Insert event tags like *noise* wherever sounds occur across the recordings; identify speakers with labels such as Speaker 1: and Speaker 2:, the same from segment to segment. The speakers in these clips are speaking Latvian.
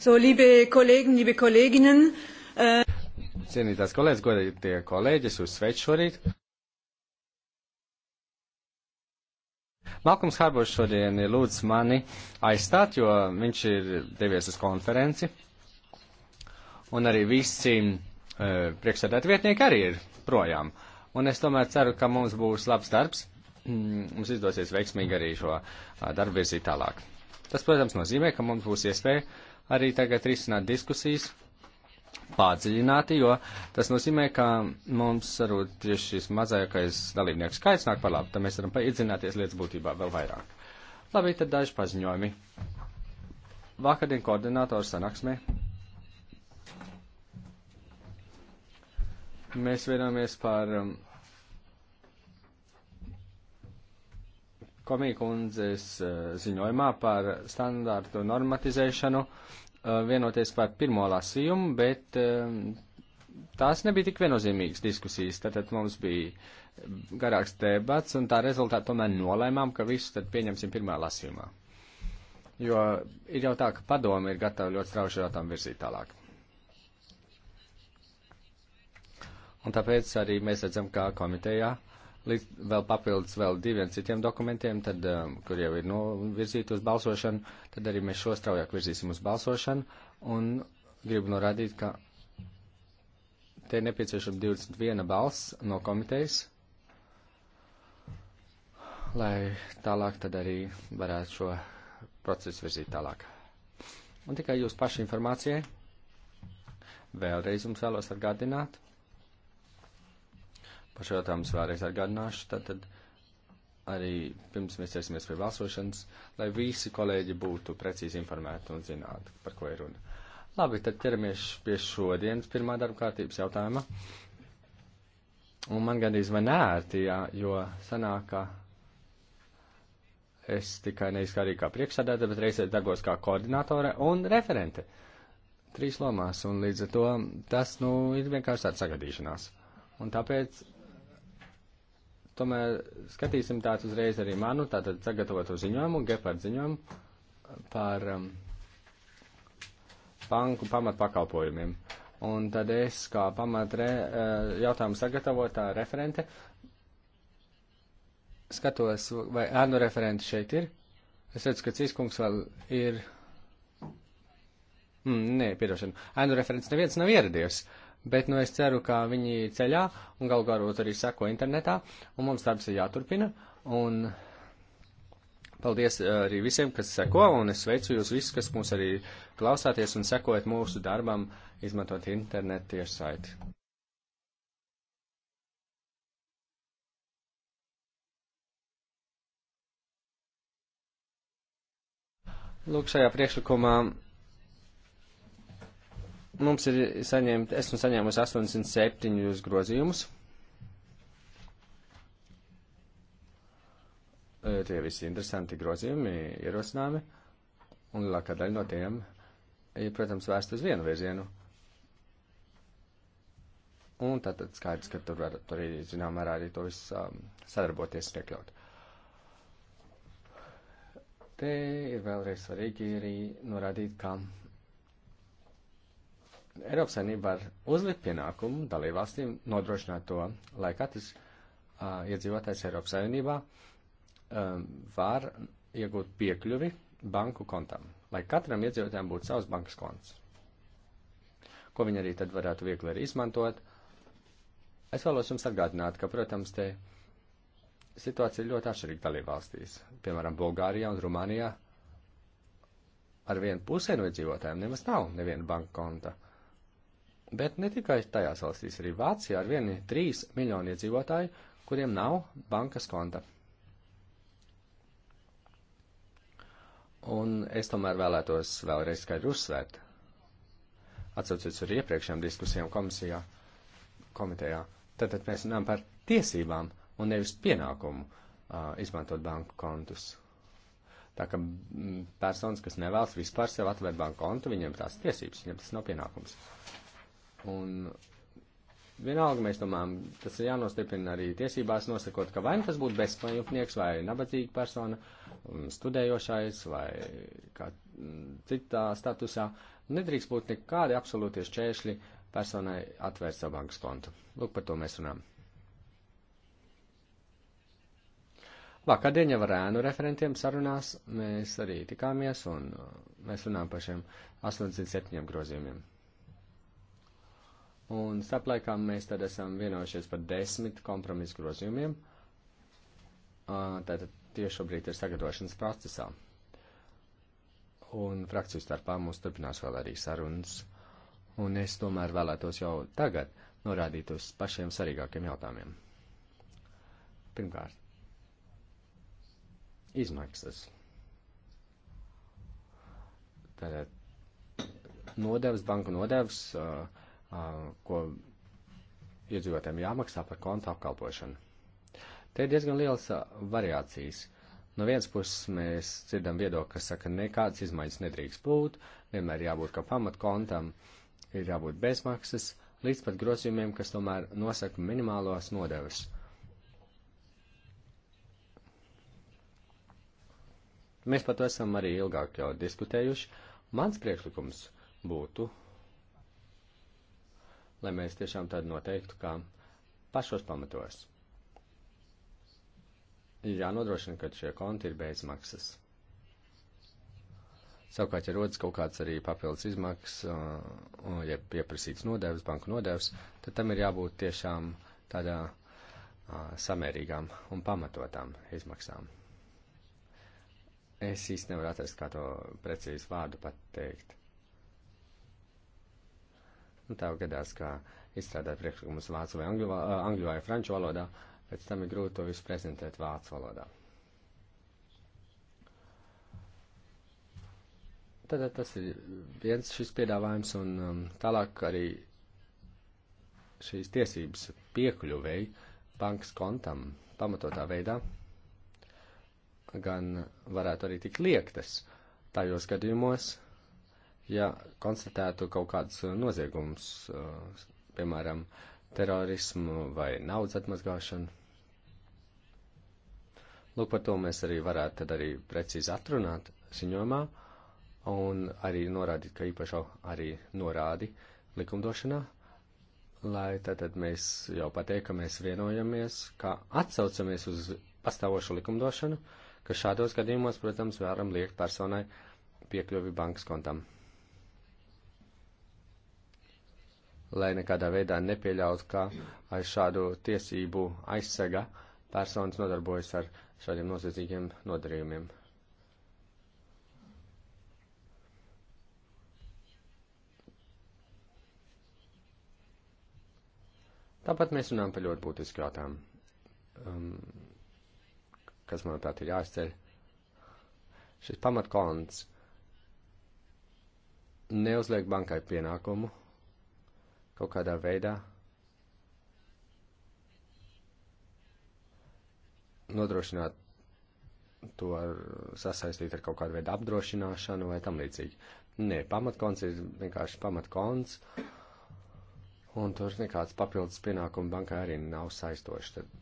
Speaker 1: So, liebe Kollegen, liebe Kolleginnen. Uh...
Speaker 2: Cienītās kolēģis, godītie kolēģi, es jūs sveicu šorīt. Malkums Harbors šodien ir lūdz mani aizstāt, jo viņš ir devies uz konferenci. Un arī visi e, priekšsēdētāji vietnieki arī ir projām. Un es tomēr ceru, ka mums būs labs darbs. Mm, mums izdosies veiksmīgi arī šo darbu virzīt tālāk. Tas, protams, nozīmē, ka mums būs iespēja arī tagad risināt diskusijas padziļināti, jo tas nozīmē, ka mums varbūt tieši šis mazākais dalībnieku skaits nāk par labu, tad mēs varam paizināties lietas būtībā vēl vairāk. Labi, tad daži paziņojumi. Vakardien koordinātoru sanāksmē. Mēs vienojamies par um, komiju kundzes uh, ziņojumā par standārtu normatizēšanu. Uh, Eh, vienoties par pirmo lasījumu, bet eh, tās nebija tik vienozīmīgas diskusijas. Tātad mums bija garāks debats, un tā rezultātā tomēr nolēmām, ka visus tad pieņemsim pirmā lasījumā. Jo ir jau tā, ka padomi ir gatavi ļoti strauši jautājumu virzīt tālāk. Un tāpēc arī mēs redzam, kā komitejā uh, līdz vēl papildus vēl diviem citiem dokumentiem, tad, um, kur jau ir novirzīti uz balsošanu, tad arī mēs šo straujāk virzīsim uz balsošanu. Un gribu norādīt, ka te ir nepieciešama 21 balss no komitejas, lai tālāk tad arī varētu šo procesu virzīt tālāk. Un tikai jūs paši informācijai vēlreiz jums vēlos atgādināt, Par šo jautājumu vēlreiz atgādināšu. Tātad arī pirms mēs ķersimies pie balsošanas, lai visi kolēģi būtu precīzi informēti un zinātu, par ko ir runa. Labi, tad ķeramies pie šodienas pirmā darba kārtības jautājuma. Un man gandrīz vai nērti, jā, jo sanāk, ka es tikai nevis kā arī kā priekšsādātāja, bet reizē darbos kā koordinātore un referente. Trīs lomās, un līdz ar to tas, nu, ir vienkārši tāds sagadīšanās. Un tāpēc Tomēr skatīsim tāds uzreiz arī manu, tātad sagatavotu ziņojumu, Gepard ziņojumu par um, banku pamatpakalpojumiem. Un tad es kā pamat re, uh, jautājumu sagatavotā referente skatos, vai ēnu referenti šeit ir. Es redzu, ka Cīskungs vēl ir. Mm, nē, piedošana. Ēnu referents neviens nav ieradies. Uh, bet nu es ceru, ka viņi ceļā un gal galot arī seko internetā, un mums darbs ir jāturpina, un paldies eh, arī visiem, kas seko, un es sveicu jūs visus, kas mūs arī klausāties un sekojat mūsu darbam, izmantot internetu tiešsaiti. Lūk, šajā priekšlikumā Mums ir saņemt, esmu saņēmusi 807 grozījumus. E, tie visi interesanti grozījumi, ierosinājumi, un lielākā daļa no tiem ir, protams, vērsta uz vienu virzienu. Un tātad skaidrs, ka tur var tur arī, zinām, mērā arī to visu um, sadarboties un iekļaut. Te ir vēlreiz svarīgi arī norādīt, kam Eiropas Savienība var uzlikt pienākumu dalībvalstīm nodrošināt to, lai katrs uh, iedzīvotājs Eiropas Savienībā um, var iegūt piekļuvi banku kontam, lai katram iedzīvotājam būtu savs bankas konts, ko viņi arī tad varētu viegli arī izmantot. Es vēlos jums atgādināt, ka, protams, te situācija ir ļoti atšķirīga dalībvalstīs, piemēram, Bulgārijā un Rumānijā. Ar vienu pusē no iedzīvotājiem nemaz nav neviena banka konta. Uh, Bet ne tikai tajās valstīs, arī Vācijā ar vieni trīs miljoni iedzīvotāju, kuriem nav bankas konta. Un es tomēr vēlētos vēlreiz skaidri uzsvērt, atcaucoties uz iepriekšējām diskusijām komisijā, komitejā. Tātad mēs runājam par tiesībām un nevis pienākumu uh, izmantot banku kontus. Tā kā personas, kas nevēlas vispār sev atvērt banku kontu, viņiem tās tiesības, viņiem tas nav pienākums. Uh, Un vienalga mēs domājam, tas ir jānostiprina arī tiesībās nosakot, ka vai nu tas būtu bezpajumtnieks vai nabadzīga persona, studējošais vai kā mm, citā statusā, nedrīkst būt nekādi absolūti šķēršļi personai atvērt savu bankas kontu. Lūk, par to mēs runājam. Vakardien jau ar ēnu referentiem sarunās mēs arī tikāmies un mēs runājam par šiem 87 grozījumiem. Un staplaikā mēs tad esam vienojušies par desmit kompromisu grozījumiem. Tātad tieši šobrīd ir sagatavošanas procesā. Un frakciju starpā mums turpinās vēl arī sarunas. Un es tomēr vēlētos jau tagad norādīt uz pašiem svarīgākiem jautājumiem. Pirmkārt, izmaksas. Tātad nodevs, banku nodevs. Uh, ko iedzīvotājiem jāmaksā par konta apkalpošanu. Te ir diezgan liels variācijas. No vienas puses mēs dzirdam viedokli, kas saka, nekādas izmaiņas nedrīkst būt, vienmēr jābūt kā pamatkontam, ir jābūt bezmaksas, līdz pat grozījumiem, kas tomēr nosaka minimālos nodevas. Mēs par to esam arī ilgāk jau diskutējuši. Mans priekšlikums būtu lai mēs tiešām tādu noteiktu, kā pašos pamatos. Ir jānodrošina, ka šie konti ir bezmaksas. Savukārt, ja rodas kaut kāds arī papildus izmaksas, uh, uh, ja pieprasīts nodevs, banku nodevs, tad tam ir jābūt tiešām tādā uh, samērīgām un pamatotām izmaksām. Es īsti nevaru atrast, kā to precīzi vārdu pateikt. Nu, tā gadās, ka izstrādāt priekšlikumus vācu vai angļu, angļu vai franču valodā, pēc tam ir grūti to visu prezentēt vācu valodā. Tad tas ir viens šis piedāvājums, un um, tālāk arī šīs tiesības piekļuvēji bankas kontam pamatotā veidā gan varētu arī tikt liektas tajos gadījumos, ja konstatētu kaut kādus uh, noziegumus, uh, piemēram, terorismu vai naudas atmazgāšanu. Lūk, par to mēs arī varētu tad arī precīzi atrunāt ziņojumā un arī norādīt, ka īpašo arī norādi likumdošanā, lai tātad mēs jau pateiktu, ka mēs vienojamies, ka atsaucamies uz pastāvošu likumdošanu, ka šādos gadījumos, protams, varam liekt personai piekļuvi bankas kontam. lai nekādā veidā nepieļaut, ka ar šādu tiesību aizsega personas nodarbojas ar šādiem noziedzīgiem nodarījumiem. Tāpat mēs runājam par ļoti būtisku jautājumu, um, kas, manuprāt, ir jāizceļ. Šis pamatkolons neuzliek bankai pienākumu kaut kādā veidā nodrošināt to sasaistīt ar kaut kādu veidu apdrošināšanu vai tam līdzīgi. Nē, pamatkons ir vienkārši pamatkons, un tur nekāds papildus pienākumu bankai arī nav saistoši. Tad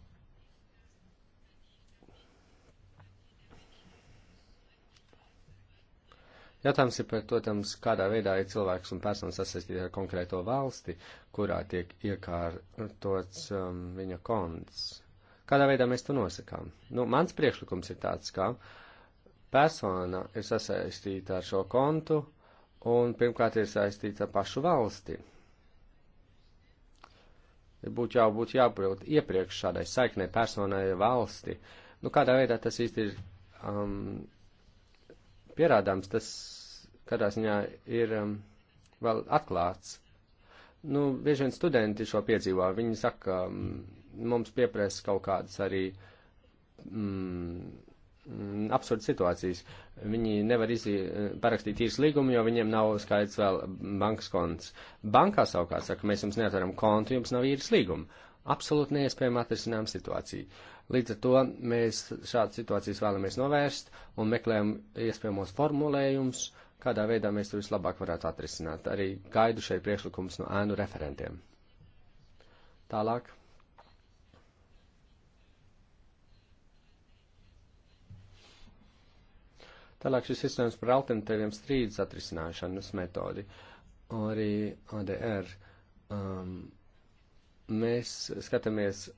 Speaker 2: Jautājums ir par, protams, kādā veidā ir cilvēks un persona sasaistīta ar konkrēto valsti, kurā tiek iekārtots um, viņa konts. Kādā veidā mēs to nosakām? Nu, mans priekšlikums ir tāds, ka persona ir sasaistīta ar šo kontu un pirmkārt ir saistīta ar pašu valsti. Būtu jābūt jābūt iepriekš šādai saiknei personai ar valsti. Nu, kādā veidā tas īsti ir um, pierādāms, tas katrā ziņā ir um, vēl atklāts. Nu, bieži vien studenti šo piedzīvo. Viņi saka, um, mums pieprasa kaut kādas arī mm, absurda situācijas. Viņi nevar izī, parakstīt īsu līgumu, jo viņiem nav skaidrs vēl bankas konts. Bankā savukārt saka, mēs jums neatveram kontu, jums nav īras līguma. Absolūti neiespējama atrisinām situācija. Līdz ar to mēs šādas situācijas vēlamies novērst un meklējam iespējamos formulējumus, kādā veidā mēs to vislabāk varētu atrisināt. Arī gaidu šeit priekšlikums no ēnu referentiem. Tālāk. Tālāk šis izcinājums par alternatīviem strīdus atrisināšanas metodi, arī ADR. Um, mēs skatāmies,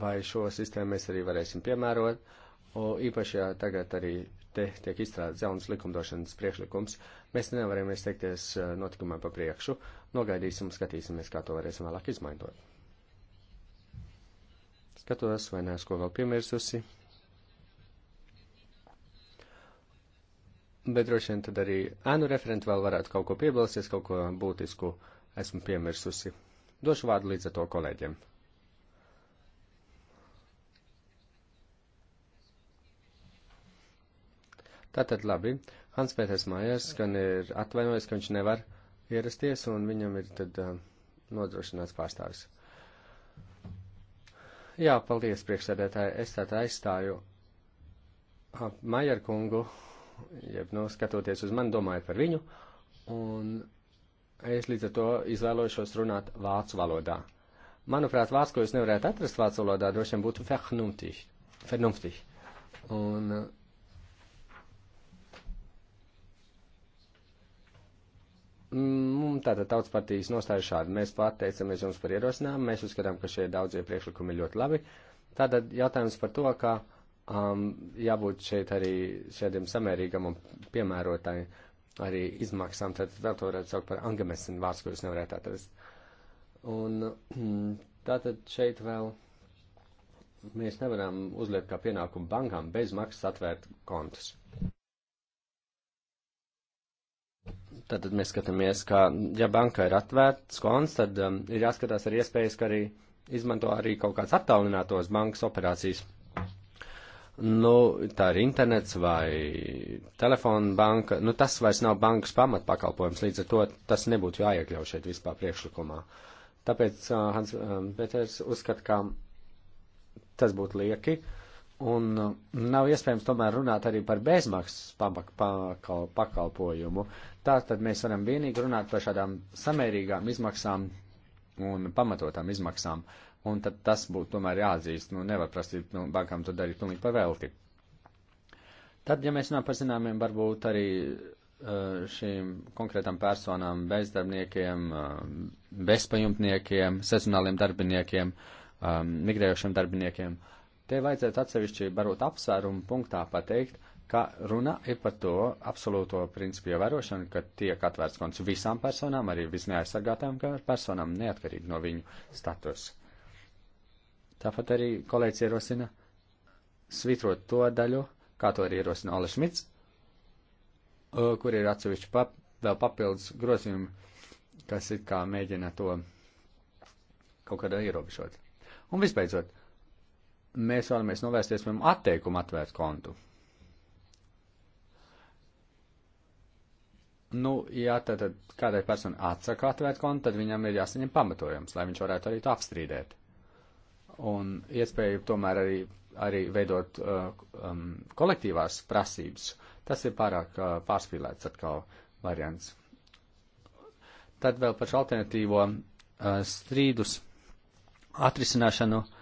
Speaker 2: vai šo sistēmu mēs arī varēsim piemērot, Un īpaši, ja tagad arī te tiek izstrādāts jauns likumdošanas priekšlikums, mēs nevaram izteikties eh, notikumam pa priekšu. Nogaidīsim, skatīsimies, kā to varēsim vēlāk izmantot. Skatos, vai neesmu ko vēl piemirsusi. Bet droši vien tad arī ēnu referenti vēl varētu kaut ko piebilsties, kaut ko būtisku esmu piemirsusi. Došu vārdu līdz ar to kolēģiem. Tātad labi, Hans Pēters Mājers gan ir atvainojis, ka viņš nevar ierasties un viņam ir tad uh, nodrošināts pārstāvis. Jā, paldies priekšsēdētāji, es tātad aizstāju uh, ah, Majer kungu, jeb nu skatoties uz mani, domāju par viņu, un es līdz ar to izvēlošos runāt vācu valodā. Manuprāt, vārds, ko jūs nevarētu atrast vācu valodā, droši vien būtu vernumtīgi. Un uh, Mums tātad tautas partijas nostāja šādi. Mēs pateicamies jums par ierosinājumu, mēs uzskatām, ka šie daudzie priekšlikumi ir ļoti labi. Tātad jautājums par to, ka um, jābūt šeit arī šādiem samērīgam un piemērotai arī izmaksām, tad vēl to varētu saukt par angamesinu vārds, ko jūs nevarētu atrast. Un mm, tātad šeit vēl mēs nevaram uzliekt kā pienākumu bankām bez maksas atvērt kontus. Tātad mēs skatāmies, ka, ja banka ir atvērts konts, tad um, ir jāskatās arī iespējas, ka arī izmanto arī kaut kāds attālinātos bankas operācijas. Nu, tā ir internets vai telefona banka, nu tas vairs nav bankas pamatpakalpojums, līdz ar to tas nebūtu jāiekļauj šeit vispār priekšlikumā. Tāpēc uh, Hans um, Peters uzskata, ka tas būtu lieki. Uh, Un uh, nav iespējams tomēr runāt arī par bezmaksas pakal, pakalpojumu. Tā tad mēs varam vienīgi runāt par šādām samērīgām izmaksām un pamatotām izmaksām. Un tad tas būtu tomēr jāatzīst. Nu, nevar prasīt nu, bankām to darīt pilnīgi par velti. Tad, ja mēs runājam par zināmiem, varbūt arī uh, šīm konkrētām personām, bezdarbniekiem, uh, bezpajumtniekiem, sezonāliem darbiniekiem, um, migrējošiem darbiniekiem. Uh, Te vajadzētu atsevišķi barot apsvērumu punktā pateikt, ka runa ir par to absolūto principu ievērošanu, ka tiek atvērts konts visām personām, arī visneaizsargātām personām, neatkarīgi no viņu status. Tāpat arī kolēģis ierosina svitrot to daļu, kā to arī ierosina Ola Šmits, kur ir atsevišķi pap, vēl papildus grozījumi, kas it kā mēģina to kaut kādā ierobežot. Un visbeidzot, mēs vēlamies novērsties pie atteikuma atvērt kontu. Nu, ja tad, tad kādai personai atsaka atvērt kontu, tad viņam ir jāsaņem pamatojums, lai viņš varētu arī to apstrīdēt. Un iespēju tomēr arī, arī veidot uh, um, kolektīvās prasības. Tas ir pārāk uh, pārspīlēts atkal variants. Tad vēl par šo alternatīvo uh, strīdus atrisināšanu. Uh,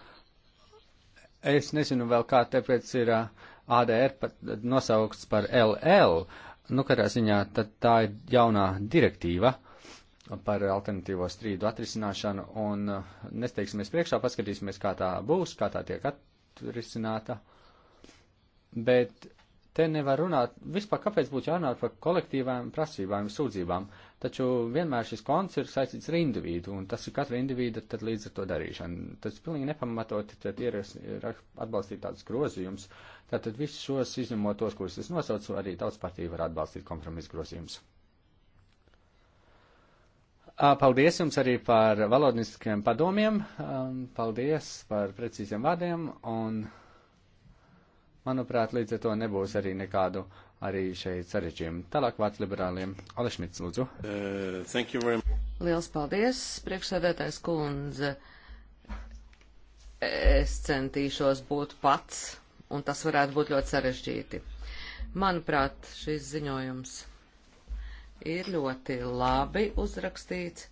Speaker 2: es nezinu vēl kā tāpēc ir ADR pat nosaukts par LL, nu katrā ziņā tad tā ir jaunā direktīva par alternatīvo strīdu atrisināšanu un nesteigsimies priekšā, paskatīsimies, kā tā būs, kā tā tiek atrisināta. Bet te nevar runāt, vispār kāpēc būtu jārunāt par kolektīvām prasībām, sūdzībām. Uh, Taču vienmēr šis konts ir saistīts ar individu, un tas ir katra individa tad līdz ar to darīšana. Tas pilnīgi nepamatoti tad ir atbalstīt tādus grozījumus. Tātad visus šos izņemot tos, kurus es nosaucu, arī daudz partiju var atbalstīt kompromisu grozījumus. Paldies jums arī par valodniskiem padomiem, paldies par precīziem vārdiem, un, manuprāt, līdz ar to nebūs arī nekādu arī šeit sarežģījumi. Tālāk vārds liberāliem. Ale Šmits, lūdzu. Uh,
Speaker 3: Liels paldies, priekšsēdētājs kundze. Es centīšos būt pats, un tas varētu būt ļoti sarežģīti. Manuprāt, šis ziņojums ir ļoti labi uzrakstīts.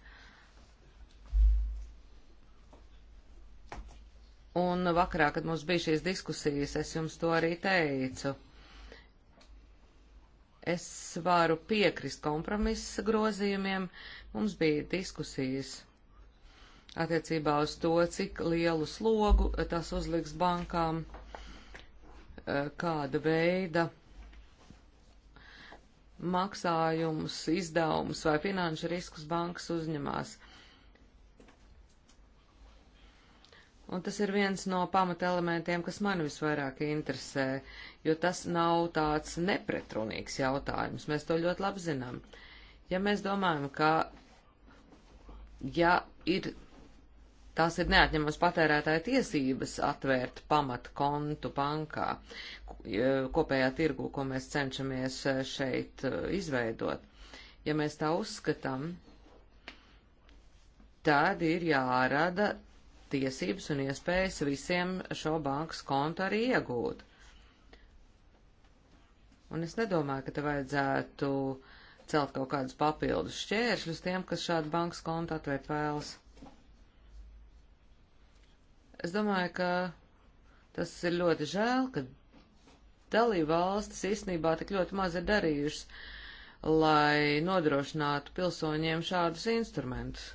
Speaker 3: Un vakarā, kad mums bija šīs diskusijas, es jums to arī teicu Es varu piekrist kompromisa grozījumiem. Mums bija diskusijas attiecībā uz to, cik lielu slogu tas uzliks bankām, eh, kāda veida maksājumus, izdevumus vai finanšu riskus bankas uzņemās. Uh, Un tas ir viens no pamatelementiem, kas man visvairāk interesē, jo tas nav tāds nepretrunīgs jautājums. Mēs to ļoti labi zinām. Ja mēs domājam, ka ja ir, tās ir neatņemamas patērētāja tiesības atvērt pamatu kontu bankā, kopējā tirgu, ko mēs cenšamies e, šeit e, izveidot, ja mēs tā uzskatām, tad ir jārada tiesības un iespējas visiem šo bankas kontu arī iegūt. Un es nedomāju, ka te vajadzētu celt kaut kādus papildus šķēršļus tiem, kas šādu bankas kontu atvērt vēlas. Es domāju, ka tas ir ļoti žēl, ka dalība valstis īstenībā tik ļoti maz ir darījušas, lai nodrošinātu pilsoņiem šādus instrumentus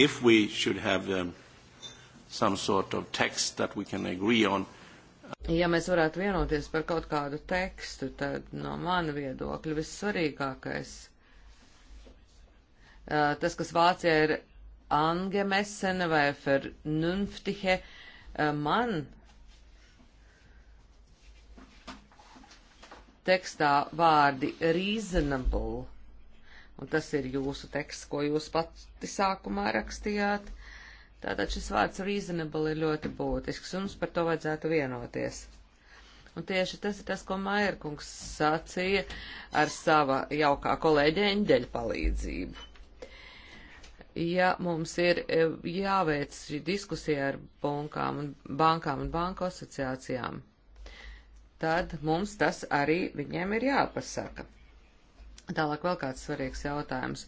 Speaker 4: if we should have um, some sort of text that we can agree on.
Speaker 3: Uh, ja mēs varētu vienoties par kaut kādu tekstu, tad no mana viedokļa vissvarīgākais, uh, tas, kas Vācijā ir angemesene vai vernünftige, uh, man tekstā vārdi reasonable un tas ir jūsu teksts, ko jūs pati sākumā rakstījāt. Tātad šis vārds reasonable ir ļoti būtisks, un mums par to vajadzētu vienoties. Un tieši tas ir tas, ko Mairkungs sacīja ar sava jaukā kolēģa eņģeļa palīdzību. Ja mums ir e, jāveic šī diskusija ar bankām un, bankām un banku asociācijām, tad mums tas arī viņiem ir jāpasaka. Tālāk vēl kāds svarīgs jautājums.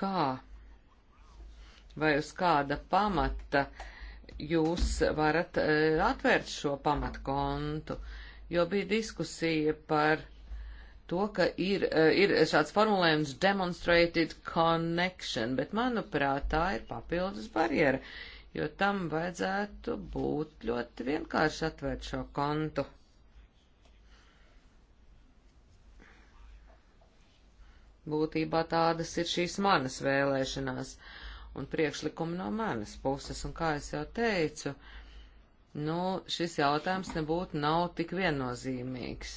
Speaker 3: Kā vai uz kāda pamata jūs varat e, atvērt šo pamatkontu? Jo bija diskusija par to, ka ir, e, ir šāds formulējums demonstrated connection, bet manuprāt tā ir papildus barjera, jo tam vajadzētu būt ļoti vienkārši atvērt šo kontu. Būtībā tādas ir šīs manas vēlēšanās un priekšlikumi no manas puses, un kā es jau teicu, nu, šis jautājums nebūtu nav tik viennozīmīgs.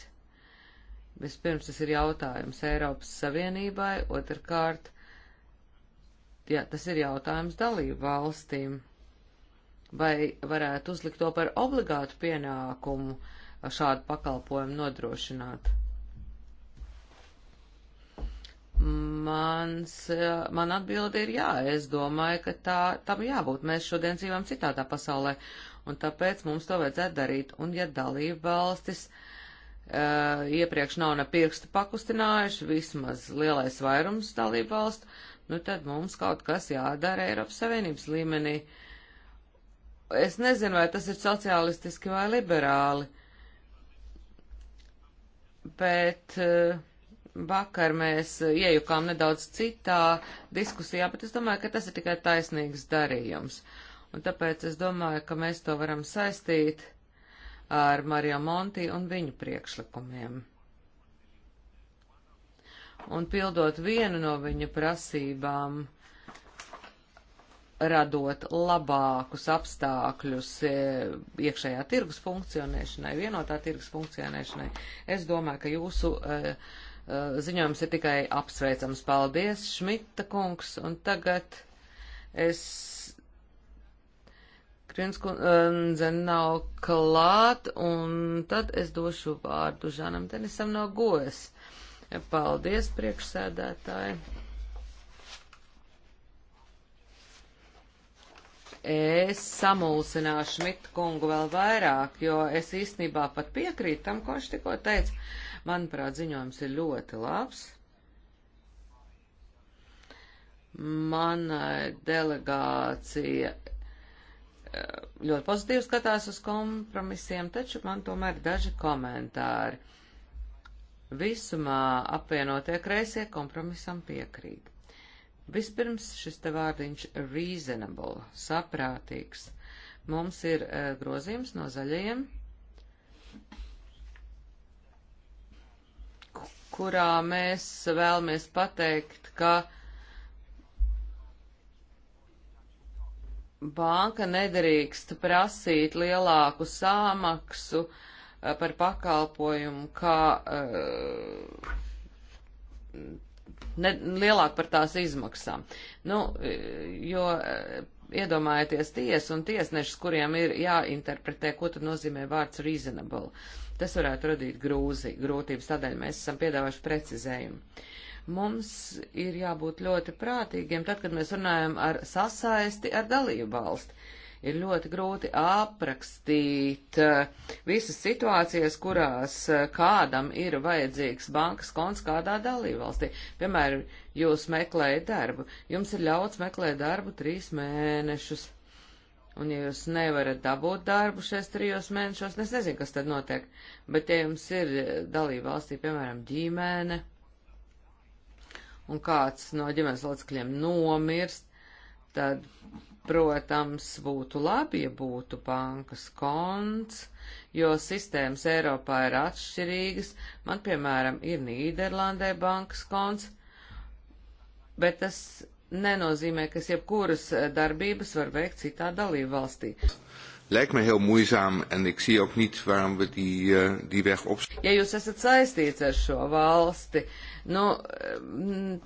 Speaker 3: Vispirms tas ir jautājums Eiropas Savienībai, otrkārt, jā, tas ir jautājums dalību valstīm. Vai varētu uzlikt to par obligātu pienākumu šādu pakalpojumu nodrošināt? Mans, man atbilde ir jā, es domāju, ka tā, tam jābūt. Mēs šodien dzīvojam citādā pasaulē, un tāpēc mums to vajadzētu darīt. Un ja dalība valstis uh, iepriekš nav ne pirkstu pakustinājuši, vismaz lielais vairums dalību valstu, nu tad mums kaut kas jādara Eiropas Savienības līmenī. Es nezinu, vai tas ir sociālistiski vai liberāli, bet. Uh, Vakar mēs iejukām nedaudz citā diskusijā, bet es domāju, ka tas ir tikai taisnīgs darījums. Un tāpēc es domāju, ka mēs to varam saistīt ar Mario Monti un viņu priekšlikumiem. Un pildot vienu no viņa prasībām, radot labākus apstākļus e, iekšējā tirgus funkcionēšanai, vienotā tirgus funkcionēšanai, es domāju, ka jūsu uh, Eh, ziņojums ir tikai apsveicams. Paldies, Šmita kungs, un tagad es. Krinskundze nav klāt, un tad es došu vārdu Žanam Tenisam no Gojas. Paldies, priekšsēdētāji. es samulsināšu Šmitu kungu vēl vairāk, jo es īstenībā pat piekrītu tam, ko viņš tikko teica. Manuprāt, ziņojums ir ļoti labs. Manai delegācija eh, ļoti pozitīvi skatās uz kompromisiem, taču man tomēr daži komentāri. Visumā apvienotie kreisie kompromisam piekrīt. Vispirms šis te vārdiņš reasonable, saprātīgs. Mums ir eh, grozījums no zaļajiem kurā mēs vēlamies pateikt, ka banka nedrīkst prasīt lielāku sāmaksu eh, par pakalpojumu, kā eh, ne, lielāk par tās izmaksām. Nu, eh, jo iedomājieties tiesu un tiesnešus, kuriem ir jāinterpretē, ko tad nozīmē vārds reasonable. Uh, Tas varētu radīt grūzi, grūtības, tādēļ mēs esam piedāvājuši precizējumu. Mums ir jābūt ļoti prātīgiem, tad, kad mēs runājam ar sasaisti ar dalību valsti ir ļoti grūti aprakstīt eh, visas situācijas, kurās eh, kādam ir vajadzīgs bankas konts kādā dalībvalstī. Piemēram, jūs meklējat darbu, jums ir ļauts meklēt darbu trīs mēnešus un ja jūs nevarat dabūt darbu šajos trijos mēnešos, es nezinu, kas tad notiek, bet ja jums ir eh, dalība valstī, piemēram, ģimene, un kāds no ģimenes locekļiem nomirst, tad, protams, būtu labi, ja būtu bankas konts, jo sistēmas Eiropā ir atšķirīgas. Man, piemēram, ir Nīderlandē bankas konts, bet tas nenozīmē, ka jebkuras eh, darbības var veikt citā dalību valstī.
Speaker 4: Lijkt me heel moeizaam en ik zie ook niet waarom we die, uh, die weg op.
Speaker 3: Ja jūs esat saistīts ar šo valsti, nu, eh,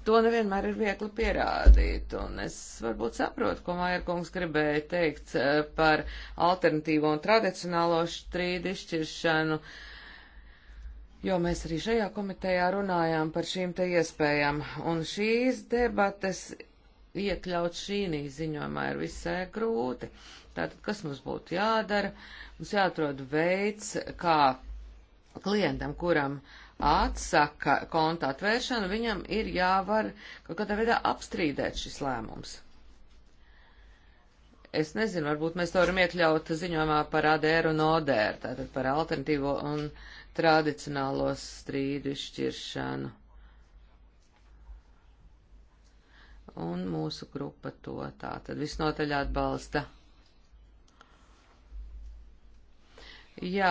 Speaker 3: to nevienmēr ir viegli pierādīt, un es varbūt saprotu, ko Mājerkungs gribēja teikt par alternatīvo un tradicionālo strīdu izšķiršanu. Uh, jo mēs arī šajā komitejā runājām par šīm te iespējām, un šīs debates iekļaut šīnī ziņojumā ir visai grūti. Tātad, kas mums būtu jādara? Mums jāatrod veids, kā klientam, kuram atsaka konta atvēršanu, viņam ir jāvar kaut kādā veidā apstrīdēt šis lēmums. Es nezinu, varbūt mēs to varam iekļaut ziņojumā par ADR un ODR, tātad par alternatīvo un tradicionālo strīdu izšķiršanu. un mūsu grupa to tā tad visnotaļ atbalsta. Jā,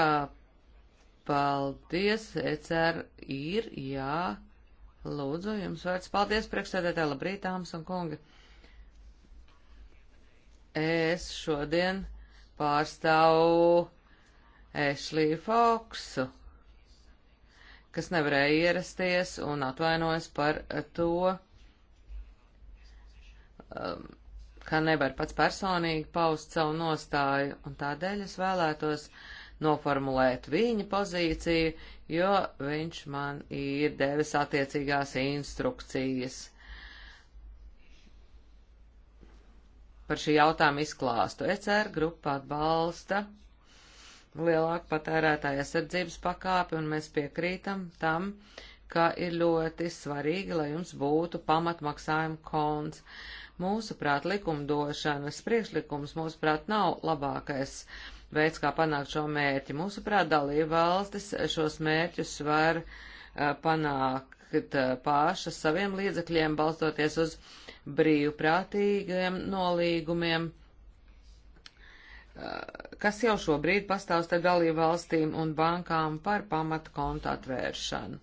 Speaker 3: paldies, ECR ir, jā, lūdzu, jums vārds paldies, priekšsēdētāji, labrīt, dāmas un kungi. Es šodien pārstāvu Ešlī Foksu, kas nevarēja ierasties un atvainojas par to, Um, ka nevar pats personīgi paust savu nostāju, un tādēļ es vēlētos noformulēt viņa pozīciju, jo viņš man ir devis attiecīgās instrukcijas par šī jautājuma izklāstu. ECR grupa atbalsta lielāku patērētāju aizsardzības pakāpi, un mēs piekrītam tam, ka ir ļoti svarīgi, lai jums būtu pamatmaksājuma konts. Mūsuprāt, likumdošanas priekšlikums, mūsuprāt, nav labākais veids, kā panākt šo mērķi. Mūsuprāt, dalība valstis šos mērķus var eh, panākt eh, pašas saviem līdzekļiem, balstoties uz brīvprātīgiem nolīgumiem, eh, kas jau šobrīd pastāv starp dalību valstīm un bankām par pamatu kontu atvēršanu.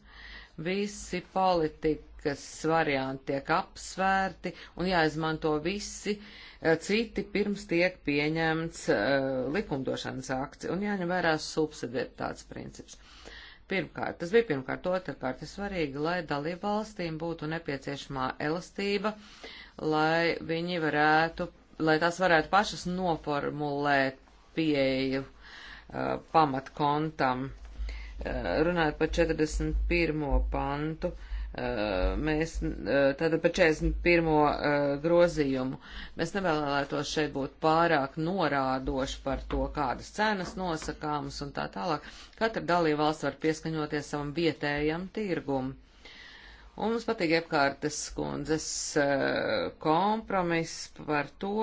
Speaker 3: Visi politika kas varianti tiek apsvērti un jāizmanto visi eh, citi pirms tiek pieņemts uh, likumdošanas akts un jāņem vērā subsidiaritātes princips. Pirmkārt, tas bija pirmkārt, otrkārt ir svarīgi, lai dalību valstīm būtu nepieciešamā elastība, lai viņi varētu, lai tās varētu pašas noformulēt pieeju uh, pamatkontam. Uh, runājot par 41. pantu, uh, Eh, mēs eh, tātad par 41. Eh, grozījumu. Mēs nevēlētos šeit būt pārāk norādoši par to, kādas cenas nosakāmas un tā tālāk. Katra dalībvalsts var pieskaņoties savam vietējam tirgumam. Un mums patīk apkārtas kundzes kompromiss par to,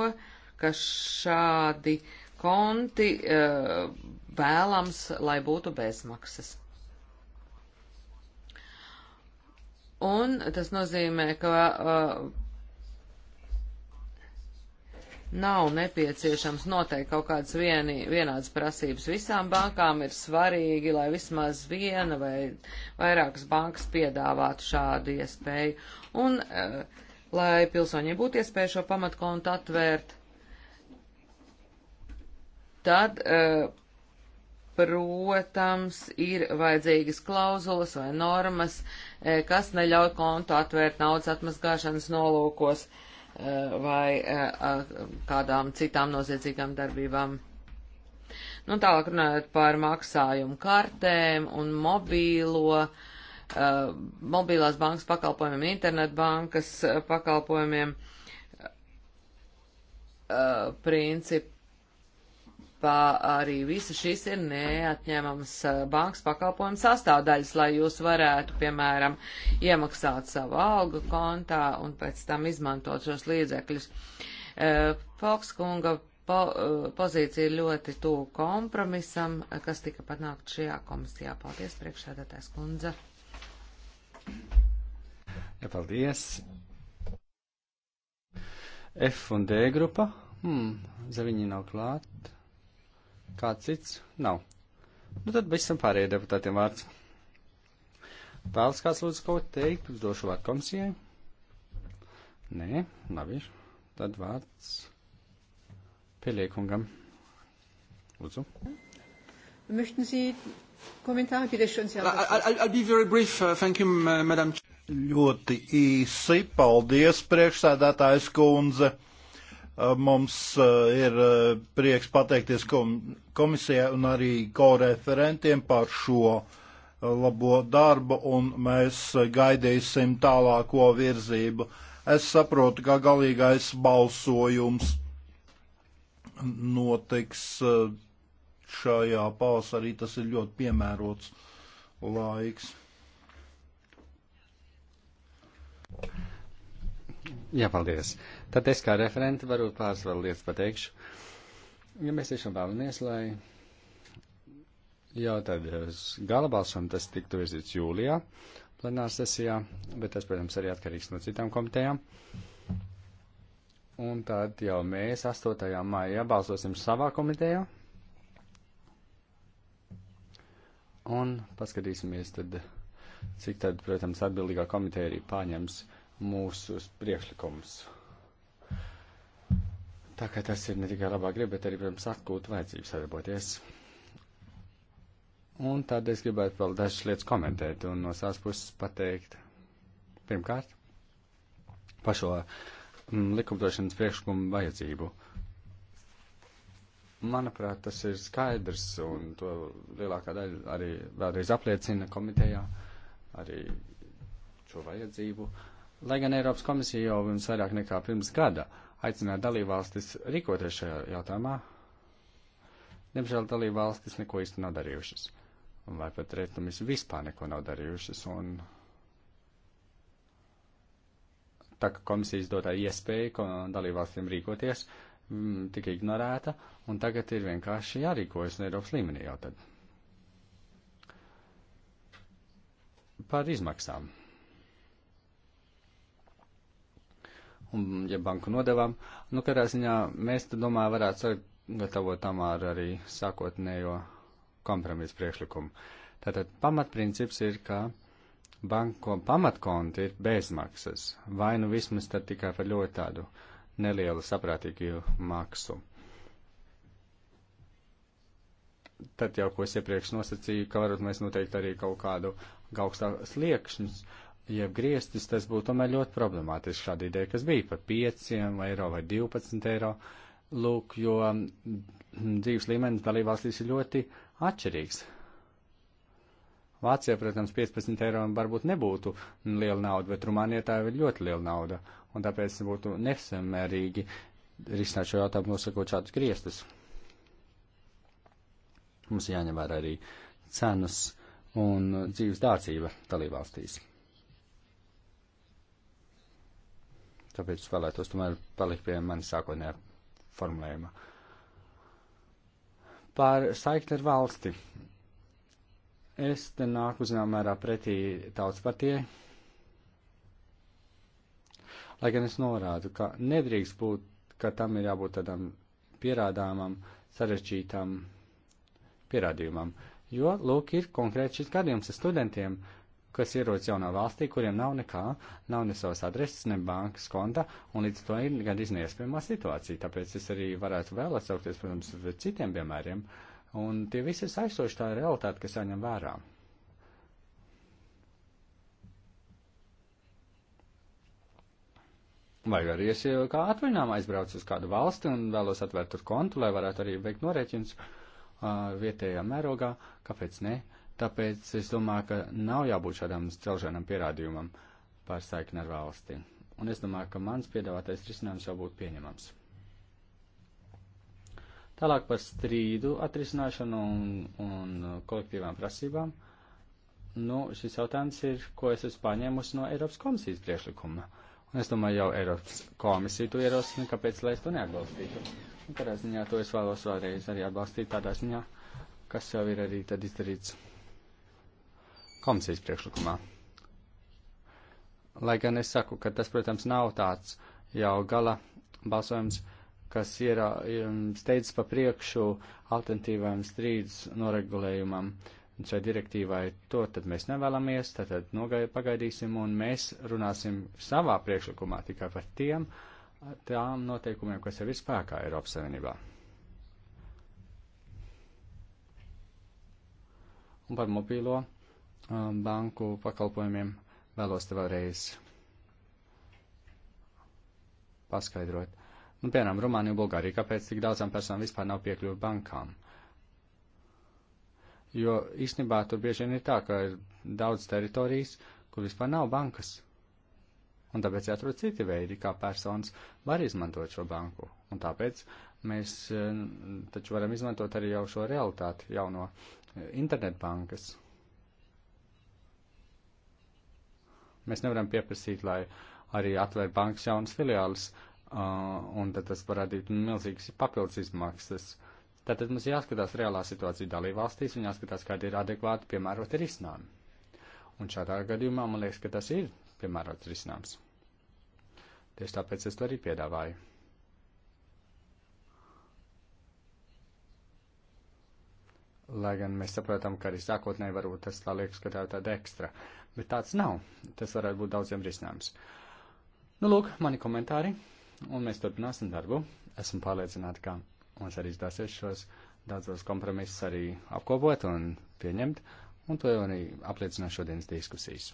Speaker 3: ka šādi konti vēlams, lai būtu bezmaksas. Un tas nozīmē, ka uh, nav nepieciešams noteikt kaut kādas vieni, vienādas prasības. Visām bankām ir svarīgi, lai vismaz viena vai vairākas bankas piedāvātu šādu iespēju. Un, uh, lai pilsoņiem būtu iespēja šo pamatkontu atvērt, tad, uh, protams, ir vajadzīgas klauzulas vai normas, E, kas neļauj kontu atvērt naudas atmazgāšanas nolūkos e, vai e, kādām citām noziedzīgām darbībām. Nu, tālāk runājot par maksājumu kartēm un mobīlo, mobilās bankas pakalpojumiem, internetbankas pakalpojumiem, principu Principā arī visa šīs ir neatņemamas eh, bankas pakalpojuma sastāvdaļas, lai jūs varētu, piemēram, iemaksāt savu algu kontā un pēc tam izmantot šos līdzekļus. Eh, Fokskunga po, eh, pozīcija ļoti tūl kompromisam, kas tika panākt šajā komisijā. Paldies, priekšsēdētājs kundze.
Speaker 2: Ja, paldies. F un D grupa. Hmm, Zaviņi nav klāt. Kāds cits? Nav. Nu tad visam pārējiem deputātiem vārds. Vēlas kāds lūdzu kaut teikt, uzdošu vārdu komisijai? Nē, labi. Tad vārds pieliekungam. Lūdzu.
Speaker 1: Möchten Sie Kommentāri, bitte schön, Sie haben
Speaker 4: das I'll, I'll be very brief. Uh, thank you, Madam. Ļoti īsi. Paldies, priekšsēdētājs kundze. Eh, mums eh, ir eh, prieks pateikties komisijai un arī koreferentiem par šo labo darbu, un mēs gaidīsim tālāko virzību. Es saprotu, ka galīgais balsojums notiks šajā pavasarī. Tas ir ļoti piemērots laiks.
Speaker 2: Jā, paldies. Tad es kā referenti varbūt pāris vēl lietas pateikšu. Ja mēs tiešām vēlamies, lai jau tad eh, gala balsojums tas tiktu virzīts jūlijā plenārā sesijā, bet tas, protams, arī atkarīgs no citām komitejām. Un tad jau mēs 8. maijā balsosim savā komitejā. Un paskatīsimies tad, cik tad, protams, atbildīgā komiteja arī pārņems mūsu priekšlikumus. Tā kā tas ir ne tikai labā griba, bet arī, protams, akūta vajadzība sadarboties. Un tad es gribētu vēl dažas lietas komentēt un no savas puses pateikt. Pirmkārt, par šo mm, likumdošanas priekšlikumu vajadzību. Manuprāt, tas ir skaidrs, un to lielākā daļa arī vēlreiz apliecina komitejā arī šo vajadzību. Lai gan Eiropas komisija jau pirms vairāk nekā pirms gada uh, aicināt dalībvalstis rīkoties šajā jautājumā. Diemžēl dalībvalstis neko īsti nav darījušas, vai pat rietumis vispār neko nav darījušas, un tā kā komisijas dotā iespēja dalībvalstīm rīkoties, m, mm, tika ignorēta, un tagad ir vienkārši jārīkojas Eiropas līmenī jau tad. Par izmaksām. un ja banku nodevām. Nu, katrā ziņā mēs, domāju, varētu sagatavot tam ar arī sākotnējo kompromisu priekšlikumu. Tātad pamatprincips ir, ka banko pamatkonti ir bezmaksas, vai nu vismaz tad tikai par ļoti tādu nelielu saprātīgu maksu. Tad jau, ko es iepriekš nosacīju, ka varbūt mēs noteikti arī kaut kādu augstā sliekšņus uh, jeb griestis, tas būtu tomēr ļoti problemātiski šāda ideja, kas bija par 5 eiro vai 12 eiro. Lūk, jo mm, dzīves līmenis dalībvalstīs ir ļoti atšķirīgs. Vācijā, protams, 15 eiro varbūt nebūtu liela nauda, bet Rumānijā tā ir ļoti liela nauda, un tāpēc būtu nesamērīgi risināt šo jautājumu nosakot šādus griestus. Mums jāņem vērā arī cenas un dzīves dārcība dalībvalstīs. Tāpēc vēlētos tomēr palikt pie manis sākotnējā formulējuma. Par saikni ar valsti. Es te nāku zināmā mērā pretī tautas partijai. Lai gan es norādu, ka nedrīkst būt, ka tam ir jābūt tādam pierādāmam, sarežģītam pierādījumam. Jo, lūk, ir konkrēts šis gadījums ar studentiem, uh, kas ierodas jaunā valstī, kuriem nav nekā, nav ne savas adreses, ne bankas konta, un līdz to ir gandrīz neiespējamā situācija. Tāpēc es arī varētu vēl atsaukties, protams, uz citiem piemēriem, un tie visi ir saistoši tā realitāte, kas jāņem vērā. Vai arī es jau eh, kā atvaļinājumā aizbraucu uz kādu valsti un vēlos atvērt tur kontu, lai varētu arī veikt norēķinus uh, vietējā mērogā, kāpēc ne? Uh, Tāpēc es domāju, ka nav jābūt šādam celšanam pierādījumam par saikni ar valsti. Un es domāju, ka mans piedāvātais risinājums jau būtu pieņemams. Tālāk par strīdu atrisināšanu un, un kolektīvām prasībām. Nu, šis jautājums ir, ko es esmu paņēmusi no Eiropas komisijas priešlikuma. Un es domāju, jau Eiropas komisija to ierosina, kāpēc lai es to neatbalstītu. Un kādā ziņā to es vēlos vēlreiz arī atbalstīt tādā ziņā, kas jau ir arī tad izdarīts komisijas priekšlikumā. Lai gan es saku, ka tas, protams, nav tāds jau gala balsojums, kas ir um, steidzis pa priekšu alternatīvām strīdus noregulējumam šai direktīvai. To tad mēs nevēlamies, tad, tad nogai, pagaidīsim un mēs runāsim savā priekšlikumā tikai par tiem, tām noteikumiem, kas jau ir spēkā Eiropas Savienībā. Un par mobīlo banku pakalpojumiem vēlos te vēlreiz paskaidrot. Nu, piemēram, Rumānija un Bulgārija, kāpēc tik daudzām personām vispār nav piekļuvi bankām? Jo īstenībā tur bieži vien ir tā, ka ir daudz teritorijas, kur vispār nav bankas. Un tāpēc jāatrod citi veidi, kā personas var izmantot šo banku. Un tāpēc mēs eh, taču varam izmantot arī jau šo realitāti, jauno eh, internetbankas. bankas. Mēs nevaram pieprasīt, lai arī atver bankas jaunas filiāles, uh, un tad tas var radīt milzīgas papildus izmaksas. Tātad mums jāskatās reālā situācija dalībvalstīs un jāskatās, kāda ir adekvāta piemērota risinājuma. Un šādā gadījumā man liekas, ka tas ir piemērots risinājums. Tieši tāpēc es to arī piedāvāju. Lai gan mēs saprotam, ka arī sākotnēji varbūt tas liekas, ka tā ir tāda ekstra. Bet tāds nav. Tas varētu būt daudziem risinājums. Nu, lūk, mani komentāri, un mēs turpināsim darbu. Esmu pārliecināta, ka mums arī izdāsies šos daudzos kompromisus arī apkopot un pieņemt, un to jau arī apliecinās šodienas diskusijas.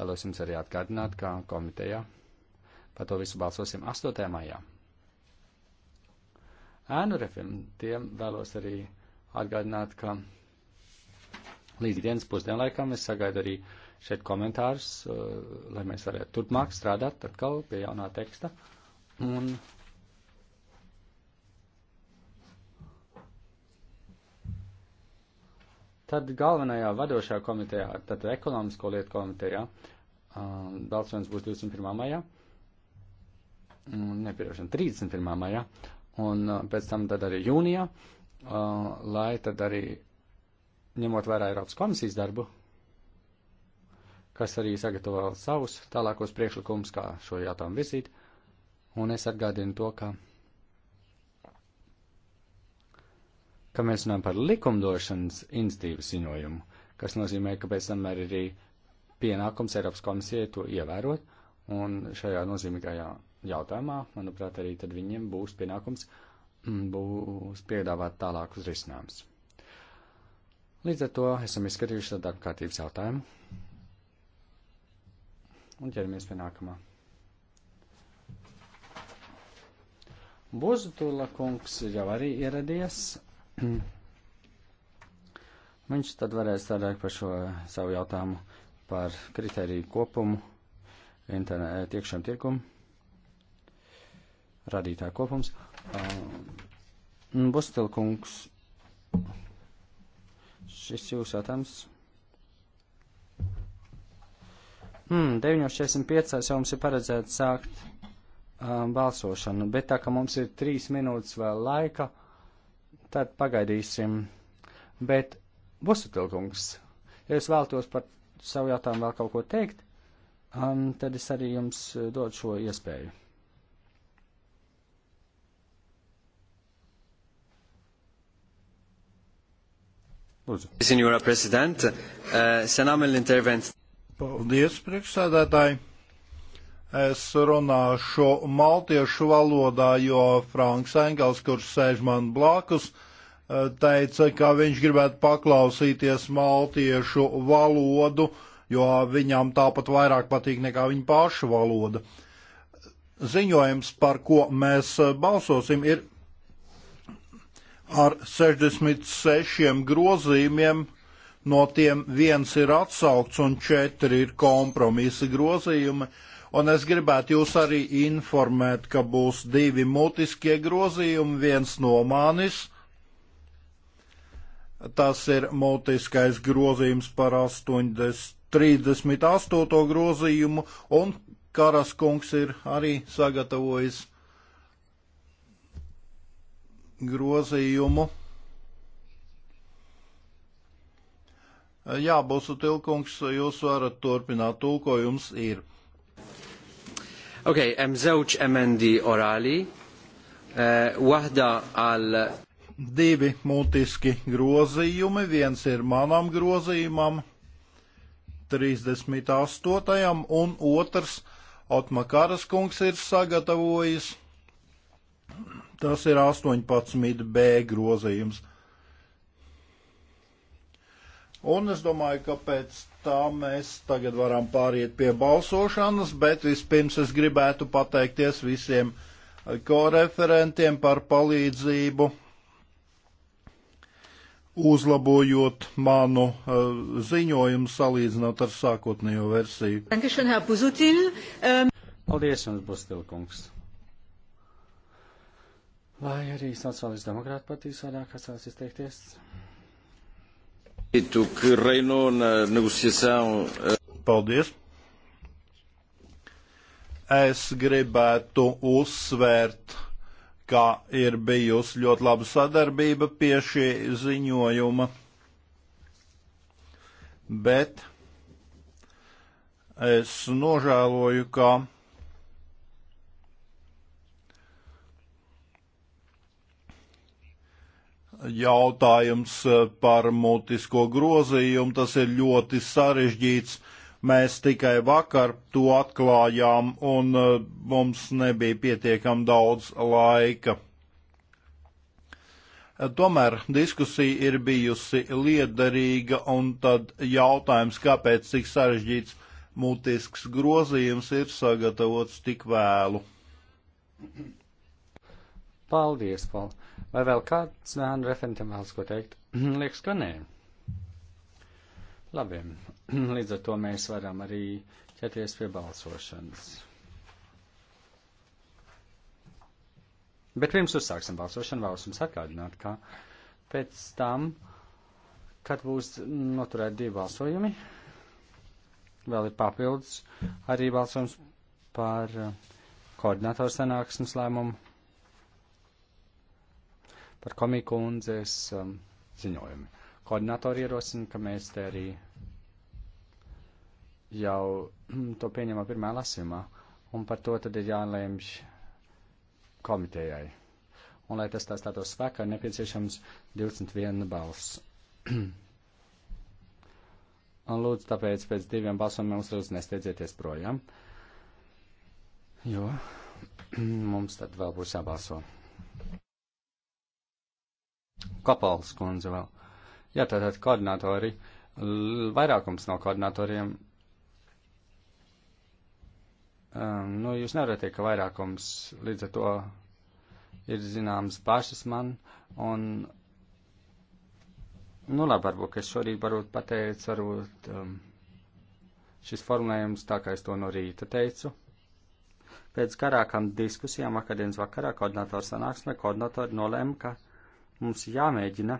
Speaker 2: Vēlos jums arī atgādināt, ka komitejā par to visu balsosim 8. maijā. Ēnu referentiem vēlos arī atgādināt, ka Līdz dienas pusdienlaikam es sagaidu arī šeit komentārus, uh, lai mēs varētu turpmāk strādāt atkal pie jaunā teksta. Un tad galvenajā vadošajā komitejā, tad ekonomisko lietu komitejā, um, balsojums būs 21. maijā, nepierošana 31. maijā, un uh, pēc tam tad arī jūnijā, uh, lai tad arī ņemot vērā Eiropas komisijas darbu, kas arī sagatavo savus tālākos priekšlikumus, kā šo jautājumu virzīt, un es atgādinu to, ka, ka mēs runājam par likumdošanas institīvas ziņojumu, kas nozīmē, ka pēc tam ir arī pienākums Eiropas komisijai to ievērot, un šajā nozīmīgajā jautājumā, manuprāt, arī tad viņiem būs pienākums mm, būs piedāvāt tālākus risinājumus. Līdz ar to esam izskatījuši šo darba kārtības jautājumu. Un ķeramies pie nākamā. Buzutula kungs jau arī ieradies. *clears throat* Viņš tad varēs strādāt par šo savu jautājumu par kritēriju kopumu, internet, tiekšam tiekumu, radītāju kopums. Um, Bustilkungs Šis jūsu jautājums. Hmm, 9.45. jau mums ir paredzēts sākt um, balsošanu, bet tā kā mums ir trīs minūtes vēl laika, tad pagaidīsim. Bet Busutilkungs, ja jūs vēlatos par savu jautājumu vēl kaut ko teikt, um, tad es arī jums uh, dodu šo iespēju.
Speaker 4: Lūdzu. Signora prezident, eh, senamel intervents. Paldies, priekšsēdētāji. Es runāšu maltiešu valodā, jo Franks Engels, kurš sēž man blakus, eh, teica, ka viņš gribētu paklausīties maltiešu valodu, jo viņam tāpat vairāk patīk nekā viņa paša valoda. Ziņojums, par ko mēs balsosim, ir ar 66 grozījumiem, no tiem viens ir atsaukts un četri ir kompromisa grozījumi. Un es gribētu jūs arī informēt, ka būs divi mutiskie grozījumi, viens no manis. Tas ir mutiskais grozījums par 80, 38. grozījumu, un Karas kungs ir arī sagatavojis grozījumu. Jā, Bosu Tilkungs, jūs varat turpināt, tulkojums ir.
Speaker 2: Ok, mżewċ emendi orali, eh, wahda għal.
Speaker 4: Divi mutiski grozījumi, viens ir manam grozījumam, 38. un otrs Otmakaras kungs ir sagatavojis Tas ir 18b grozījums. Un es domāju, ka pēc tā mēs tagad varam pāriet pie balsošanas, bet vispirms es gribētu pateikties visiem koreferentiem par palīdzību, uzlabojot manu uh, ziņojumu salīdzinot ar sākotnējo versiju.
Speaker 1: Ähm,
Speaker 4: Paldies jums, Bustilkungs!
Speaker 2: Vai arī sociālistu demokrātu partijas vadā, kas vēlas izteikties?
Speaker 4: Eh, Paldies! Es gribētu uzsvērt, ka ir bijusi ļoti laba sadarbība pie šī ziņojuma, bet es nožēloju, ka jautājums eh, par mutisko grozījumu. Tas ir ļoti sarežģīts. Mēs tikai vakar to atklājām, un eh, mums nebija pietiekam daudz laika. Eh, tomēr diskusija ir bijusi liederīga, un tad jautājums, kāpēc tik sarežģīts mutisks grozījums ir sagatavots tik vēlu.
Speaker 2: Paldies, Paul. Vai vēl kāds ēnu referentiem vēlas ko teikt?
Speaker 4: *clears throat* Liekas, ka nē.
Speaker 2: Labi, *clears throat* līdz ar to mēs varam arī ķerties pie balsošanas. Bet pirms uzsāksim balsošanu, vēlos jums atgādināt, ka pēc tam, kad būs noturēti divi balsojumi, vēl ir papildus arī balsojums par koordinatoru sanāksmes lēmumu par komiju kundzes um, ziņojumu. Koordinatori ierosina, ka mēs te arī jau mm, to pieņemam pirmā lasījumā, un par to tad ir jālēmš komitejai. Un, lai tas tā stātos spēkā, ir nepieciešams 21 balss. *clears throat* un lūdzu, tāpēc pēc diviem balsojumiem mums lūdzu nesteidzieties projām, jo *clears throat* mums tad vēl būs jābalso. Kapals kundze vēl. Jā, tātad koordinatori, vairākums no koordinatoriem. Um, nu, jūs nevarat teikt, ka vairākums līdz ar to ir zināms pašas man, un, nu, labi, varbūt, ka es šorīt varbūt pateicu, varbūt um, šis formulējums tā, kā es to no rīta teicu. Pēc garākām diskusijām vakardienas vakarā koordinatoru sanāksmē koordinatori nolēma, ka Mums jāmēģina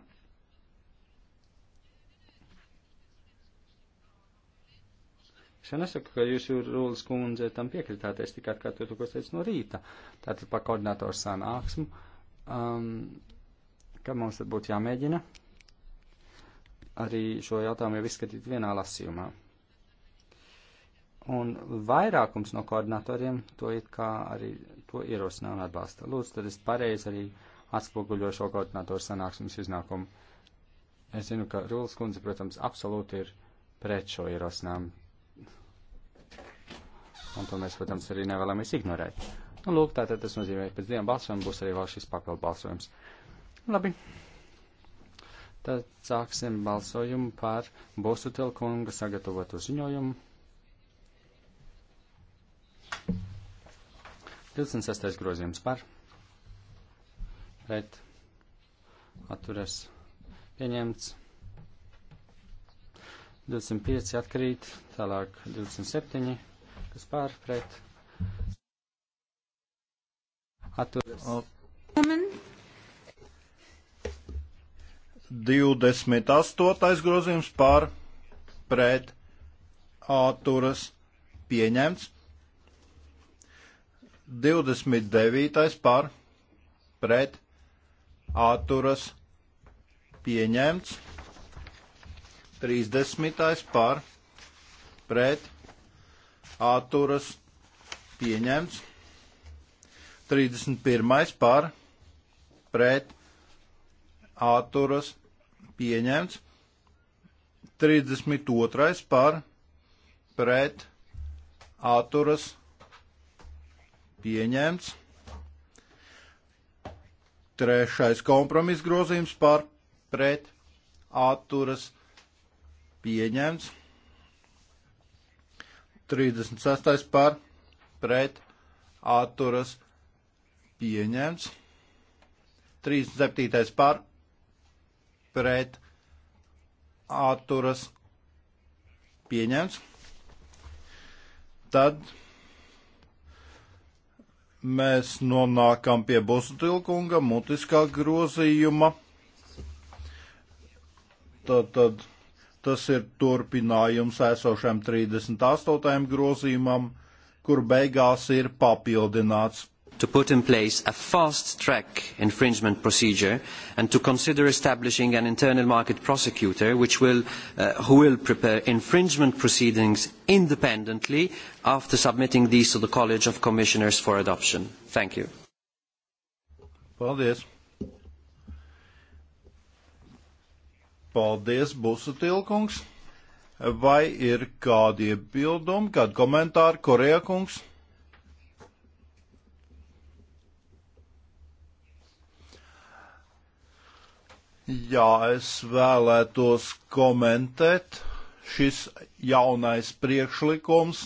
Speaker 2: Es jau nesaku, ka jūs Rūlis kundze tam piekritāties tikai kā to, ko es teicu no rīta. Tātad pa koordinātoru sanāksmu, um, ka mums tad būtu jāmēģina arī šo jautājumu jau izskatīt vienā lasījumā. Un vairākums no koordinatoriem to it kā arī to ierosinājumu atbalsta. Lūdzu, tad es pareizi arī atspoguļošo koordinatoru sanāksmes iznākumu. Es zinu, ka Rūlas kundze, protams, absolūti ir pret šo ierosinājumu. Un to mēs, protams, arī nevēlamies ignorēt. Nu, lūk, tātad tas nozīmē, ka pēc dienas balsojuma būs arī vēl šis papildu balsojums. Labi. Tad sāksim balsojumu par Bosutel kunga sagatavotu ziņojumu. 26. grozījums par pret atturas pieņemts. 25 atkrīt, tālāk 27, kas pārpret.
Speaker 4: Atturas. 28. grozījums pār pret atturas pieņemts. 29. pār pret atturas pieņemts. 30. par pret atturas pieņemts. 31. par pret atturas pieņemts. 32. par pret atturas pieņemts. Trešais kompromiss grozījums par pret atturas pieņemts. 36. par pret atturas pieņemts. 37. par pret atturas pieņemts. Tad mēs nonākam pie Bosutilkunga mutiskā grozījuma. Tad, tad tas ir turpinājums esošam 38. grozījumam, kur beigās ir papildināts
Speaker 2: to put in place a fast-track infringement procedure and to consider establishing an internal market prosecutor which will, uh, who will prepare infringement proceedings independently after submitting these to the College of Commissioners for adoption. Thank you.
Speaker 4: Paldies. Paldies, Busutilkungs. Vai ir kādi iebildumi, kādi komentāri, Korejā kungs? Jā, es vēlētos komentēt šis jaunais priekšlikums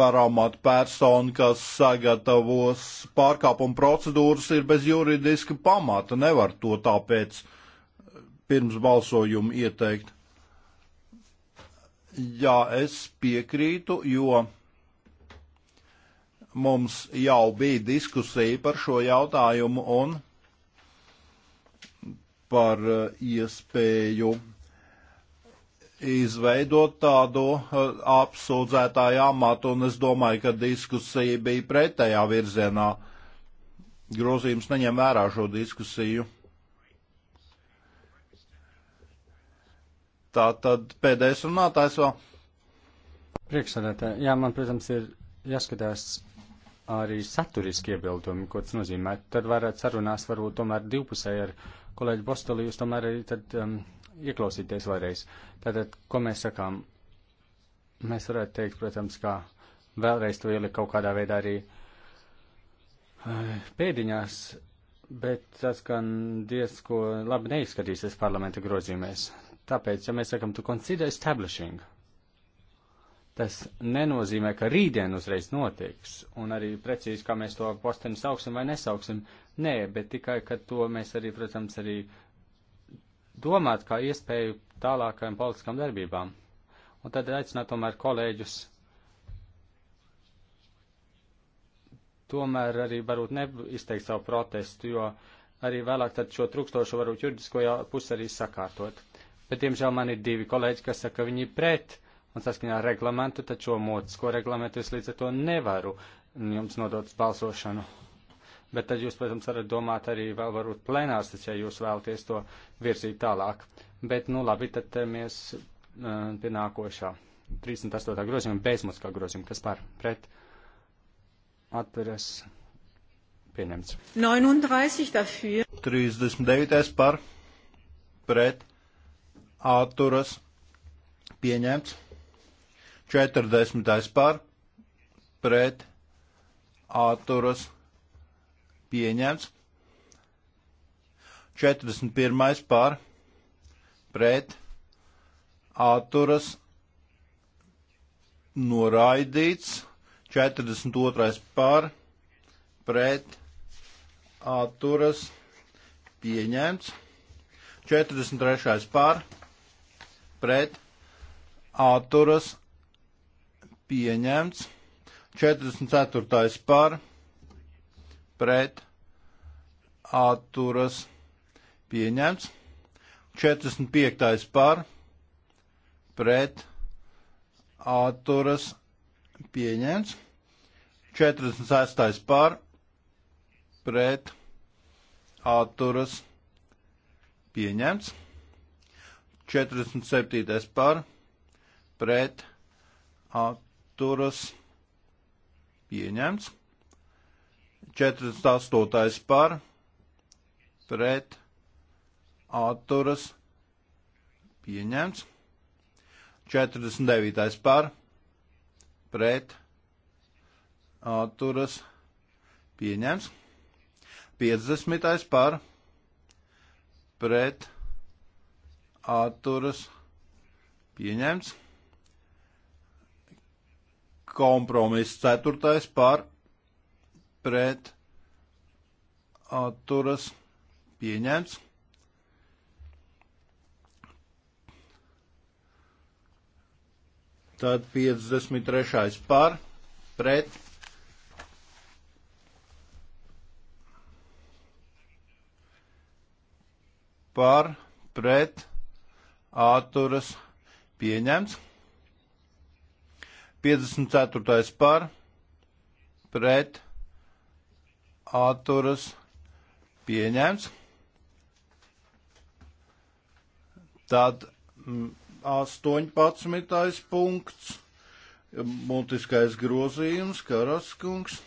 Speaker 4: par amatpersonu, kas sagatavos pārkāpumu procedūras, ir bez juridiska pamata. Nevar to tāpēc pirms balsojuma ieteikt. Jā, es piekrītu, jo Mums jau bija diskusija par šo jautājumu un par eh, iespēju izveidot tādu eh, apsūdzētāju amatu, un es domāju, ka diskusija bija pretējā virzienā. Grozījums neņem vērā šo diskusiju. Tā tad pēdējais runātājs vēl.
Speaker 2: Priekšsēdētāji, jā, man, protams, ir jāskatās arī saturiski iebildumi, ko tas nozīmē, tad varētu sarunās varbūt tomēr divpusēji ar kolēģi Bostoli, jūs tomēr arī tad um, ieklausīties vēlreiz. Tātad, ko mēs sakām? Mēs varētu teikt, protams, ka vēlreiz to ielikt kaut kādā veidā arī uh, pēdiņās, bet tas gan diezko labi neizskatīsies parlamenta grozīmēs. Tāpēc, ja mēs sakam, to consider establishing, tas nenozīmē, ka rītdien uzreiz notiks, un arī precīzi, kā mēs to posteni sauksim vai nesauksim, nē, bet tikai, ka to mēs arī, protams, arī domāt kā iespēju tālākajām politiskām darbībām. Un tad aicināt tomēr kolēģus tomēr arī varbūt neizteikt savu protestu, jo arī vēlāk tad šo trūkstošo varbūt juridisko pusi arī sakārtot. Bet, diemžēl, man ir divi kolēģi, kas saka, ka viņi ir pret Un saskaņā ar reglamentu, taču motisko reglamentu es līdz ar to nevaru jums nodot balsošanu. Bet tad jūs, protams, varat domāt arī vēl varbūt plenārs, ja jūs vēlaties to virzīt tālāk. Bet, nu labi, tad mēs uh, pie nākošā 38. grozījuma bezmuskā grozījuma, kas par pret atturas
Speaker 4: pieņemts. 39. par pret atturas pieņemts. 40. par pret atturas pieņemts. 41. par pret atturas noraidīts. 42. par pret atturas pieņemts. 43. par pret atturas pieņemts. 44. par pret atturas pieņemts. 45. par pret atturas pieņemts. 46. par pret atturas pieņemts. 47. par pret atturas atturas pieņemts. 48. par pret atturas pieņemts. 49. par pret atturas pieņemts. 50. par pret atturas pieņemts kompromiss ceturtais par pret atturas pieņemts. Tad 53. par pret par pret atturas pieņemts. 54. par pret atturas pieņemts. Tad 18. Mm, punkts, mutiskais grozījums, karaskungs.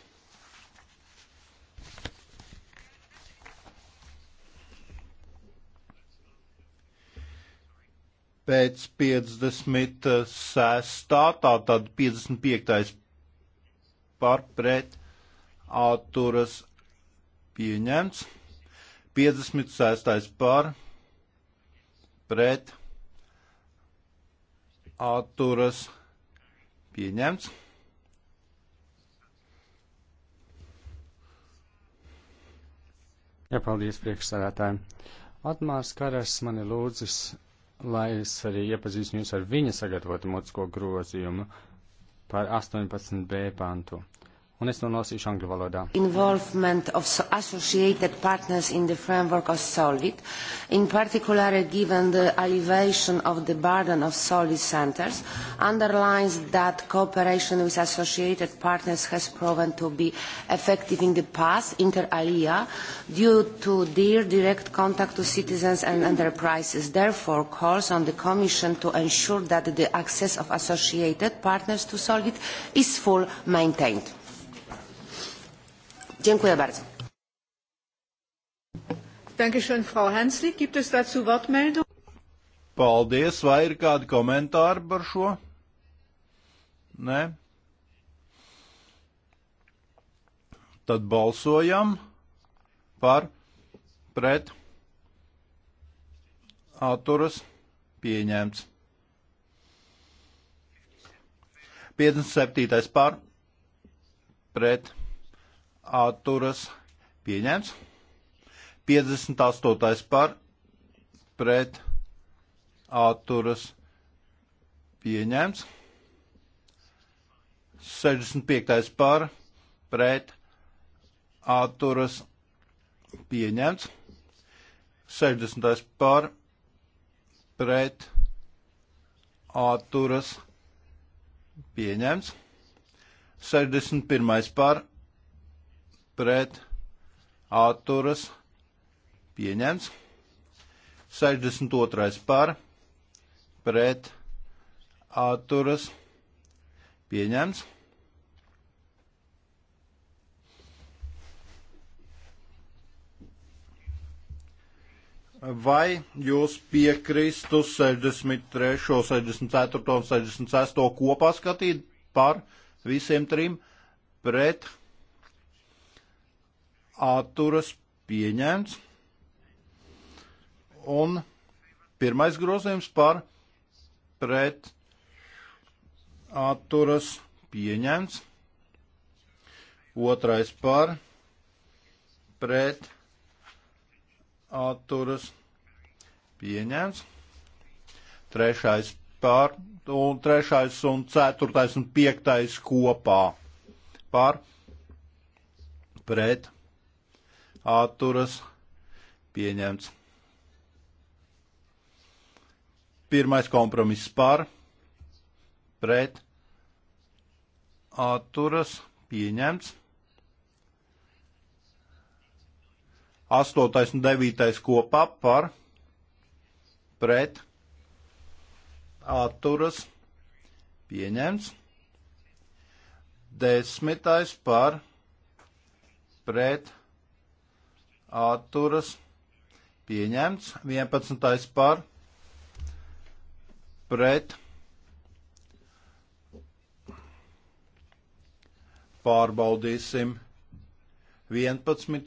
Speaker 4: pēc 56. tātad 55. par pret atturas pieņemts, 56. par pret atturas pieņemts.
Speaker 2: Jā, paldies priekšsādātājiem. Atmārs Karas man ir lūdzis lai es arī iepazīstinu jūs ar viņa sagatavotu mocko grozījumu par 18b pantu un es to nolasīšu angļu valodā.
Speaker 3: Involvement of associated partners in the framework of SOLID, in particular given the elevation of the burden of SOLID centers, underlines that cooperation with associated partners has proven to be effective in the past, inter alia, due to their direct contact to citizens and enterprises. Therefore, calls on the Commission to ensure that the access of associated partners to SOLID is full maintained. Dziękuję bardzo. Dankeschön, Frau Hanslik. Gibt es
Speaker 1: dazu Wortmeldung?
Speaker 4: Paldies, vai ir kādi komentāri par šo? Nē. Tad balsojam par pret atturas pieņemts. 57. par pret atturas pieņemts. 58. par pret atturas pieņemts. 65. par pret atturas pieņemts. 60. par pret atturas pieņemts. 61. par pret pret atturas pieņemts. 62. par pret atturas pieņemts. Vai jūs piekristu 63, 64 un 66 kopā skatīt par visiem trim pret atturas pieņemts. Un pirmais grozījums par pret atturas pieņemts. Otrais par pret atturas pieņemts. Trešais par un trešais un ceturtais un piektais kopā par pret atturas atturas pieņemts. Pirmais kompromiss par, pret, atturas pieņemts. Astotais un devītais kopā par, pret, atturas pieņemts. Desmitais par, pret, atturas pieņemts, 11. par pret pārbaudīsim 11.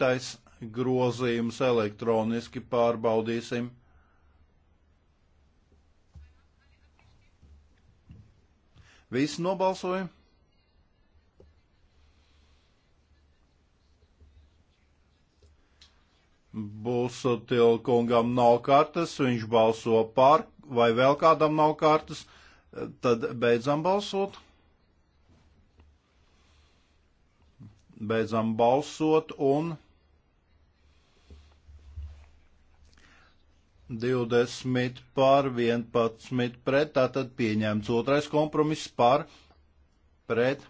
Speaker 4: grozījums elektroniski pārbaudīsim. Visi nobalsoja? Būsotilkungam nav kartes, viņš balso par, vai vēl kādam nav kartes, tad beidzam balsot. Beidzam balsot un 20 par 11 pret, tātad pieņemts otrais kompromiss par pret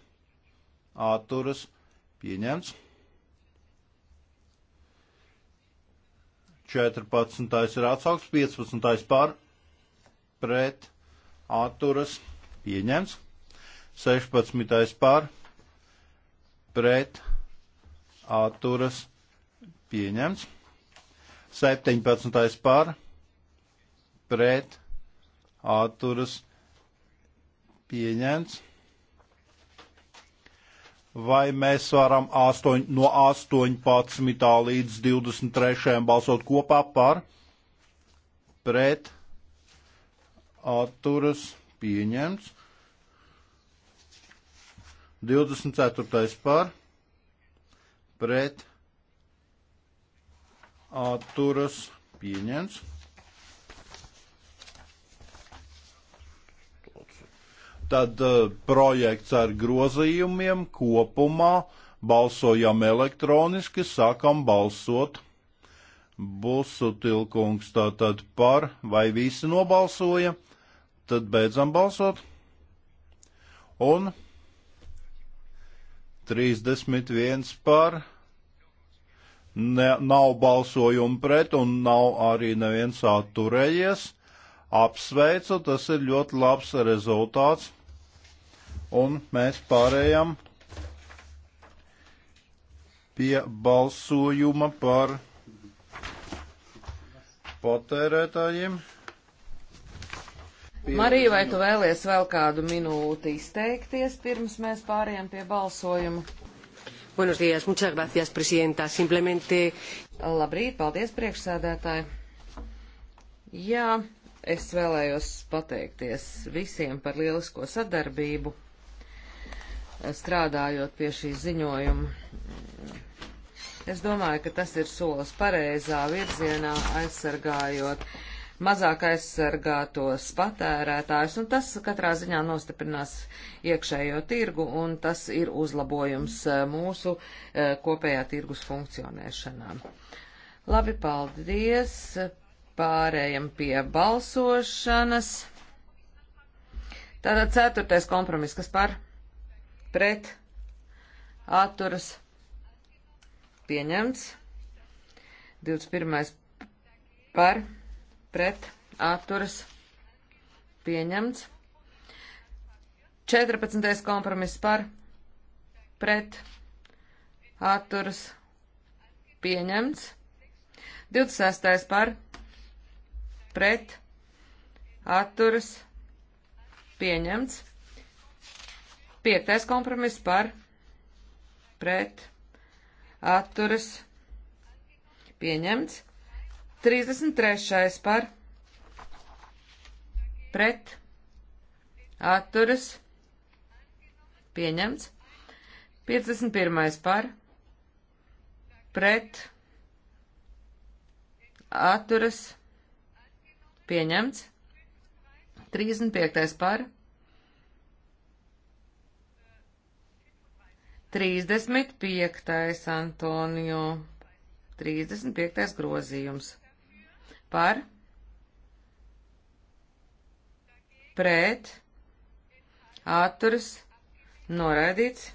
Speaker 4: atturas pieņemts. 14. ir atsaugs, 15. par pret atturas pieņems, 16. par pret atturas pieņems, 17. par pret atturas pieņems vai mēs varam 8, no 18. līdz 23. balsot kopā par, pret, atturas, pieņemts, 24. par, pret, atturas, pieņemts. Tad eh, projekts ar grozījumiem kopumā balsojam elektroniski, sākam balsot. Busu tilkungs tātad par, vai visi nobalsoja, tad beidzam balsot. Un 31 par, ne, nav balsojumu pret un nav arī neviens atturējies. Apsveicu, tas ir ļoti labs rezultāts un mēs pārējām pie balsojuma par patērētājiem. Pie... Marija, vai tu
Speaker 3: vēlies vēl kādu minūti izteikties, pirms mēs pārējām pie balsojuma? Buenos días, muchas gracias, presidenta. Simplemente. Labrīt, paldies, priekšsēdētāji. Jā, es vēlējos pateikties visiem par lielisko sadarbību strādājot pie šī ziņojuma. Es domāju, ka tas ir solis pareizā virzienā, aizsargājot mazāk aizsargātos patērētājus, un tas katrā ziņā nostiprinās iekšējo tirgu, un tas ir uzlabojums eh, mūsu eh, kopējā tirgus funkcionēšanā. Labi, paldies! Pārējam pie balsošanas. Tātad ceturtais kompromiss, kas par? pret, atturas, pieņemts. 21. par, pret, atturas, pieņemts. 14. kompromiss par, pret, atturas, pieņemts. 26. par, pret, atturas, pieņemts. Piektais kompromiss par pret atturas pieņemts. 33. par pret atturas pieņemts. 51. par pret atturas pieņemts. 35. par pret 35. Antonio, 35. grozījums par pret atturas noraidīts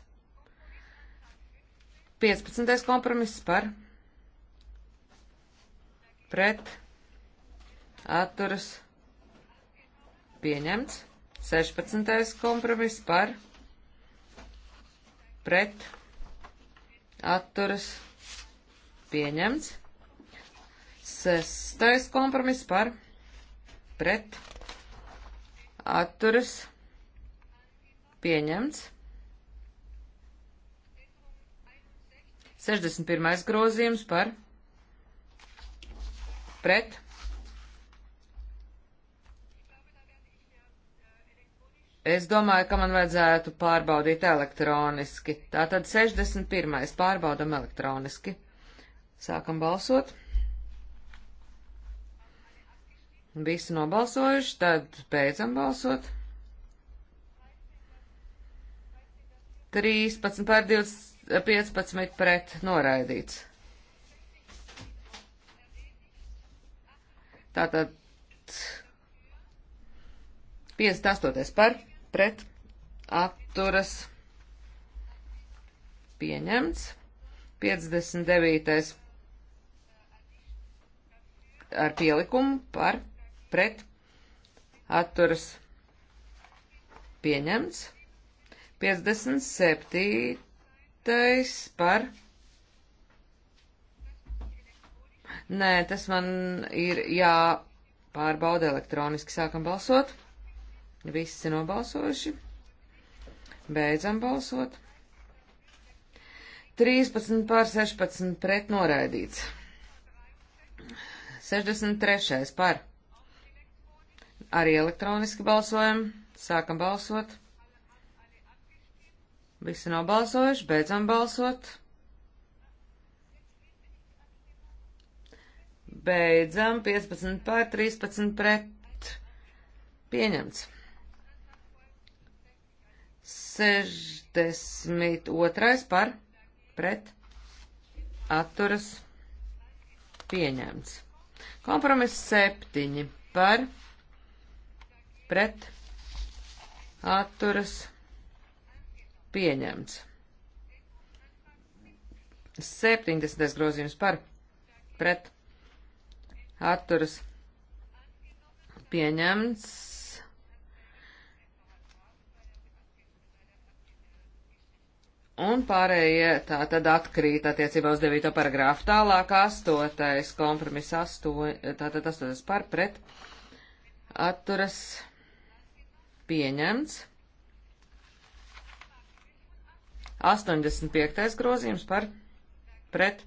Speaker 3: 15. kompromiss par pret atturas pieņemts 16. kompromiss par pret pret, atturas, pieņemts. Sestais kompromiss par, pret, atturas, pieņemts. 61. grozījums par, pret, Es domāju, ka man vajadzētu pārbaudīt elektroniski. Tātad 61. pārbaudam elektroniski. Sākam balsot. Visi nobalsojuši, tad beidzam balsot. 13 pār 20, 15 pret noraidīts. Tātad 58 par pret atturas pieņemts. 59. ar pielikumu par pret atturas pieņemts. 57. par Nē, tas man ir jāpārbauda elektroniski. Sākam balsot. Visi nobalsojuši. Beidzam balsot. 13 pār 16 pret noraidīts. 63 par. Arī elektroniski balsojam. Sākam balsot. Visi nobalsojuši, beidzam balsot. Beidzam 15 pār 13 pret. Pieņemts. 62. par pret atturas pieņemts. Kompromiss 7 par pret atturas pieņemts. 70. grozījums par pret atturas pieņemts. Un pārējie tā tad atkrīt attiecībā uz 9. paragrāfu. Tālāk 8. kompromiss 8. Tātad 8. par pret atturas pieņemts. 85. grozījums par pret.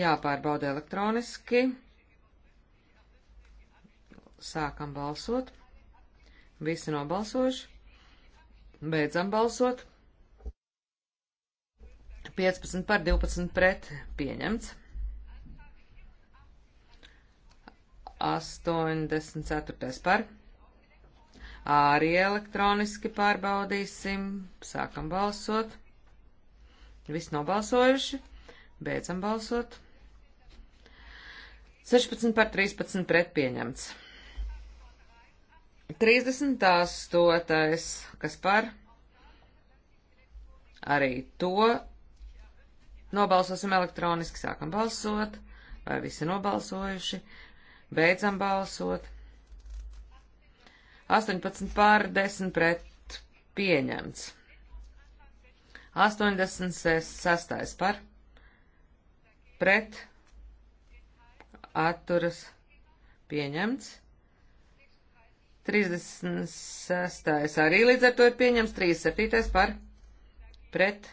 Speaker 3: Jāpārbauda elektroniski. Sākam balsot. Visi nobalsojuši. Beidzam balsot. 15 par 12 pret pieņemts. 84 par. Arī elektroniski pārbaudīsim. Sākam balsot. Viss nobalsojuši. Beidzam balsot. 16 par 13 pret pieņemts. 38. kas par? Arī to nobalsosim elektroniski, sākam balsot, vai visi nobalsojuši, beidzam balsot. 18 pār 10 pret pieņemts. 86 par pret atturas pieņemts. 36. arī līdz ar to ir pieņems 37. par pret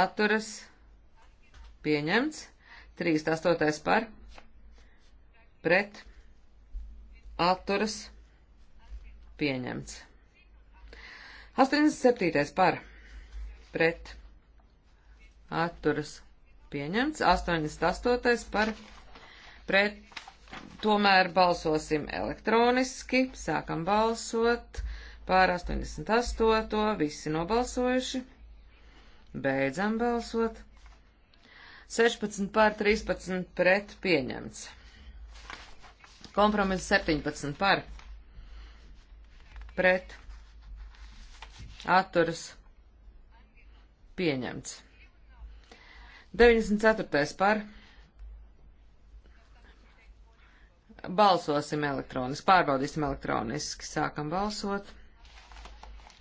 Speaker 3: atturas pieņemts 38. par pret atturas pieņemts 87. par pret atturas pieņemts 88. par pret tomēr balsosim elektroniski, sākam balsot pār 88, visi nobalsojuši, beidzam balsot, 16 pār 13 pret pieņemts, kompromiss 17 pār pret atturas pieņemts, 94 pār pret Balsosim elektroniski, pārbaudīsim elektroniski. Sākam balsot.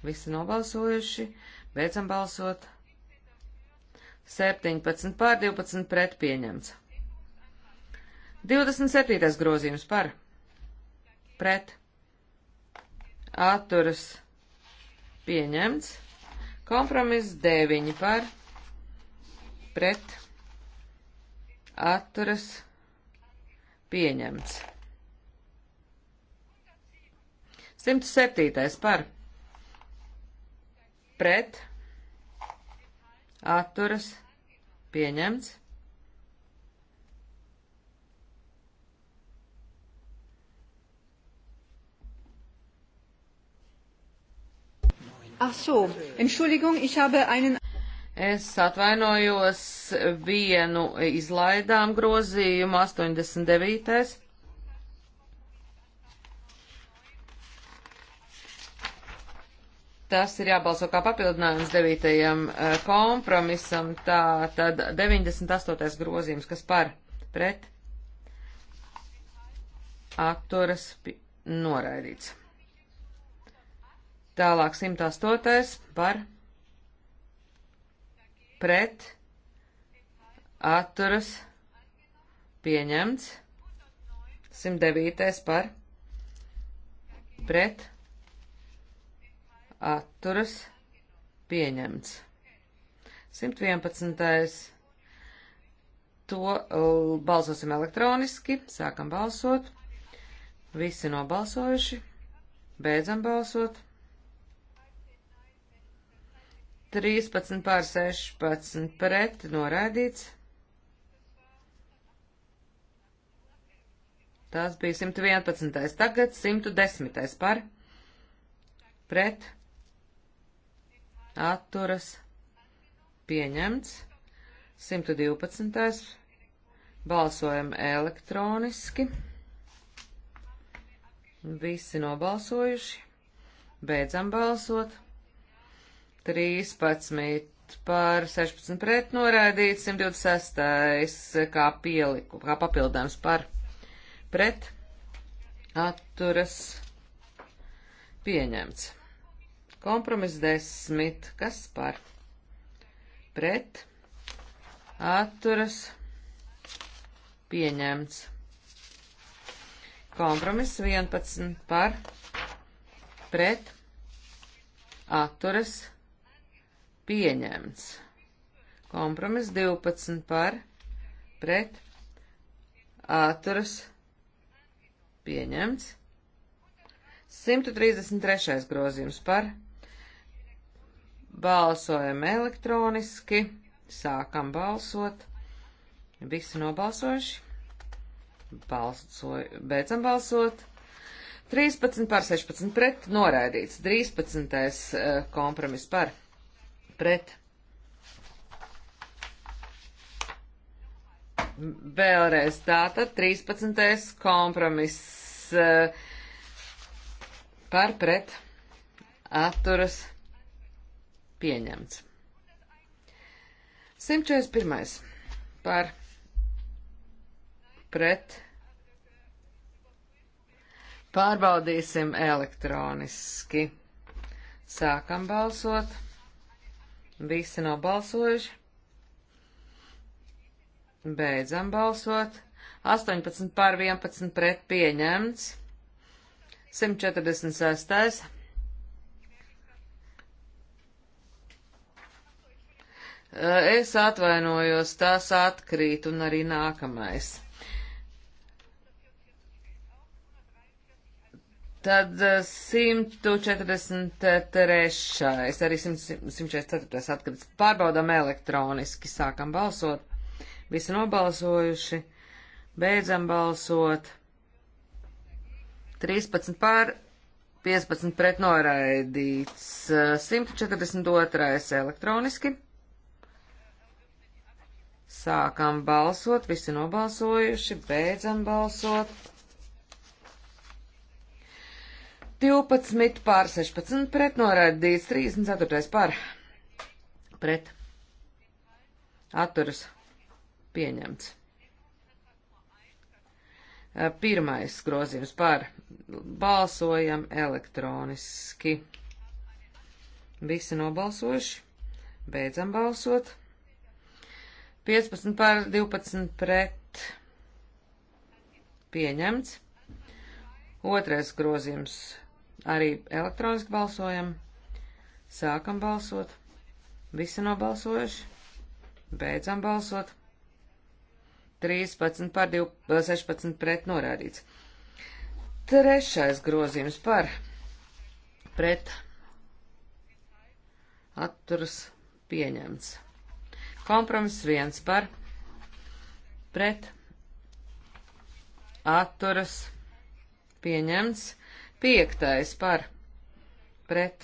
Speaker 3: Visi nobalsojuši. Beidzam balsot. 17 pār 12 pret pieņemts. 27. grozījums par pret atturas pieņemts. Kompromiss 9 par pret atturas pieņemts. 107. par pret atturas pieņemts. Ach so, Entschuldigung, ich habe einen. Es atvainojos, vienu izlaidām grozījumu 89. tas ir jābalso kā papildinājums devītajam eh, kompromisam. Tā tad 98. grozījums, kas par pret aktoras noraidīts. Tālāk 108. par pret atturas pieņemts. 109. par pret atturas pieņemts. 111. To balsosim elektroniski, sākam balsot. Visi nobalsojuši, beidzam balsot. 13 pār 16 pret noraidīts. Tas bija 111. Tagad 110. par pret atturas, pieņemts. 112. Balsojam elektroniski. Visi nobalsojuši. Beidzam balsot. 13 par 16 pret noraidīt, 126 kā pieliku, kā papildams par pret atturas pieņemts. Kompromiss desmit. Kas par? Pret. Atturas. Pieņemts. Kompromiss 11 par. Pret. Atturas. Pieņemts. Kompromiss 12 par. Pret. Atturas. Pieņemts. 133. grozījums par Balsojam elektroniski. Sākam balsot. Visi nobalsojuši. Balsoj, beidzam balsot. 13 par 16 pret noraidīts. 13. Eh, kompromiss par pret. Vēlreiz tātad 13. kompromiss eh, par pret atturas pieņemts. 141. par pret pārbaudīsim elektroniski. Sākam balsot. Visi nav balsojuši. Beidzam balsot. 18 pār 11 pret pieņemts. 146. Eh, es atvainojos, tās atkrīt un arī nākamais. Tad 143. Eh, arī 144. atkrits. Pārbaudām elektroniski, sākam balsot. Visi nobalsojuši, beidzam balsot. 13 pār, 15 pret noraidīts. 142. Eh, elektroniski. Sākam balsot, visi nobalsojuši, beidzam balsot. 12 pār 16 pret noraidīts, 34 pār pret atturas pieņemts. Eh, pirmais grozījums par balsojam elektroniski. Visi nobalsojuši, beidzam balsot. 15 par 12 pret pieņemts. Otrais grozījums arī elektroniski balsojam. Sākam balsot. Visi nobalsojuši. Beidzam balsot. 13 par 2, 16 eh, pret norādīts. Trešais grozījums par pret atturas pieņemts. Kompromiss viens par pret atturas pieņemts. Piektais par pret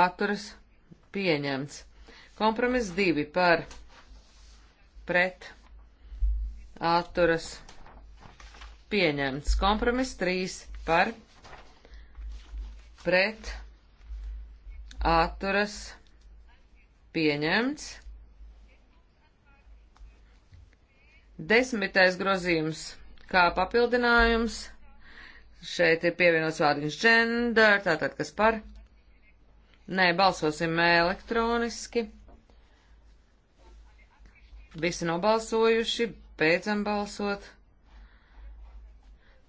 Speaker 3: atturas pieņemts. Kompromiss divi par pret atturas pieņemts. Kompromiss trīs par pret atturas pieņemts pret atturas pieņemts. Desmitais grozījums kā papildinājums. Šeit ir pievienots vārdiņš gender, tātad kas par? Nē, balsosim elektroniski. Visi nobalsojuši, beidzam balsot.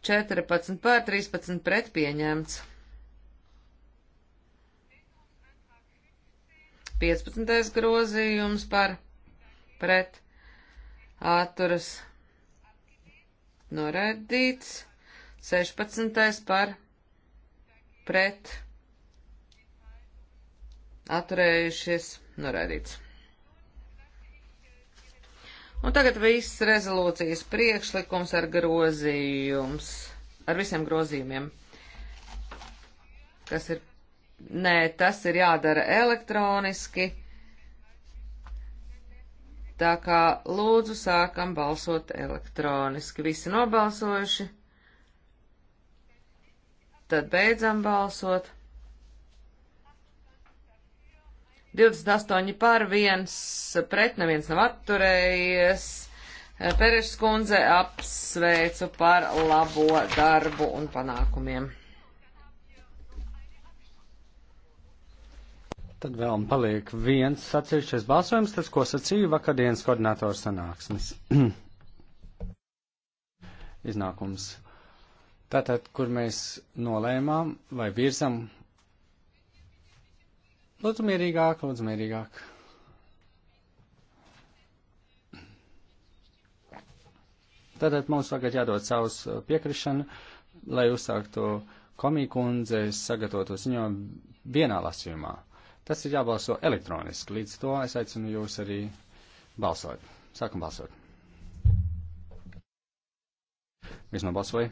Speaker 3: 14 pār 13 pret pieņemts. 15. grozījums par pret atturas noraidīts, 16. par pret atturējušies noraidīts. Un tagad viss rezolūcijas priekšlikums ar grozījums, ar visiem grozījumiem, kas ir Nē, tas ir jādara elektroniski. Tā kā lūdzu sākam balsot elektroniski. Visi nobalsojuši. Tad beidzam balsot. 28 par 1, pret neviens nav atturējies. Perešs kundze apsveicu par labo darbu un panākumiem.
Speaker 2: Tad vēl paliek viens atsevišķais balsojums, tas, ko sacīju vakardienas koordinātors sanāksmes. *clears throat* Iznākums. Tātad, kur mēs nolēmām vai virzam. Lūdzu mierīgāk, lūdzu mierīgāk. Tātad mums tagad jādod savus uh, piekrišanu, lai uzsāktu komiju kundzes sagatavotu ziņojumu vienā lasījumā. Tas ir jābalso elektroniski, līdz to es aicinu jūs arī balsot. Sākam balsot. Viss nobalsoja.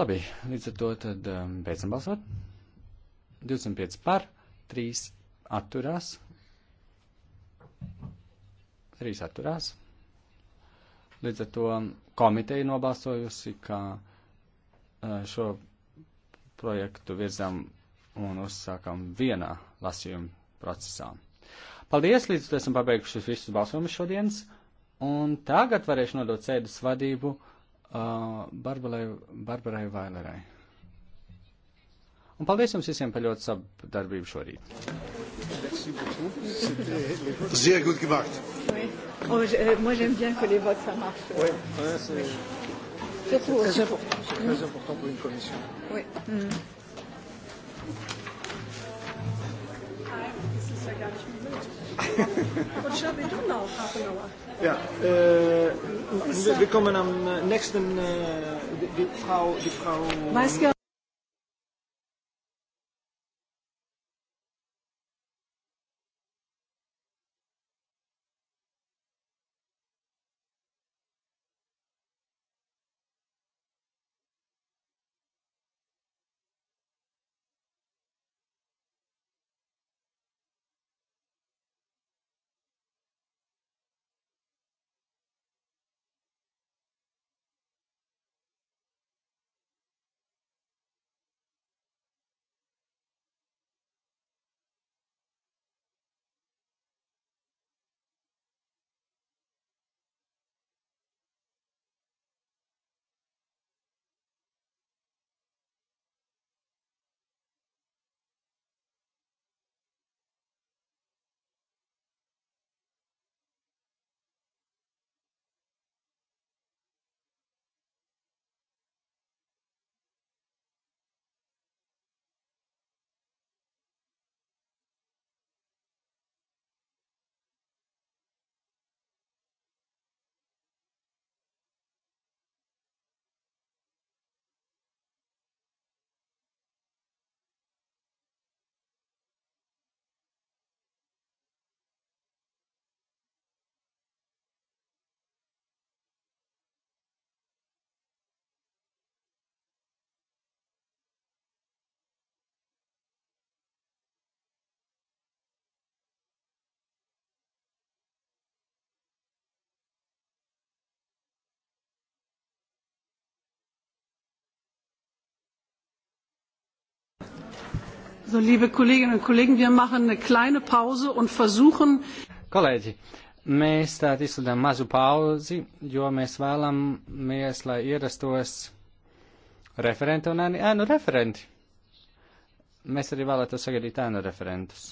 Speaker 2: Labi, līdz ar to tad um, beidzam balsot. 25 par, 3 atturās. 3 atturās. Līdz ar to komiteja nobalsojusi, ka uh, šo projektu virzam un uzsākam vienā lasījuma procesā. Paldies, līdz esam pabeiguši visus balsojumus šodienas, un tagad varēšu nodot sēdes vadību uh, Barbalai, Barbarai Vailerai. Un paldies jums visiem par ļoti sadarbību šorīt.
Speaker 4: Sehr gut gemacht.
Speaker 1: Oui. Oh, je, euh, moi j'aime bien que les votes ça marche.
Speaker 4: Oui. Ouais,
Speaker 1: surtout C'est très, important,
Speaker 4: c'est très important pour une commission. Oui. Mmh. Ja, äh, wir kommen am äh, nächsten, äh, die, die Frau, die Frau.
Speaker 1: So, liebe Kolleginnen und Kollegen, wir machen eine kleine Pause und versuchen.
Speaker 2: Kolēģi, mēs tātad izsludinām mazu pauzi, jo mēs vēlamies, lai ierastos referenti un ēnu referenti. Mēs arī vēlētos sagaidīt ēnu referentus.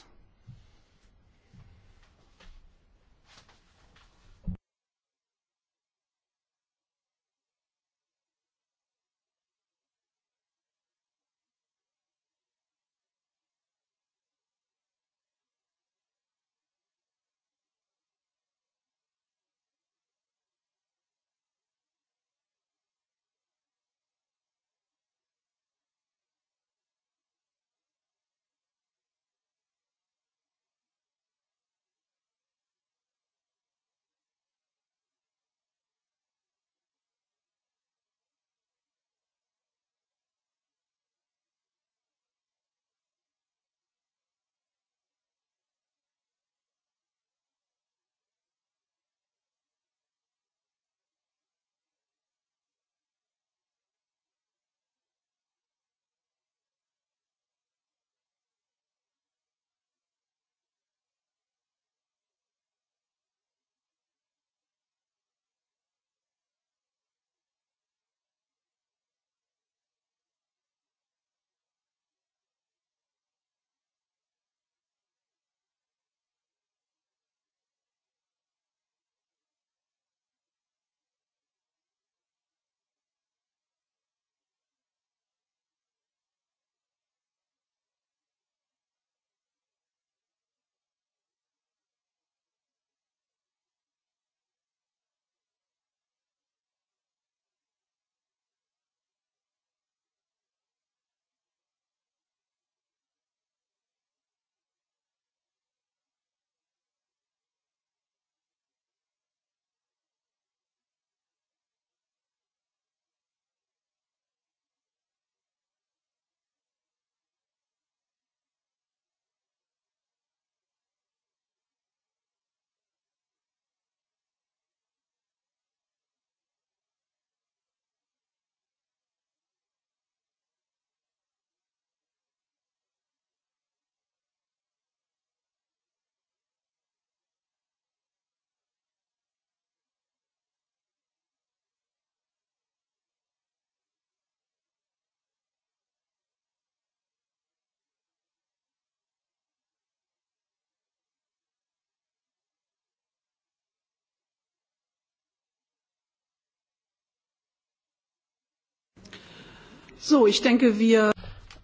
Speaker 1: So, ich denke, wir.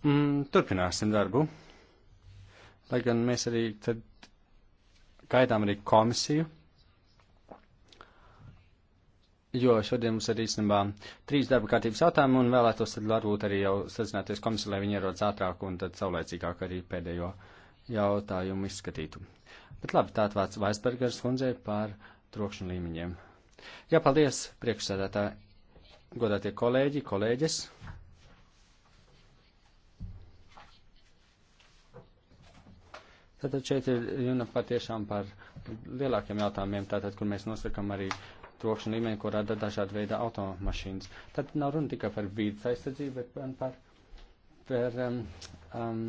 Speaker 2: Mm, turpināsim darbu. Lai gan mēs arī tad gaidām arī komisiju. Jo šodien mums ir īstenībā trīs darba kārtības jautājumi un vēlētos tad varbūt arī jau sazināties komisiju, lai viņi ierodas ātrāk un tad saulēcīgāk arī pēdējo jautājumu izskatītu. Bet labi, tā atvāc Vaisbergers kundzei par trokšņu līmeņiem. Jā, paldies, priekšsēdētāji, godātie kolēģi, kolēģis. Tātad šeit ir runa patiešām par lielākiem jautājumiem, tātad, kur mēs nosakam arī trokšņu līmeni, ko rada dažāda veida automašīnas. Tad nav runa tikai par vīdes aizsardzību, bet gan par, par um, um,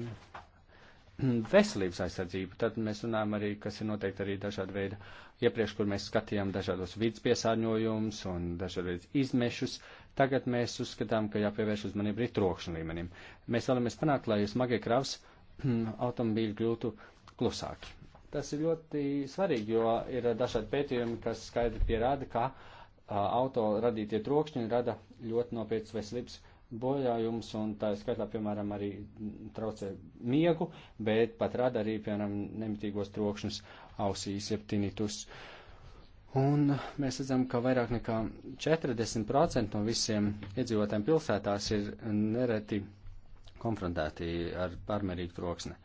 Speaker 2: veselības aizsardzību. Tad mēs runājam arī, kas ir noteikti arī dažāda veida iepriekš, kur mēs skatījām dažādos vīdes piesārņojumus un dažādas izmešus. Tagad mēs uzskatām, ka jāpievērš uzmanība arī trokšņu līmenim. Mēs vēlamies panākt, lai smagie kravs *clears throat* automobīļi kļūtu klusāki. Tas ir ļoti svarīgi, jo ir dažādi pētījumi, kas skaidri pierāda, ka auto radītie trokšņi rada ļoti nopietnas veselības bojājumus, un tā skaitā, piemēram, arī traucē miegu, bet pat rada arī, piemēram, nemitīgos trokšņus ausīs, jeb tinitus. Un mēs redzam, ka vairāk nekā 40% no visiem iedzīvotājiem pilsētās ir nereti konfrontēti ar pārmērīgu troksni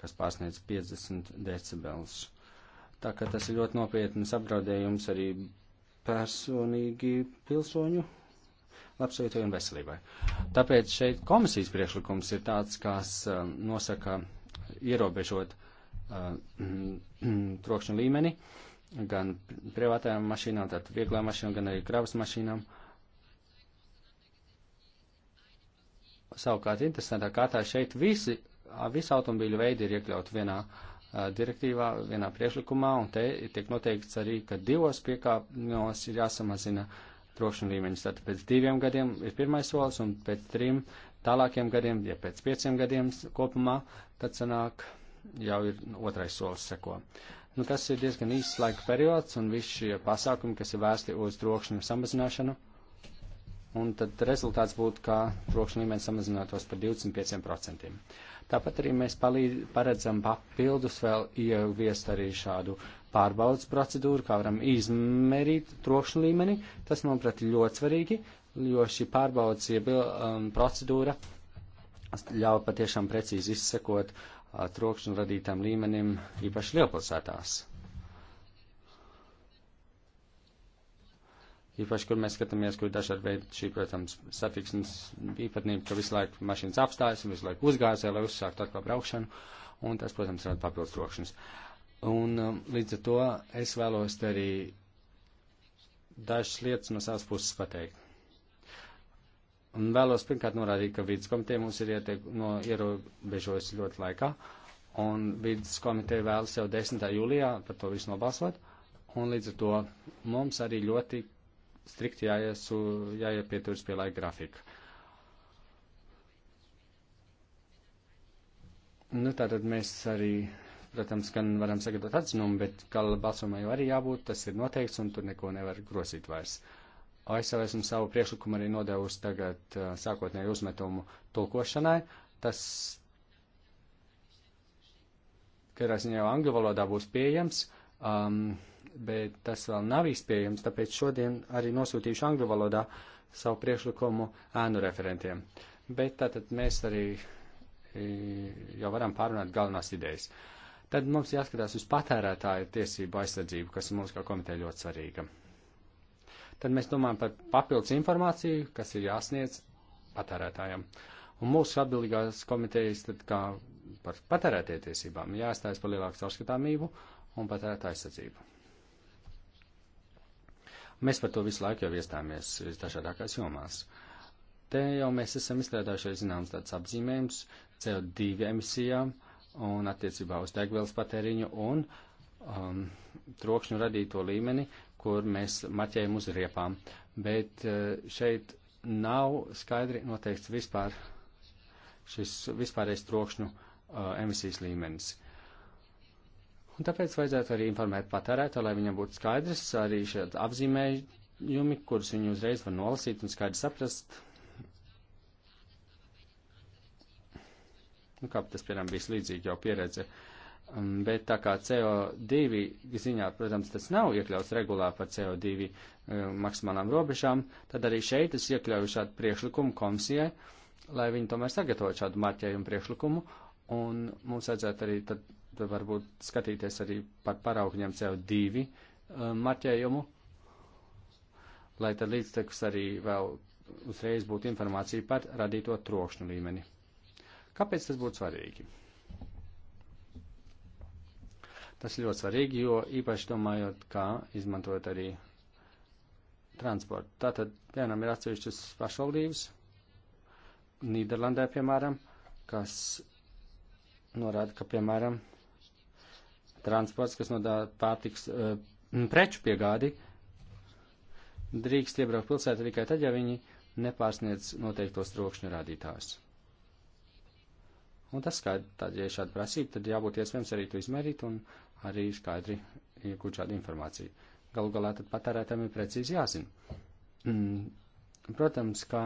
Speaker 2: kas pārsniedz 50 decibels. Tā kā tas ir ļoti nopietnas apdraudējums arī personīgi pilsoņu labsajūtai un veselībai. Tāpēc šeit komisijas priekšlikums ir tāds, kas um, nosaka ierobežot um, uh, *clears throat* trokšņu līmeni gan privātajām mašīnām, tātad vieglām mašīnām, gan arī kravas mašīnām. Savukārt interesantā kārtā šeit visi visi automobīļu veidi ir iekļauti vienā direktīvā, vienā priekšlikumā, un te tiek noteikts arī, ka divos piekāpnos ir jāsamazina trokšņa līmeņus. Tātad pēc diviem gadiem ir pirmais solis, un pēc trim tālākiem gadiem, ja pēc pieciem gadiem kopumā, tad sanāk jau ir otrais solis seko. Nu, tas ir diezgan īsts laika periods, un visi šie pasākumi, kas ir vērsti uz trokšņu samazināšanu, un tad rezultāts būtu, ka trokšņa līmenis samazinātos par 25%. Tāpat arī mēs palīdz, paredzam papildus vēl ieviest arī šādu pārbaudas procedūru, kā varam izmērīt trokšņu līmeni. Tas, manuprāt, ir ļoti svarīgi, jo šī pārbaudas iebil, um, procedūra ļauj patiešām precīzi izsekot uh, trokšņu radītām līmenim, īpaši lielpilsētās. Īpaši, kur mēs skatāmies, kur dažādi veidi šī, protams, satiksmes īpatnība, ka visu laiku mašīnas apstājas un visu laiku uzgāzē, lai uzsāktu atkal braukšanu, un tas, protams, rada papildus trokšņus. Un um, līdz ar to es vēlos te arī dažas lietas no savas puses pateikt. Un vēlos pirmkārt norādīt, ka vidas komiteja mums ir ieteik, no, ierobežojusi ļoti laikā, un vidas komiteja vēlas jau 10. jūlijā par to visu nobalsot, un līdz ar to mums arī ļoti strikti jāiesu, jāiepieturas pie laika grafika. Nu, tātad mēs arī, protams, gan varam sagatavot atzinumu, bet gala balsojumā jau arī jābūt, tas ir noteikts un tur neko nevar grozīt vairs. O, es jau esmu savu priekšlikumu arī nodevusi tagad sākotnēju uzmetumu tulkošanai. Tas katrā ziņā jau angļu valodā būs pieejams. Um, bet tas vēl nav izpējams, tāpēc šodien arī nosūtīšu angļu valodā savu priekšlikumu ēnu referentiem. Bet tātad mēs arī e, jau varam pārunāt galvenās idejas. Tad mums jāskatās uz patērētāju tiesību aizsardzību, kas mums kā komiteja ļoti svarīga. Tad mēs domājam par papildus informāciju, kas ir jāsniedz patērētājiem. Un mūsu atbildīgās komitejas tad kā par patērētie tiesībām jāstājas par lielāku caurskatāmību un patērētāju aizsardzību. Mēs par to visu laiku jau iestāmies visdažādākās jomās. Te jau mēs esam izstrādājuši zināms tāds apzīmējums CO2 emisijām un attiecībā uz degvielas patēriņu un um, trokšņu radīto līmeni, kur mēs maķējam uz riepām. Bet uh, šeit nav skaidri noteikts vispār šis vispārējais trokšņu uh, emisijas līmenis. Uh, Un tāpēc vajadzētu arī informēt patērētāju, lai viņam būtu skaidrs arī šie apzīmējumi, kurus viņi uzreiz var nolasīt un skaidri saprast. Nu, kā tas, piemēram, bija līdzīgi jau pieredze. Um, bet tā kā CO2 ziņā, protams, tas nav iekļauts regulā par CO2 e, um, maksimālām robežām, tad arī šeit es iekļauju šādu priekšlikumu komisijai, lai viņi tomēr sagatavotu šādu marķējumu priekšlikumu, un mums vajadzētu arī tad Tur varbūt skatīties arī par paraugņiem CO2 uh, marķējumu, lai tad līdztekus arī vēl uzreiz būtu informācija par radīto trokšņu līmeni. Kāpēc tas būtu svarīgi? Tas ir ļoti svarīgi, jo īpaši domājot, kā izmantot arī transportu. Tātad, piemēram, ir atsevišķas pašvaldības, Nīderlandē, piemēram, kas norāda, ka, piemēram, transports, kas nodā pārtiks uh, eh, preču piegādi, drīkst iebraukt pilsētā tikai tad, ja viņi nepārsniedz noteiktos trokšņu rādītājus. Un tas, kā tad, ja šāda prasība, tad jābūt iespējams arī to izmērīt un arī skaidri iegūt šādu informāciju. Galu galā tad patērētājiem ir precīzi jāzina. Mm, protams, ka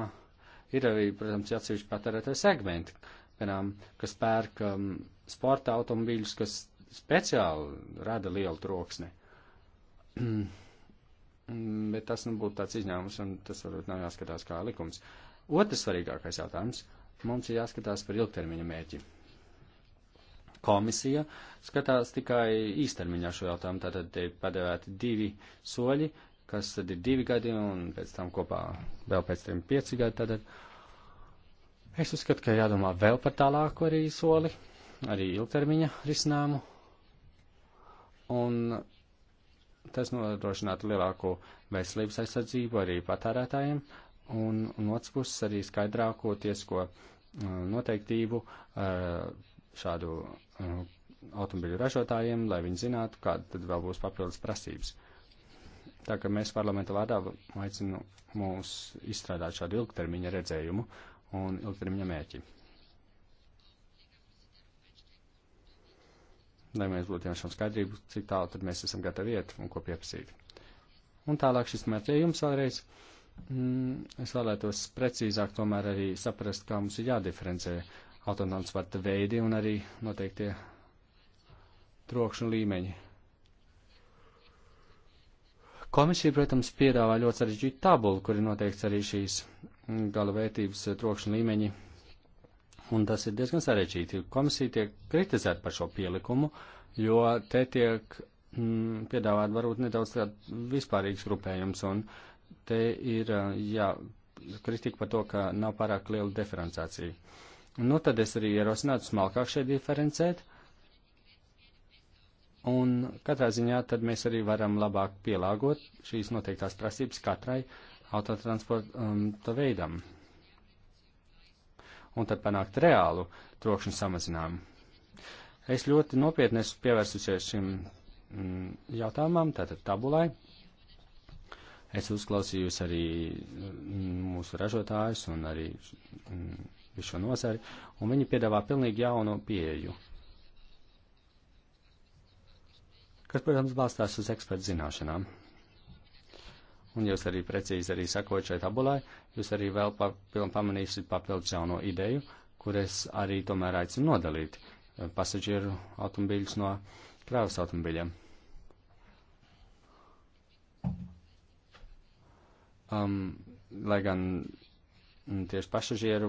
Speaker 2: ir arī, protams, atsevišķi patērētāju segmenti, piemēram, kas pērk um, sporta automobīļus, kas speciāli rada lielu troksni. *clears throat* Bet tas nu, būtu tāds izņēmums, un tas varbūt nav jāskatās kā likums. Otrs svarīgākais jautājums - mums ir jāskatās par ilgtermiņa mērķi. Komisija skatās tikai īstermiņā šo jautājumu, tātad ir padevēti divi soļi, kas tad ir divi gadi, un pēc tam kopā vēl pēc tiem pieci gadi. Tātad es uzskatu, ka jādomā vēl par tālāku arī soli, arī ilgtermiņa risinājumu Un tas nodrošinātu lielāko veselības aizsardzību arī patērētājiem un no otras puses arī skaidrāko tiesko uh, noteiktību uh, šādu uh, automobiļu ražotājiem, lai viņi zinātu, kāda tad vēl būs papildus prasības. Tā kā mēs parlamenta vārdā aicinu mūs izstrādāt šādu ilgtermiņa redzējumu un ilgtermiņa mērķi. lai mēs būtu tiešām skaidrību, cik tālu tad mēs esam gatavi iet un ko pieprasīt. Un tālāk šis mērķējums vēlreiz. Mm, es vēlētos precīzāk tomēr arī saprast, kā mums ir jādiferencē autonomas varta veidi un arī noteiktie trokšņu līmeņi. Komisija, protams, piedāvā ļoti sarežģītu tabulu, kur ir noteikts arī šīs gala vērtības trokšņu līmeņi Un tas ir diezgan sarežģīti. Komisija tiek kritizēta par šo pielikumu, jo te tiek mm, piedāvāt varbūt nedaudz tāds vispārīgs grupējums, un te ir, jā, kritika par to, ka nav pārāk liela diferenciācija. Nu, tad es arī ierosinātu smalkāk šeit diferencēt, un katrā ziņā tad mēs arī varam labāk pielāgot šīs noteiktās prasības katrai autotransporta um, veidam un tad panākt reālu trokšņu samazinājumu. Es ļoti nopietni esmu pievērsusies šim mm, jautājumam, tātad tabulai. Es uzklausījus arī mm, mūsu ražotājus un arī mm, visu šo nozari, un viņi piedāvā pilnīgi jaunu pieeju, kas, protams, balstās uz ekspertu zināšanām un jūs arī precīzi arī sakot šai tabulai, jūs arī vēl pamanīsiet papildus jauno ideju, kur es arī tomēr aicinu nodalīt eh, pasažieru automobīļus no krāvas automobīļiem. Um, lai gan tieši pasažieru,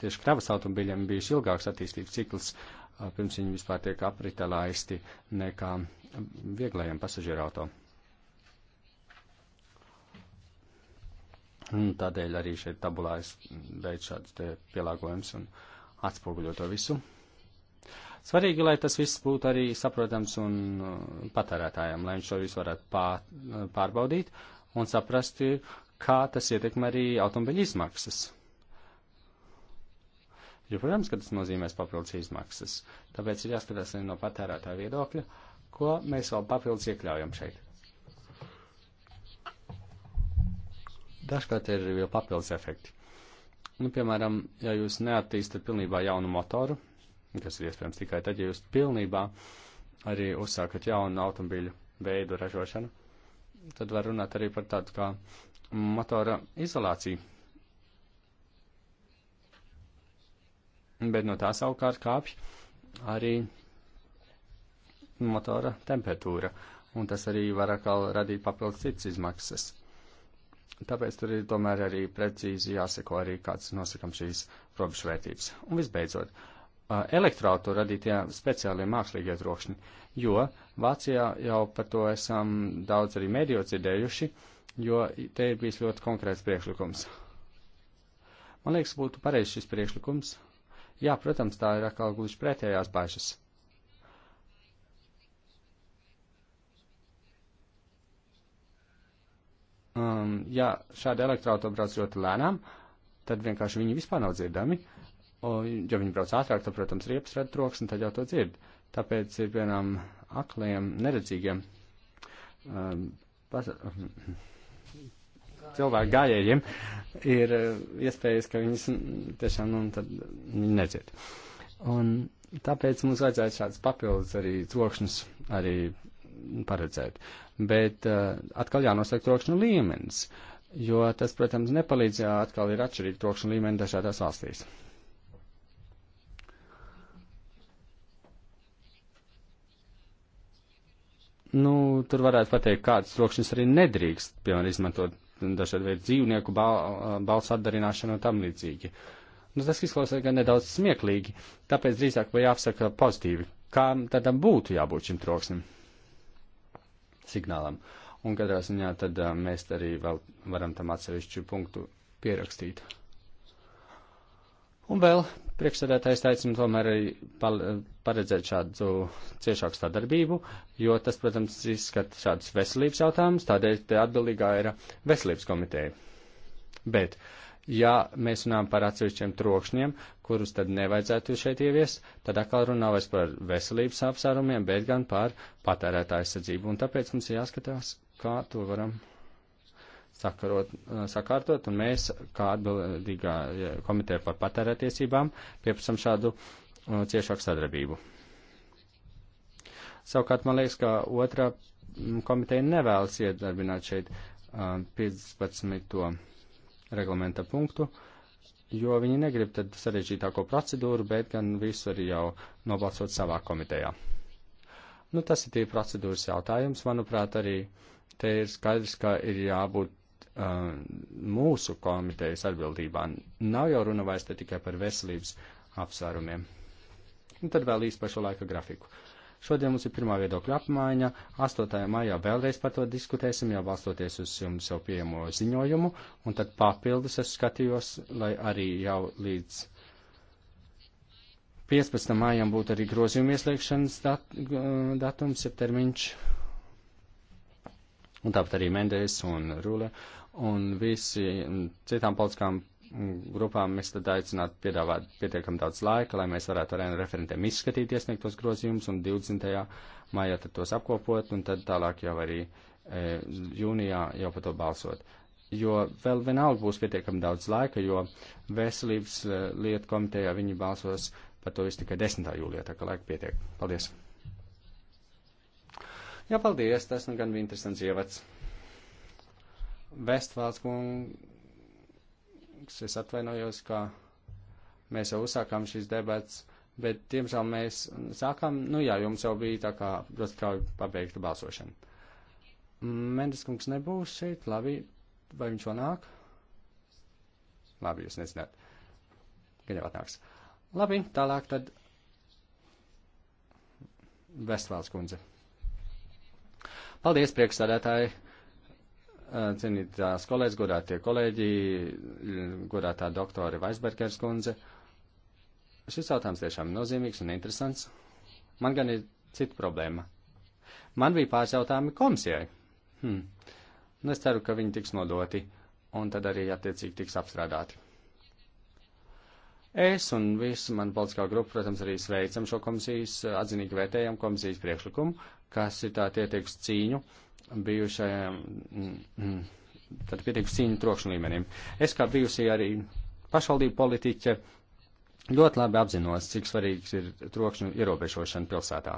Speaker 2: tieši kravas automobiļiem bijis ilgāks attīstības cikls, eh, pirms viņi vispār tiek apritalaisti nekā vieglajiem pasažieru automobiļiem. Un tādēļ arī šeit tabulā es veicu šādus te pielāgojums un atspoguļo to visu. Svarīgi, lai tas viss būtu arī saprotams un uh, patērētājiem, lai viņš to visu varētu pār, uh, pārbaudīt un saprast, kā tas ietekmē arī automobiļu izmaksas. Jo, protams, ka tas nozīmēs papildus izmaksas. Tāpēc ir jāskatās arī no patērētāja viedokļa, ko mēs vēl papildus iekļaujam šeit. dažkārt ir vēl papildus efekti. Nu, piemēram, ja jūs neattīstat pilnībā jaunu motoru, kas ir iespējams tikai tad, ja jūs pilnībā arī uzsākat jaunu automobīļu veidu ražošanu, tad var runāt arī par tādu kā motora izolāciju. Bet no tā savukārt kāpj arī motora temperatūra, un tas arī var atkal radīt papildus citas izmaksas. Tāpēc tur ir tomēr arī precīzi jāseko arī kāds nosakam šīs robežvērtības. Un visbeidzot, elektroautu radītie speciālie mākslīgie trokšņi, jo Vācijā jau par to esam daudz arī mēdījo dzirdējuši, jo te ir bijis ļoti konkrēts priekšlikums. Man liekas, būtu pareizs šis priekšlikums. Jā, protams, tā ir atkal gluži pretējās bažas. um, ja šādi elektroautori brauc ļoti lēnām, tad vienkārši viņi vispār nav dzirdami. O, ja viņi brauc ātrāk, tad, protams, riepas rada troksni, tad jau to dzird. Tāpēc ir vienam akliem, neredzīgiem um, pas, um, cilvēku gājējiem ir uh, iespējas, ka viņas tiešām nu, nedzird. Un tāpēc mums vajadzētu šāds papildus arī trokšņus arī paredzēt bet uh, atkal jānosaka trokšņu līmenis, jo tas, protams, nepalīdz, ja atkal ir atšķirīgi trokšņu līmeni dažādās valstīs. Nu, tur varētu pateikt, kādas trokšņas arī nedrīkst, piemēram, izmantot dažādu veidu dzīvnieku bal eh, balsu atdarināšanu un tam līdzīgi. Nu, tas izklausās gan nedaudz smieklīgi, tāpēc drīzāk vai jāapsaka pozitīvi, kā tādam būtu jābūt šim troksnim signālam. Un katrā ziņā tad uh, mēs arī vēl varam tam atsevišķu punktu pierakstīt. Un vēl priekšsēdētājs aicina nu, tomēr arī paredzēt šādu ciešāku sadarbību, jo tas, protams, izskata šādus veselības jautājumus, tādēļ te atbildīgā ir veselības komiteja. Bet uh, Ja mēs runājam par atsevišķiem trokšņiem, kurus tad nevajadzētu šeit ieviest, tad atkal runā vairs par veselības apsvērumiem, bet gan par patērētāju sadzību. Un tāpēc mums jāskatās, kā to varam sakarot, eh, sakārtot, un mēs, kā atbildīgā komiteja par patērētiesībām, pieprasam šādu eh, ciešāku sadarbību. Savukārt, man liekas, ka otrā mm, komiteja nevēlas iedarbināt šeit 15. Eh, reglamenta punktu, jo viņi negrib tad sarežģītāko procedūru, bet gan visu arī jau nobalsot savā komitejā. Nu, tas ir tie procedūras jautājums. Manuprāt, arī te ir skaidrs, ka ir jābūt uh, mūsu komitejas atbildībā. Nav jau runa vairs te tikai par veselības apsvērumiem. Un tad vēl īsti par šo laika grafiku. Uh, Šodien mums ir pirmā viedokļa apmaiņa. 8. maijā vēlreiz par to diskutēsim, jau balstoties uz jums jau pieejamo ziņojumu. Un tad papildus es skatījos, lai arī jau līdz 15. maijam būtu arī grozījuma ieslēgšanas dat datums, ir termiņš. Un tāpat arī Mendes un Rule un visi citām politiskām grupām mēs tad aicinātu piedāvāt pietiekam daudz laika, lai mēs varētu ar referentiem izskatīt iesniegtos grozījumus un 20. maijā tad tos apkopot un tad tālāk jau arī e, jūnijā jau par to balsot. Jo vēl vienalga būs pietiekam daudz laika, jo veselības e, lietu komitejā viņi balsos par to visu tikai 10. jūlijā, tā ka laika pietiek. Paldies! Jā, paldies, tas nu gan bija interesants ievads. Vestfāls kungs kungs, es atvainojos, ka mēs jau uzsākām šīs debats, bet, diemžēl, mēs sākām, nu jā, jums jau bija tā kā, protams, kā pabeigta balsošana. Mendes kungs nebūs šeit, labi, vai viņš vēl nāk? Labi, jūs nezināt. Gan jau atnāks. Labi, tālāk tad Vestfāls kundze. Paldies, priekšstādātāji! cienītās kolēģis, godātie kolēģi, godātā doktore Vaisbergers kundze. Šis jautājums tiešām nozīmīgs un interesants. Man gan ir cita problēma. Man bija pāris jautājumi komisijai. Hmm. Nu, es ceru, ka viņi tiks nodoti un tad arī attiecīgi tiks apstrādāti. Es un visu man politiskā grupa, protams, arī sveicam šo komisijas, atzinīgi vērtējam komisijas priekšlikumu, kas ir tā ieteikusi cīņu bijušajam, mm, mm, tad pietiekusi cīņu trokšņu līmenim. Es kā bijusi arī pašvaldību politiķe ļoti labi apzinos, cik svarīgs ir trokšņu ierobežošana pilsētā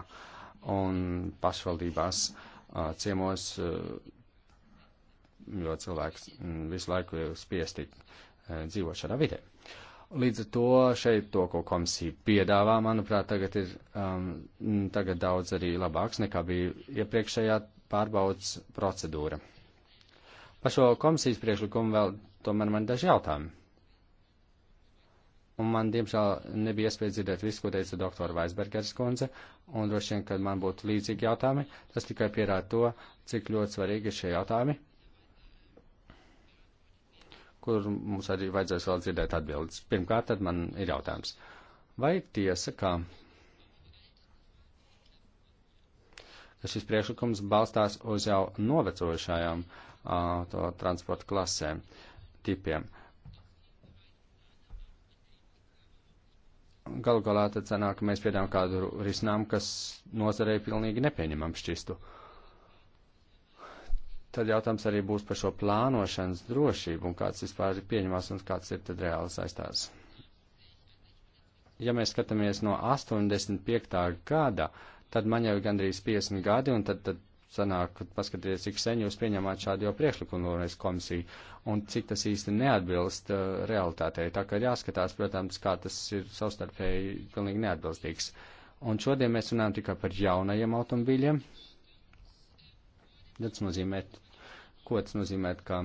Speaker 2: un pašvaldībās ciemos, jo cilvēks mm, visu laiku ir spiesti dzīvot šādā vidē. Līdz ar to šeit to, ko komisija piedāvā, manuprāt, tagad ir um, tagad daudz arī labāks nekā bija iepriekšējā pārbaudas procedūra. Par šo komisijas priekšlikumu vēl tomēr man daži jautājumi. Un man, diemžēl, nebija iespēja dzirdēt visu, ko teica doktora Vaisbergers kundze, un droši vien, kad man būtu līdzīgi jautājumi, tas tikai pierāda to, cik ļoti svarīgi ir šie jautājumi, kur mums arī vajadzēs vēl dzirdēt atbildes. Pirmkārt, tad man ir jautājums. Vai ir tiesa, ka ka šis priekšlikums balstās uz jau novecojušajām uh, transporta klasēm, tipiem. Galu galā tad sanāk, ka mēs piedām kādu risinājumu, kas nozarei pilnīgi nepieņemam šķistu. Uh, tad jautājums arī būs par šo plānošanas drošību un kāds vispār ir pieņemās un kāds ir tad reāli saistās. Ja mēs skatāmies no 85. gada, tad man jau ir gandrīz 50 gadi, un tad, tad sanāk, ka paskatieties, cik sen jūs pieņemāt šādu jau priekšlikumu vēlreiz komisiju, un cik tas īsti neatbilst uh, realitātei. Tā kā ir jāskatās, protams, kā tas ir savstarpēji pilnīgi neatbilstīgs. Un šodien mēs runājam tikai par jaunajiem automobīļiem. Tas nozīmē Ko tas nozīmē, ka.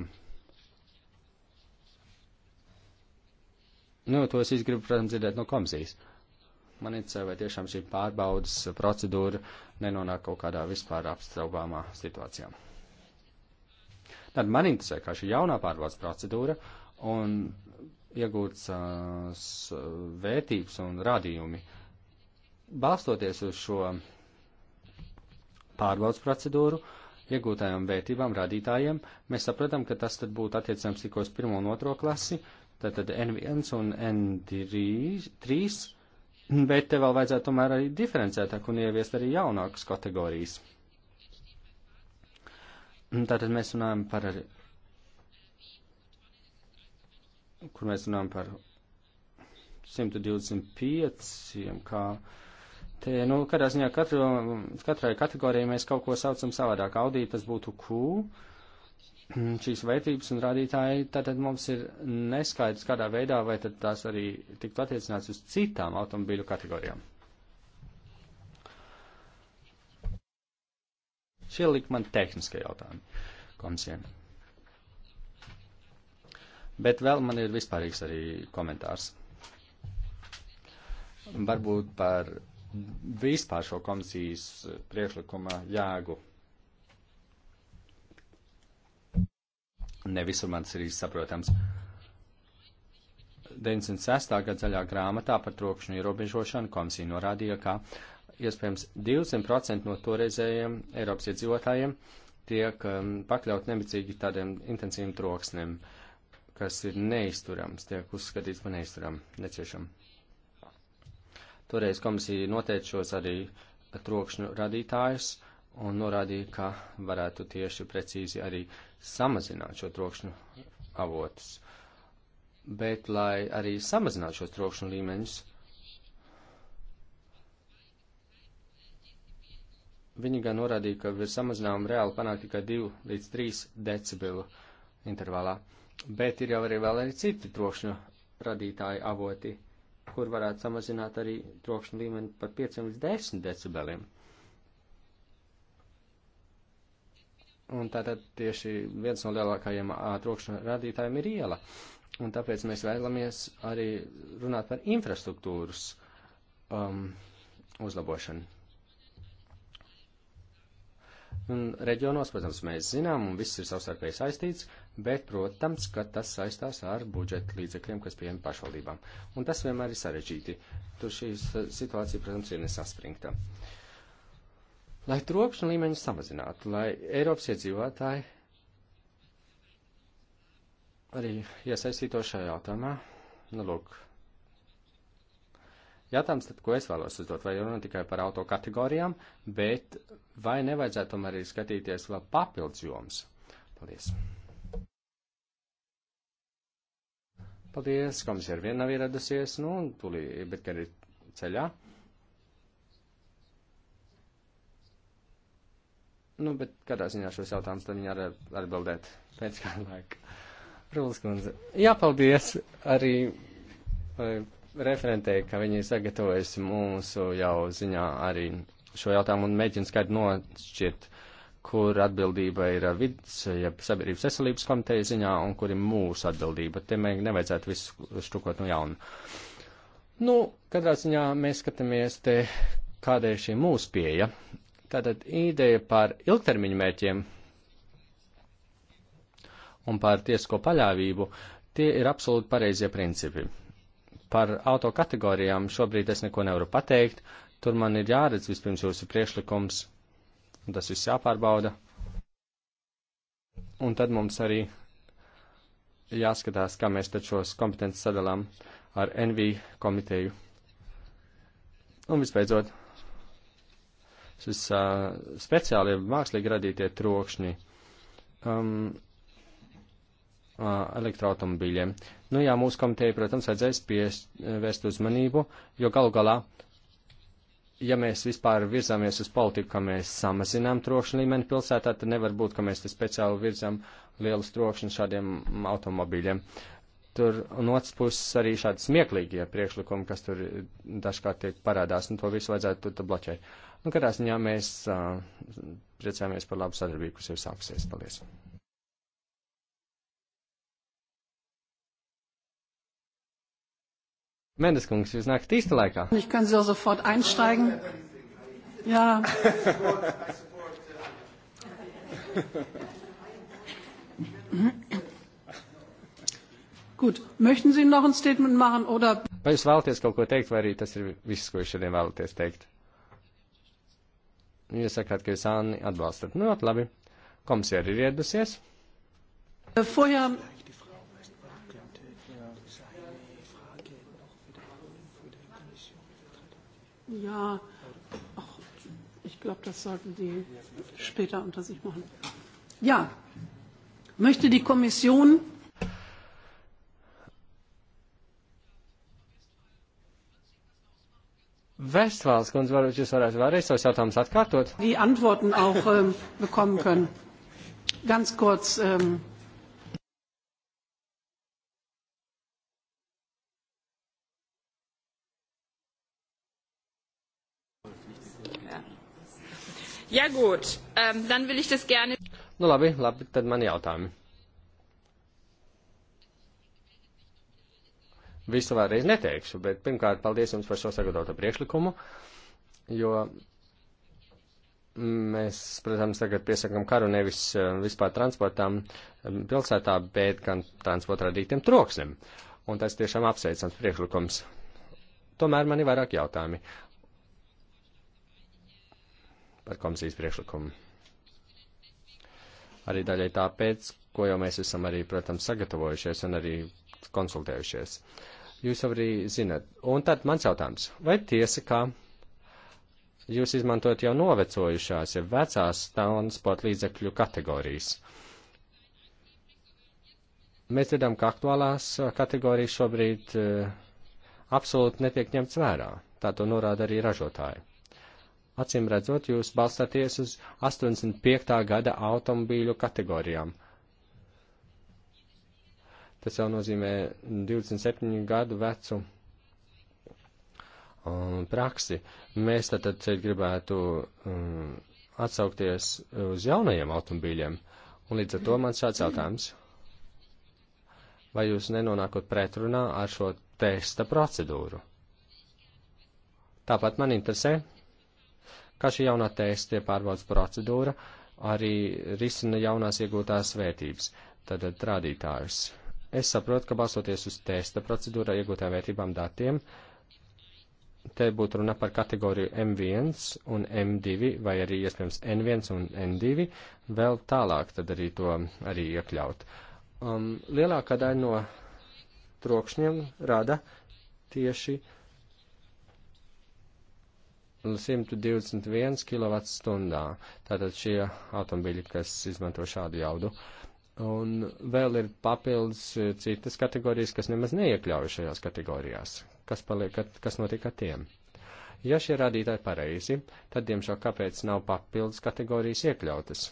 Speaker 2: Nu, to es gribu, protams, dzirdēt no komisijas. Man ir cerība, vai tiešām šī pārbaudas procedūra nenonāk kaut kādā vispār apstraubāmā situācijā. Tad man interesē, kā šī jaunā pārbaudas procedūra un iegūtas uh, vērtības un radījumi. Balstoties uz šo pārbaudas procedūru, uh, iegūtājām vērtībām, rādītājiem, mēs saprotam, ka tas tad būtu attiecams tikai uz pirmo un otro klasi, tātad N1 un N3, bet te vēl vajadzētu tomēr arī diferencētāk un ieviest arī jaunākas kategorijas. Tātad mēs runājam par arī, kur mēs runājam par 125, kā Te, eh, nu, kādā ziņā katru, katrai kategorijai mēs kaut ko saucam savādāk. Audī tas būtu Q, *clears throat* šīs vērtības un rādītāji, tātad mums ir neskaidrs, kādā veidā vai tad tās arī tiktu attiecināts uz citām automobīļu kategorijām. Šie lika man tehniskie jautājumi komisijai. Bet vēl man ir vispārīgs arī komentārs. Varbūt par vispār šo komisijas priekšlikuma jēgu. Ne visur man tas ir saprotams. 96. gada zaļā grāmatā par trokšņu ierobežošanu komisija norādīja, ka iespējams 200% no toreizējiem Eiropas iedzīvotājiem tiek um, pakļaut nebicīgi tādiem intensīviem troksnim, kas ir neizturams, tiek uzskatīts par neizturam, neciešam. Toreiz komisija noteica šos arī trokšņu radītājus un norādīja, ka varētu tieši precīzi arī samazināt šo trokšņu avotus. Bet, lai arī samazinātu šos trokšņu līmeņus, viņi gan norādīja, ka ir samazinājumi reāli panākt tikai 2 līdz 3 decibilu intervālā. Bet ir jau arī vēl arī citi trokšņu radītāji avoti. Uh, kur varētu samazināt arī trokšņa līmeni par 5 līdz 10 decibeliem. Un tātad tieši viens no lielākajiem trokšņa rādītājiem ir iela. Un tāpēc mēs vēlamies arī runāt par infrastruktūras um, uzlabošanu. Un reģionos, protams, mēs zinām, un viss ir savstarpēji saistīts, bet, protams, ka tas saistās ar budžeta līdzekļiem, kas pieejami pašvaldībām. Un tas vienmēr ir sarežģīti. Tur šī eh, situācija, protams, ir nesaspringta. Lai trokšņa līmeņu samazinātu, lai Eiropas iedzīvotāji arī iesaistītos šajā jautājumā, nu, lūk, Jātājums, tad, ko es vēlos uzdot, vai runa tikai par auto kategorijām, bet vai nevajadzētu tomēr arī skatīties vēl papildus joms? Paldies! Paldies, komisija ar vienu nav ieradusies, nu, tūlī, bet gan ir ceļā. Nu, bet kādā ziņā šos jautājumus tad viņi var atbildēt pēc kāda laika. Rūlis kundze. Jā, paldies arī. Vai, referentei, ka viņi sagatavojas mūsu jau ziņā arī šo jautājumu un mēģina skaidri nošķirt, kur atbildība ir vidas, jeb sabiedrības veselības komiteja ziņā un kur ir mūsu atbildība. Te mēs nevajadzētu visu štukot no jauna. Nu, katrā ziņā mēs skatāmies te, kāda ir šī mūsu pieeja. Tātad ideja par ilgtermiņu mērķiem un par tiesisko paļāvību, tie ir absolūti pareizie principi. Par auto kategorijām šobrīd es neko nevaru pateikt. Tur man ir jāredz vispirms jūsu priekšlikums, un tas viss jāpārbauda. Un tad mums arī jāskatās, kā mēs tad šos kompetences sadalām ar NV komiteju. Un visbeidzot, šis uh, speciāli mākslīgi radītie trokšņi. Um, elektroautomobīļiem. Nu jā, mūsu komiteja, protams, vajadzēs pievērst uzmanību, jo galu galā, ja mēs vispār virzāmies uz politiku, ka mēs samazinām trokšņa līmeni pilsētā, tad nevar būt, ka mēs te speciāli virzām lielus trokšņus šādiem automobīļiem. Tur no otras puses arī šādi smieklīgie priekšlikumi, kas tur dažkārt tiek parādās, un to visu vajadzētu tur bloķēt. Nu, katrā ziņā mēs uh, priecājamies par labu sadarbību, kas ir sāksies. Paldies! Mendes kungs, jūs nākat īsta laikā. Ich
Speaker 1: kann Sie sofort einsteigen. Jā. Gut, möchten Sie noch ein Statement machen oder?
Speaker 2: Vai jūs vēlaties kaut ko teikt, vai arī tas ir viss, ko jūs šodien vēlaties teikt? Nu, jūs sakāt, ka jūs Anni atbalstat. Nu, labi. Komisija ir ieradusies. Vorher
Speaker 1: Ja, ach, ich glaube, das sollten die später unter sich machen. Ja, möchte die Kommission.
Speaker 2: Westfāles kundze, varbūt jūs varētu vēlreiz savus jautājumus atkārtot?
Speaker 1: Die Antworten auch ähm, bekommen können. Ganz kurz. Ähm, Ja gut, ähm, dann will ich das gerne.
Speaker 2: Nu labi, labi, tad man jautājumi. Visu vēlreiz neteikšu, bet pirmkārt paldies jums par šo sagatavotu priekšlikumu, jo mēs, protams, tagad piesakam karu nevis eh, vispār transportām eh, pilsētā, bet gan transporta radītiem troksnim. Un tas tiešām apsveicams priekšlikums. Tomēr man ir vairāk jautājumi par komisijas priekšlikumu. Arī daļai tāpēc, ko jau mēs esam arī, protams, sagatavojušies un arī konsultējušies. Jūs jau arī zinat. Un tad mans jautājums. Vai tiesa, ka jūs izmantojat jau novecojušās, ja vecās transporta līdzekļu kategorijas? Mēs dzirdam, ka aktuālās kategorijas šobrīd uh, absolūti netiek ņemts vērā. Tā to norāda arī ražotāji. Acīm redzot, jūs balstāties uz 85. gada automobīļu kategorijām. Tas jau nozīmē 27 gadu vecu um, praksi. Mēs tad, tad gribētu um, atsaukties uz jaunajiem automobīļiem. Un līdz ar to man šāds jautājums. Vai jūs nenonākot pretrunā ar šo testa procedūru? Tāpat man interesē, kā šī jaunā testa pārbaudas procedūra arī risina jaunās iegūtās vērtības, tad rādītājus. Es saprotu, ka balsoties uz testa procedūrā iegūtām vērtībām datiem, te būtu runa par kategoriju M1 un M2, vai arī iespējams N1 un N2, vēl tālāk tad arī to arī iekļaut. Um, lielākā daļa no trokšņiem rada tieši uh, 121 kWh. Tātad šie automobiļi, kas izmanto šādu jaudu. Un vēl ir papildus eh, citas kategorijas, kas nemaz neiekļauj šajās kategorijās. Kas, paliek, kas notiek ar tiem? Ja šie rādītāji pareizi, tad, diemžēl, kāpēc nav papildus kategorijas iekļautas?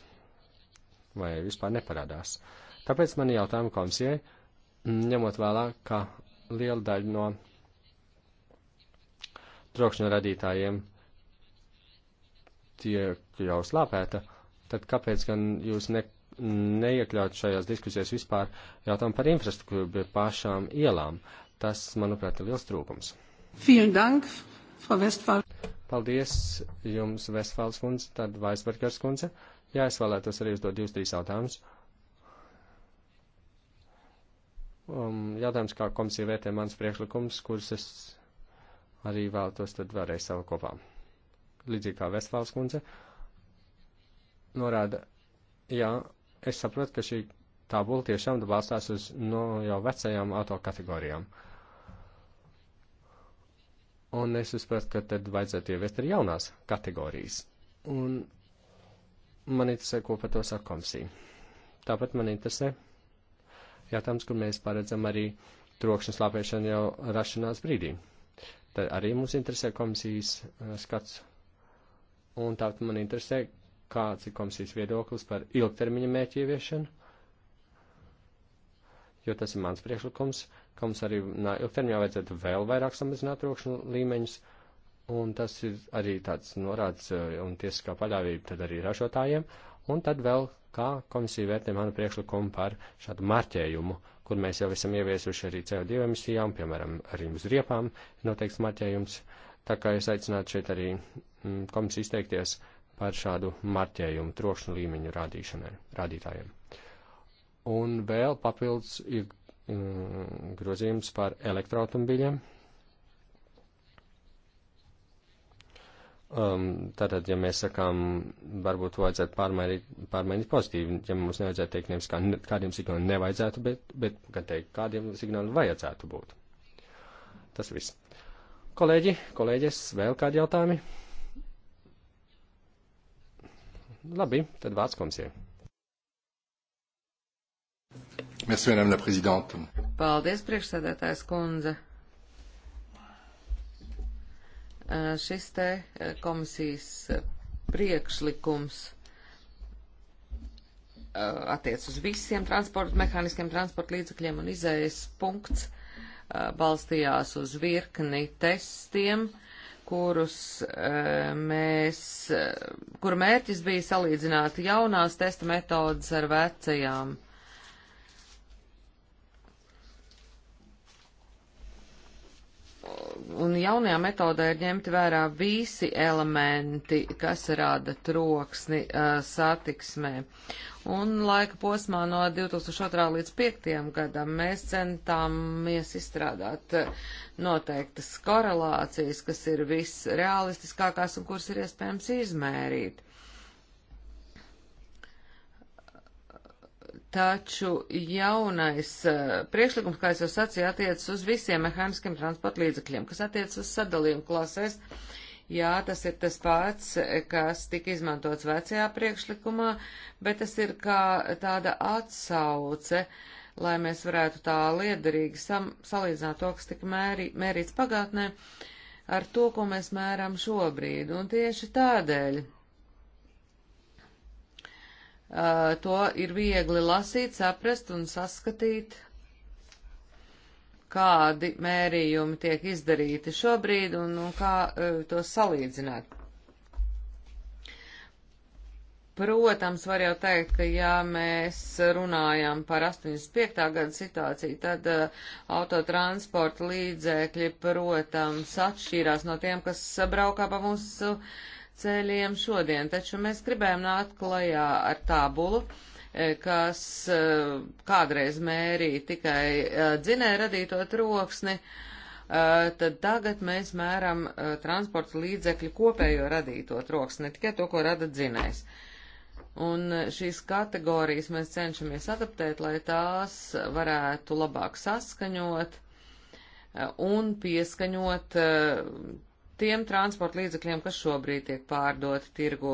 Speaker 2: Vai vispār neparādās? Tāpēc mani jautājumi komisijai, ņemot vērā, ka liela daļa no trokšņa radītājiem uh, tiek jau slāpēta, tad kāpēc gan jūs ne, neiekļaut šajās diskusijās vispār jautājumu par infrastruktūru, bet pašām ielām? Tas, manuprāt, ir liels trūkums. Dank, Paldies jums, Vestfāls kundze, tad Vaisbergers kundze. Jā, es vēlētos arī uzdot divus, trīs jautājumus. Um, jautājums, kā komisija vērtē mans priekšlikums, kurus es arī vēlētos tad vēlreiz savu kopā līdzīgi kā Vestfāls kundze, norāda, jā, es saprotu, ka šī tabula tiešām balstās uz no jau vecajām auto kategorijām. Un es uzpratu, ka tad vajadzētu ieviest arī jaunās kategorijas. Un man interesē, ko par to saka komisija. Tāpat man interesē jautājums, kur mēs paredzam arī trokšņa slāpēšanu jau rašanās brīdī. Tad arī mums interesē komisijas uh, skats Un tātad man interesē, kāds ir komisijas viedoklis par ilgtermiņa mērķu ieviešanu, jo tas ir mans priekšlikums, ka mums arī nā, ilgtermiņā vajadzētu vēl vairāk samazināt trokšņu līmeņus, un tas ir arī tāds norāds eh, un tiesiskā paļāvība tad arī ražotājiem, un tad vēl kā komisija vērtē manu priekšlikumu par šādu marķējumu, kur mēs jau esam ieviesuši arī CO2 emisijām, piemēram, arī uz riepām ir noteikts marķējums. Uh, Tā kā es aicinātu šeit arī mm, komisiju izteikties par šādu marķējumu trokšņu līmeņu rādīšanai, rādītājiem. Un vēl papildus ir mm, grozījums par elektroautomobiļiem. Um, tātad, ja mēs sakām, varbūt vajadzētu pārmainīt, pārmainīt pozitīvi, ja mums nevajadzētu teikt nevis kā, kādiem signāliem nevajadzētu, bet, bet gan teikt, kādiem signāliem vajadzētu būt. Tas viss. Kolēģi, kolēģis, vēl kādi jautājumi? Labi, tad vārds komisijai.
Speaker 4: Merci, madame la présidente.
Speaker 3: Paldies, priekšsēdētājs kundze. Šis te komisijas priekšlikums attiec uz visiem transporta mehāniskiem transporta līdzekļiem un izējas punkts balstījās uz virkni testiem, kurus mēs, kuru mērķis bija salīdzināt jaunās testa metodas ar vecajām. un jaunajā metodē ir ņemti vērā visi elementi, kas rada troksni uh, satiksmē. Un laika posmā no 2002. līdz 2005. gadam mēs centāmies izstrādāt uh, noteiktas korelācijas, kas ir visrealistiskākās un kuras ir iespējams izmērīt. Taču jaunais eh, priekšlikums, kā es jau sacīju, attiecas uz visiem mehāniskiem transporta līdzekļiem, kas attiecas uz sadalījumu klasēs. Jā, tas ir tas pats, eh, kas tika izmantots vecajā priekšlikumā, bet tas ir kā tāda atsauce, lai mēs varētu tā liederīgi sam, salīdzināt to, kas tika mēri, mērīts pagātnē, ar to, ko mēs mēram šobrīd. Un tieši tādēļ Uh, to ir viegli lasīt, saprast un saskatīt, kādi mērījumi tiek izdarīti šobrīd un, un kā uh, to salīdzināt. Protams, var jau teikt, ka ja mēs runājam par 85. gada situāciju, tad uh, autotransporta līdzēkļi, protams, atšķīrās no tiem, kas braukā pa mūsu uh, ceļiem šodien, taču mēs gribējām nākt klajā ar tābulu, e, kas e, kādreiz mērīja tikai e, dzinē radīto troksni, tad tagad mēs mēram transporta līdzekļu kopējo radīto troksni, ne tikai to, ko rada dzinējs. Un šīs kategorijas mēs cenšamies adaptēt, lai tās varētu labāk saskaņot un pieskaņot tiem transporta līdzekļiem, kas šobrīd tiek pārdoti tirgu.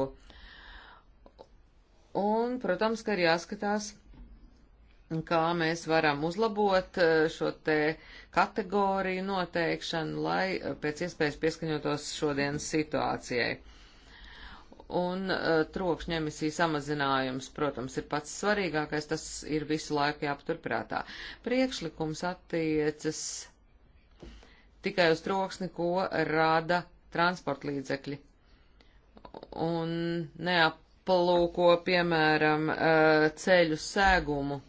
Speaker 3: Un, protams, ka ir jāskatās, kā mēs varam uzlabot eh, šo te kategoriju noteikšanu, lai eh, pēc iespējas pieskaņotos šodienas situācijai. Un uh, trokšņa emisiju samazinājums, protams, ir pats svarīgākais, tas ir visu laiku jāpaturprātā. Priekšlikums attiecas tikai uz troksni, ko rada transporta līdzekļi. Un neaplūko, piemēram, eh, ceļu segumu,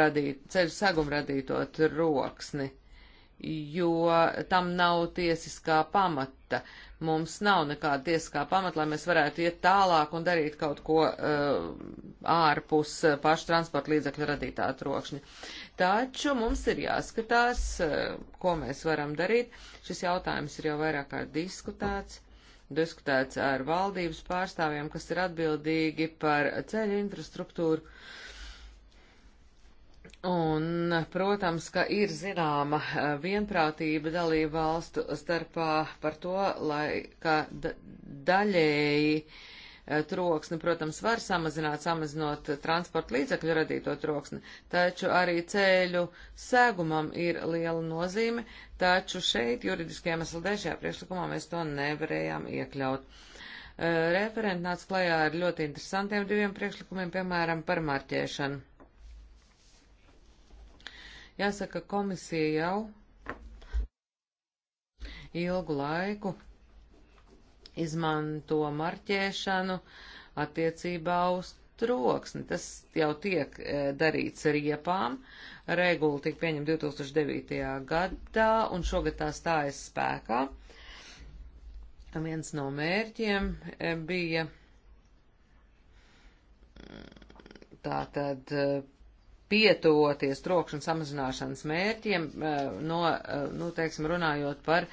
Speaker 3: radīt, ceļu segumu radīto troksni, jo tam nav tiesiskā pamata. Mums nav nekāda tiesiskā pamata, lai mēs varētu iet tālāk un darīt kaut ko uh, ārpus eh, pašu transporta līdzekļu radītā trokšņa. Taču mums ir jāskatās, uh, ko mēs varam darīt. Šis jautājums ir jau vairāk kārt diskutēts. Diskutēts ar valdības pārstāvjiem, kas ir atbildīgi par ceļu infrastruktūru. Uh, Un, protams, ka ir zināma eh, vienprātība dalību valstu starpā par to, lai, ka da daļēji eh, troksni, protams, var samazināt, samazinot transporta līdzekļu radīto troksni, taču arī ceļu sēgumam ir liela nozīme, taču šeit juridiskajā meslodē šajā priekšlikumā mēs to nevarējām iekļaut. Eh, referenti nāca klajā ar ļoti interesantiem diviem priekšlikumiem, piemēram, par marķēšanu Jāsaka, komisija jau ilgu laiku izmanto marķēšanu attiecībā uz troksni. Tas jau tiek e, darīts riepām. Regula tika pieņemta 2009. gadā un šogad tā stājas spēkā. Viens no mērķiem e, bija mm, tātad e, pietuvoties trokšņa samazināšanas mērķiem, eh, no, eh, nu, teiksim, runājot par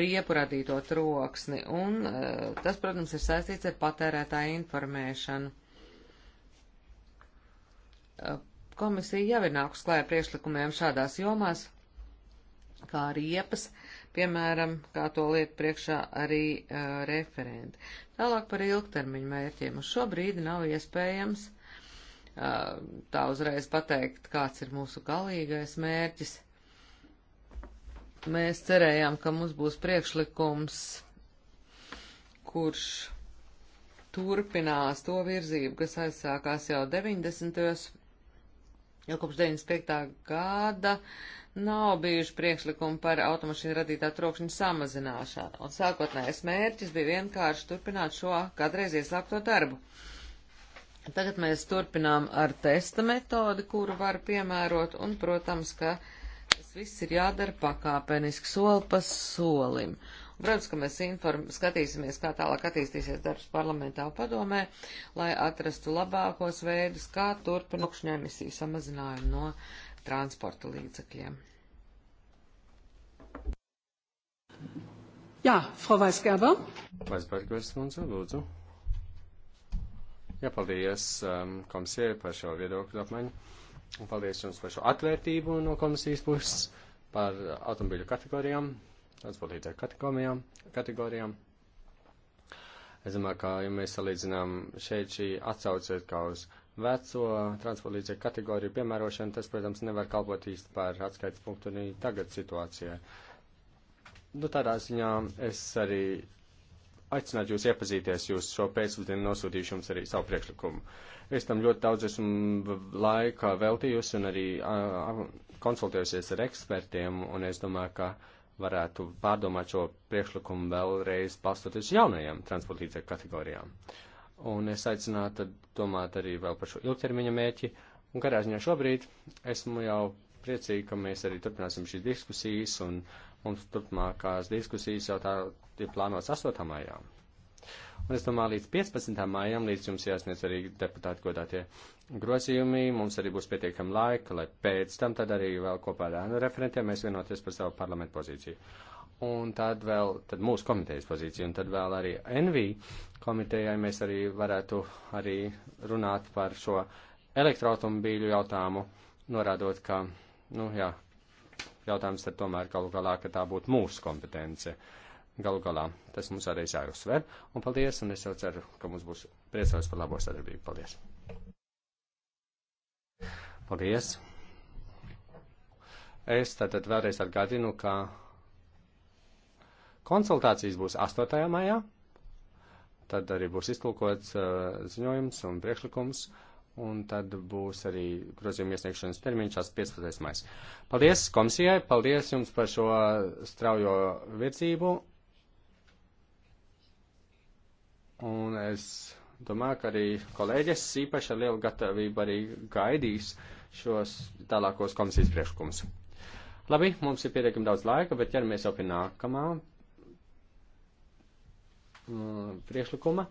Speaker 3: riepu radīto troksni. Un eh, tas, protams, ir saistīts ar patērētāju informēšanu. Komisija jau ir nākus klāja priekšlikumiem šādās jomās, kā riepas, piemēram, kā to liek priekšā arī uh, referenti. Tālāk par ilgtermiņu mērķiem. Uz šo brīdi nav iespējams uh, tā uzreiz pateikt, kāds ir mūsu galīgais mērķis. Mēs cerējām, ka mums būs priekšlikums, kurš turpinās to virzību, kas aizsākās jau 90. jau kopš 95. gada nav bijuši priekšlikumi par automašīnu radītā trokšņa samazināšanu, un sākotnējais mērķis bija vienkārši turpināt šo kādreiz iesākto darbu. Uh, Tagad mēs turpinām ar testa metodi, kuru var piemērot, un, protams, ka tas viss ir jādara pakāpeniski soli pa solim. Un, protams, ka mēs inform, skatīsimies, kā tālāk attīstīsies darbs parlamentā un padomē, lai atrastu labākos veidus, kā turpināt augšņā emisiju samazinājumu no transporta līdzakļiem. Jā, Frau Vaisgerber.
Speaker 2: Vaisbergers, lūdzu. Jā, paldies um, komisijai par šo viedokļu apmaiņu. Un paldies jums par šo atvērtību no komisijas puses par automobīļu kategorijām, transportlīdzekļu kategorijām. kategorijām. Es domāju, ka, ja mēs salīdzinām šeit šī atsaucēt kā uz veco transportlīdzekļu kategoriju piemērošanu, tas, protams, nevar kalpot īsti par atskaites punktu arī tagad situācijai. Nu, tādā ziņā es arī aicināt jūs iepazīties, jūs šo pēcpusdienu nosūtīšu jums arī savu priekšlikumu. Es tam ļoti daudz esmu laika veltījusi un arī uh, konsultējusies ar ekspertiem, un es domāju, ka varētu pārdomāt šo priekšlikumu vēlreiz pastoties jaunajām transporta līdzekļu kategorijām. Un es aicinātu domāt arī vēl par šo ilgtermiņa mērķi, un katrā ziņā šobrīd esmu jau priecīgi, ka mēs arī turpināsim šīs diskusijas, un mums turpmākās diskusijas jau tā ir plānots 8. maijā. Un es domāju, līdz 15. maijam, līdz jums jāsniedz arī deputāti godātie grozījumi, mums arī būs pietiekami laika, lai pēc tam tad arī vēl kopā ar ēnu referentiem mēs vienoties par savu parlamentu pozīciju. Un tad vēl tad mūsu komitejas pozīciju, un tad vēl arī NV komitejai mēs arī varētu arī runāt par šo elektroautomobīļu jautājumu, norādot, ka, nu jā, jautājums tad tomēr galu galā, ka tā būtu mūsu kompetence. Uh, galu galā. Tas mums arī jāuzsver. Un paldies, un es jau ceru, ka mums būs priecājums par labo sadarbību. Paldies! Paldies! Es tātad vēlreiz atgādinu, ka konsultācijas būs 8. maijā. Tad arī būs iztulkots uh, ziņojums un priekšlikums, un tad būs arī grozījuma iesniegšanas termiņš 15. maijs. Paldies komisijai, paldies jums par šo straujo virzību Un es domāju, ka arī kolēģis īpaši ar lielu gatavību arī gaidīs šos tālākos komisijas priekšlikumus. Labi, mums ir pietiekami daudz laika, bet ķeramies jau pie nākamā mm, priekšlikuma.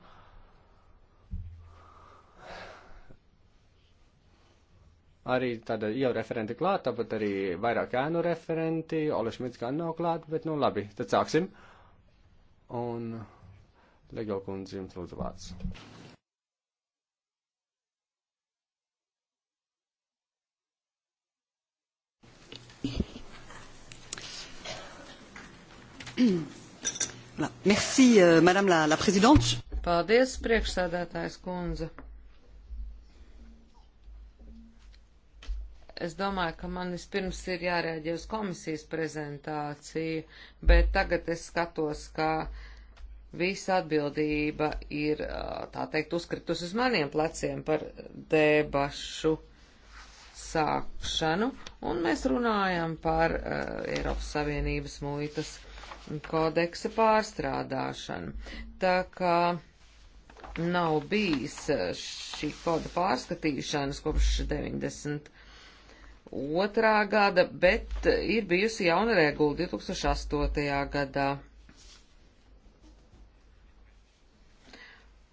Speaker 2: Arī tāda jau referenti klāt, tāpat arī vairāk ēnu referenti, Ole Šmits gan nav klāt, bet nu labi, tad sāksim. Un Legau kundze, jums lūdzu vārds.
Speaker 1: Merci, euh, Madame la, la Présidente.
Speaker 3: Paldies, priekšsēdētājs kundze. es domāju, ka man vispirms ir jārēģē uz komisijas prezentāciju, bet tagad es skatos, ka uh, visa atbildība ir, tā teikt, uzkritus uz maniem pleciem par debašu sākšanu, un mēs runājam par uh, Eiropas Savienības muitas kodeksa pārstrādāšanu. Tā kā nav bijis šī koda pārskatīšanas kopš 90 otrā gada, bet ir bijusi jauna regula 2008. gadā.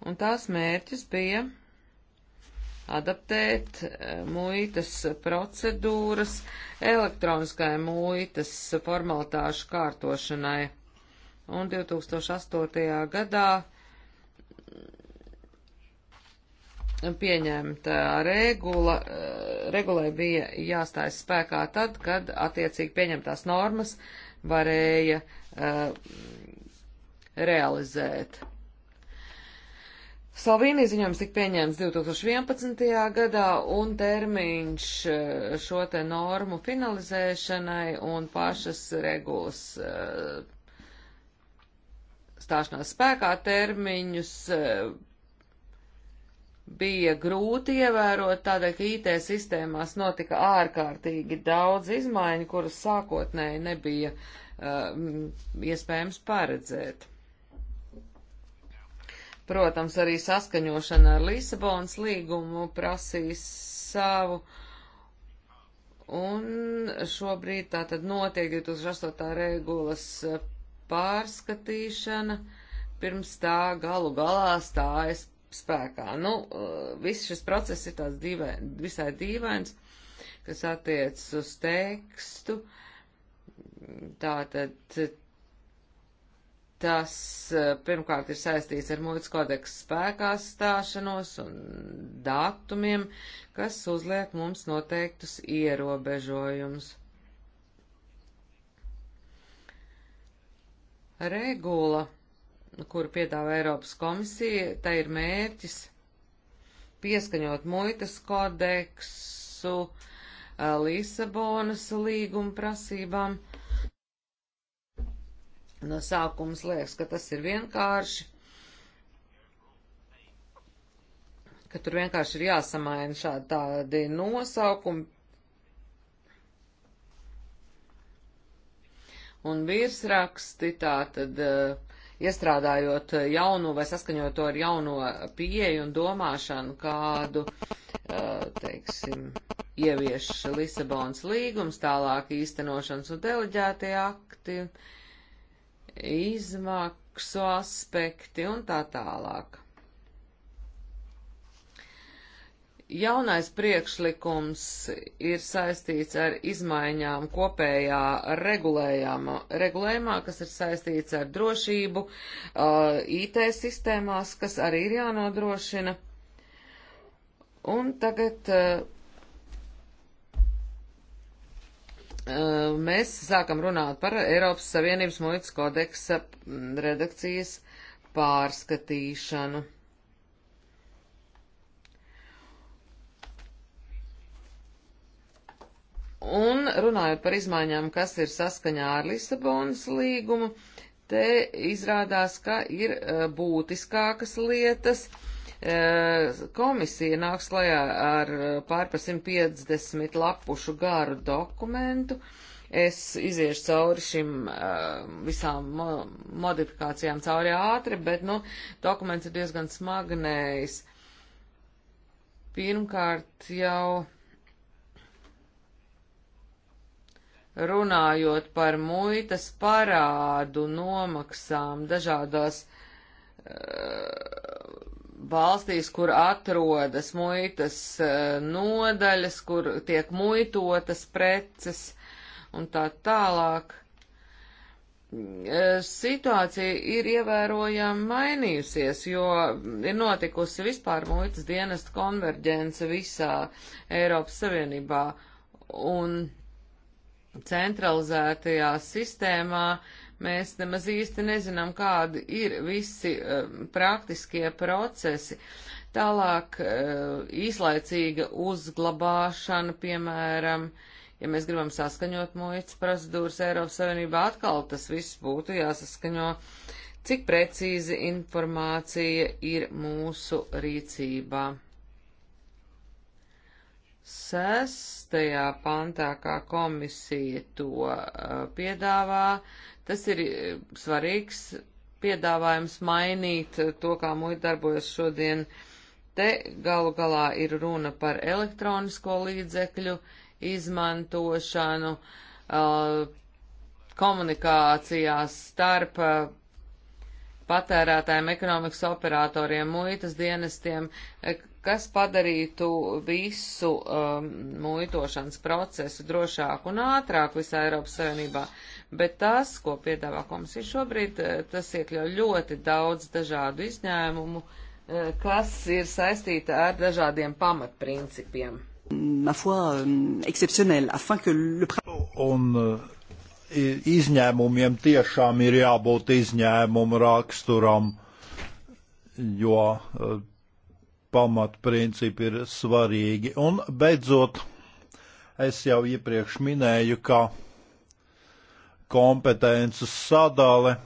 Speaker 3: un tās mērķis bija adaptēt eh, muitas procedūras elektroniskai muitas formalitāšu kārtošanai. Un 2008. gadā mm, pieņemta eh, regula, eh, regulai bija jāstājas spēkā tad, kad attiecīgi pieņemtās normas varēja uh, realizēt. Slovīnijas ziņojums tika pieņēmts 2011. gadā, un termiņš eh, šo te normu finalizēšanai un pašas regulas eh, stāšanās spēkā termiņus eh, bija grūti ievērot, tādēļ, ka IT sistēmās notika ārkārtīgi daudz izmaiņu, kuras sākotnēji nebija iespējams paredzēt. Protams, arī saskaņošana ar Lisabonas līgumu prasīs savu. Un šobrīd tā tad notiek 2008. regulas eh, pārskatīšana, pirms tā galu galā stājas spēkā. Nu, eh, viss šis process ir tāds dīvai, visai dīvains, kas attiec uz tekstu. Tātad Tas eh, pirmkārt ir saistīts ar mūtas kodeksu spēkā stāšanos un datumiem, kas uzliek mums noteiktus ierobežojumus. Regula, kuru piedāvā Eiropas komisija, tā ir mērķis pieskaņot muitas kodeksu eh, Lisabonas līguma prasībām. Uh, No sākums liekas, ka tas ir vienkārši, ka tur vienkārši ir jāsamaina šādi tādi nosaukumi. Un virsraksti tā tad eh, iestrādājot jaunu vai saskaņot to ar jauno pieeju un domāšanu, kādu, eh, teiksim, ievieš Lisabonas līgums, tālāk īstenošanas un deleģētie akti. Un, izmaksu aspekti un tā tālāk. Jaunais priekšlikums ir saistīts ar izmaiņām kopējā regulējumā, kas ir saistīts ar drošību uh, IT sistēmās, kas arī ir jānodrošina. Un tagad uh, Eh, mēs sākam runāt par Eiropas Savienības muitas kodeksa mm, redakcijas pārskatīšanu. Un runājot par izmaiņām, kas ir saskaņā ar Lisabonas līgumu, te izrādās, ka ir eh, būtiskākas lietas, uh, Eh, komisija nāks klajā ar eh, pārpa 150 lapušu garu dokumentu. Es iziešu cauri šim eh, visām modifikācijām cauri ātri, bet, nu, dokuments ir diezgan smagnējs. Pirmkārt jau. runājot par muitas parādu nomaksām dažādās uh, valstīs, kur atrodas muitas e, nodaļas, kur tiek muitotas preces un tā tālāk. E, situācija ir ievērojami mainījusies, jo ir notikusi vispār muitas dienesta konverģence visā Eiropas Savienībā un centralizētajā sistēmā uh, Mēs nemaz īsti nezinām, kādi ir visi uh, praktiskie procesi. Tālāk uh, īslaicīga uzglabāšana, piemēram, ja mēs gribam saskaņot muitas procedūras Eiropas Savienībā, atkal tas viss būtu jāsaskaņo, cik precīzi informācija ir mūsu rīcībā. Sestajā pantā, kā komisija to uh, piedāvā, uh, Tas ir e, svarīgs piedāvājums mainīt e, to, kā muita darbojas šodien. Te galu galā ir runa par elektronisko līdzekļu izmantošanu e, komunikācijās starp patērētājiem, ekonomikas operatoriem, muitas dienestiem, kas padarītu visu um, muitošanas procesu drošāku un ātrāku visā Eiropas Savienībā. Uh, bet tas, ko piedāvā komisija šobrīd, eh, tas iekļauj ļoti daudz dažādu izņēmumu, eh, kas ir saistīta ar dažādiem pamatprincipiem.
Speaker 4: Euh, Un eh, izņēmumiem tiešām ir jābūt izņēmumu raksturam, jo pamatprincipi ir svarīgi. Un beidzot, es jau iepriekš minēju, ka kompetences sadale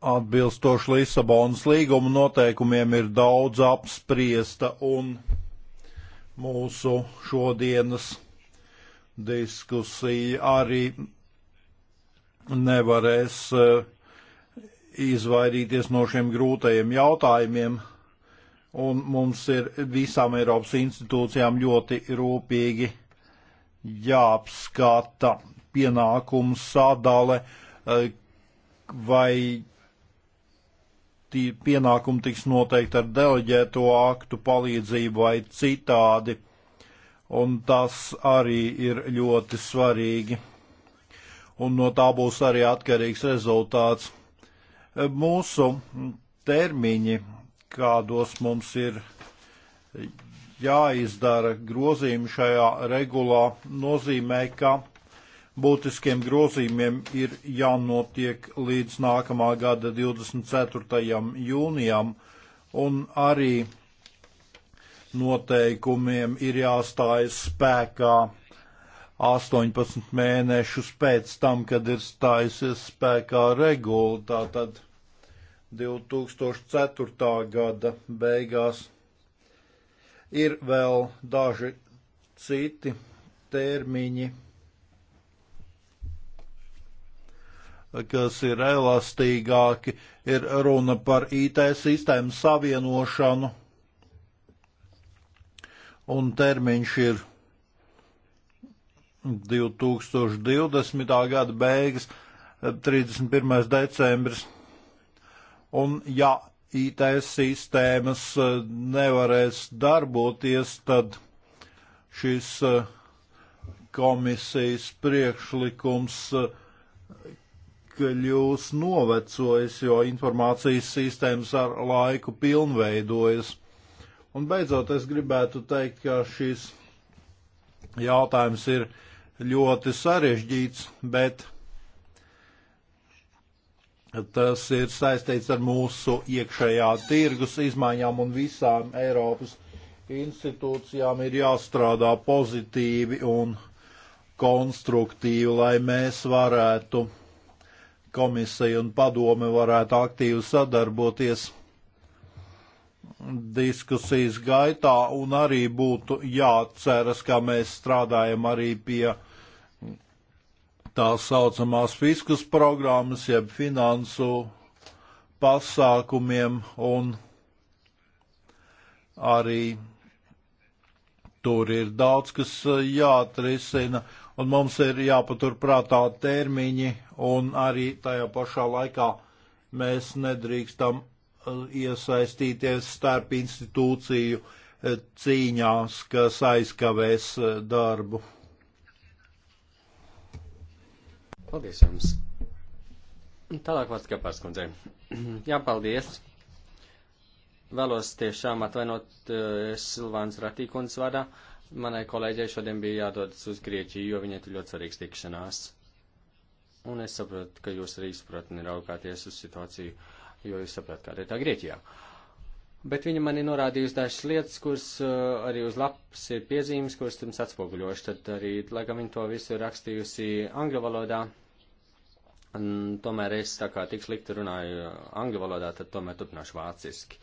Speaker 4: atbilstoši Lisabonas līguma noteikumiem ir daudz apspriesta un mūsu šodienas diskusija arī nevarēs eh, izvairīties no šiem grūtajiem jautājumiem, un mums ir visām Eiropas institūcijām ļoti rūpīgi jāapskata pienākumu sadale, e, vai pienākumi tiks noteikti ar deleģēto aktu palīdzību vai citādi, un tas arī ir ļoti svarīgi, un no tā būs arī atkarīgs rezultāts. E, mūsu termiņi, kādos mums ir jāizdara grozījumi šajā regulā, nozīmē, ka būtiskiem grozījumiem ir jānotiek līdz nākamā gada 24. jūnijam, un arī noteikumiem ir jāstājas spēkā 18 mēnešus pēc tam, kad ir stājusies spēkā regula, tātad 2004. gada beigās. Ir vēl daži citi termiņi, kas ir elastīgāki, ir runa par IT sistēmu savienošanu, un termiņš ir 2020. gada beigas, 31. Eh, decembris. Un ja IT sistēmas eh, nevarēs darboties, tad šis eh, komisijas priekšlikums eh, kļūs novecojis, jo informācijas sistēmas ar laiku pilnveidojas. Un beidzot, es gribētu teikt, ka šis jautājums ir ļoti sarežģīts, bet Tas ir saistīts ar mūsu iekšējā tirgus izmaiņām un visām Eiropas institūcijām ir jāstrādā pozitīvi un konstruktīvi, lai mēs varētu, komisija un padome varētu aktīvi sadarboties diskusijas gaitā un arī būtu jāatceras, ka mēs strādājam arī pie tā saucamās fiskas programmas, jeb finansu pasākumiem un arī tur ir daudz, kas uh, jāatrisina, un mums ir jāpaturprātā termiņi, un arī tajā pašā laikā mēs nedrīkstam uh, iesaistīties starp institūciju uh, cīņās, kas aizkavēs darbu. Paldies
Speaker 2: jums. Tālāk vārds Gepārs kundzei. *clears throat* Jā, paldies. Vēlos tiešām atvainot uh, Silvāns Ratīkundas vārdā. Manai kolēģei šodien bija jādodas uz Grieķiju, jo viņai tur ļoti svarīgs tikšanās. Un es saprotu, ka jūs arī izpratni raugāties uz situāciju, jo jūs saprotat, kāda ir tā Grieķijā. Uh, bet viņa man ir norādījusi dažas lietas, kuras uh, arī uz lapas ir piezīmes, kuras pirms atspoguļošu. Tad arī, lai gan viņa to visu ir rakstījusi angļu valodā, un, tomēr es tā kā tik slikti runāju uh, angļu valodā, tad tomēr turpināšu vāciski.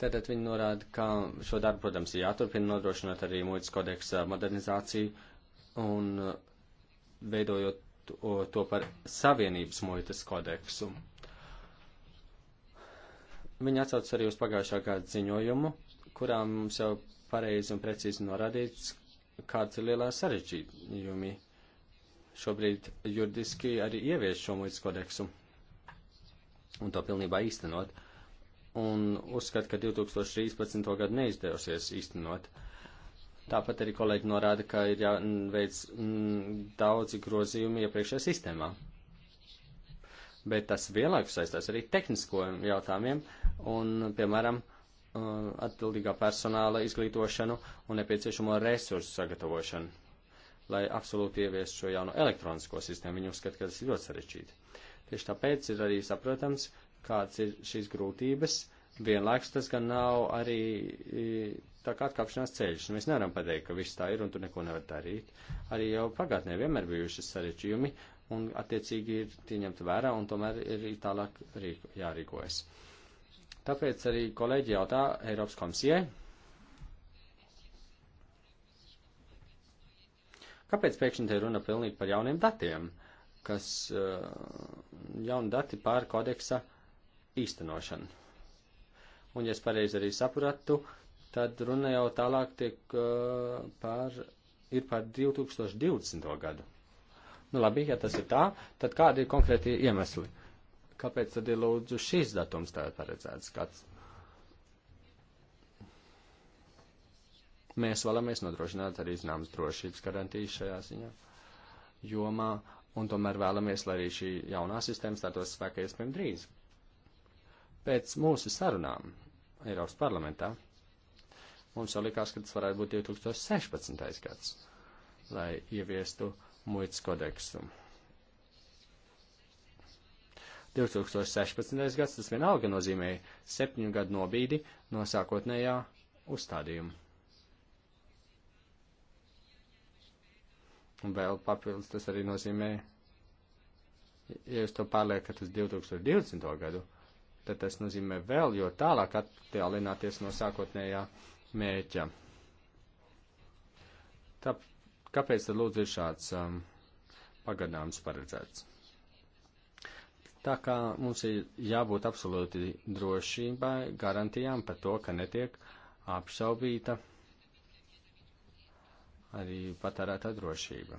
Speaker 2: Tātad viņa norāda, ka šo darbu, protams, ir jāturpina nodrošināt arī muitas kodeksa modernizāciju un uh, veidojot to, to par Savienības muitas kodeksu. Viņa atsaucas arī uz pagājušā gada ziņojumu, kurā mums jau pareizi un precīzi norādīts, kāds ir lielā sarežģījumi. Šobrīd juridiski arī ievies šo muitas kodeksu un to pilnībā īstenot. Un uzskat, ka 2013. gadu neizdevusies īstenot. Tāpat arī kolēģi norāda, ka ir jāveic mm, daudzi grozījumi iepriekšējā sistēmā. Bet tas vienlaikus saistās arī tehnisko jautājumiem, uh, un, piemēram, uh, atbildīgā personāla izglītošanu un nepieciešamo resursu sagatavošanu, lai absolūti ieviestu šo jauno elektronisko sistēmu. Viņi uzskata, ka tas ir ļoti sarežģīti. Tieši tāpēc ir arī saprotams, kāds ir šīs grūtības. Vienlaiks tas gan nav arī tā kā atkāpšanās ceļš. Mēs nevaram pateikt, ka viss tā ir un tu neko nevar darīt. Arī jau pagātnē vienmēr bijušas sarežģījumi un attiecīgi ir tie ņemt vērā un tomēr ir tālāk rīko, jārīkojas. Uh, Tāpēc arī kolēģi jautā Eiropas komisijai, kāpēc pēkšņi te runa pilnīgi par jauniem datiem, kas eh, jauni dati pār kodeksa īstenošanu. Un, ja es pareizi arī sapratu, tad runa jau tālāk tiek eh, par, ir par 2020. gadu. Nu labi, ja tas ir tā, tad kādi ir konkrēti iemesli? kāpēc tad ir lūdzu šis datums tā paredzēts kāds? Mēs vēlamies nodrošināt arī zināmas drošības garantijas šajā ziņā jomā, un tomēr vēlamies, lai arī šī jaunā sistēma stātos spēkā iespējami drīz. Pēc mūsu sarunām Eiropas parlamentā mums jau likās, ka tas varētu būt 2016. gads, lai ieviestu muitas kodeksu. 2016. gads tas vienalga nozīmēja septiņu gadu nobīdi no sākotnējā uzstādījuma. Un vēl papildus tas arī nozīmē, ja jūs to pārliekat uz 2020. gadu, tad tas nozīmē vēl, jo tālāk attālināties no sākotnējā mērķa. Tā, kāpēc tad lūdzu ir šāds um, pagadāms paredzēts? Tā kā mums ir jābūt absolūti drošībai, garantijām par to, ka netiek apšaubīta arī patērētā drošība.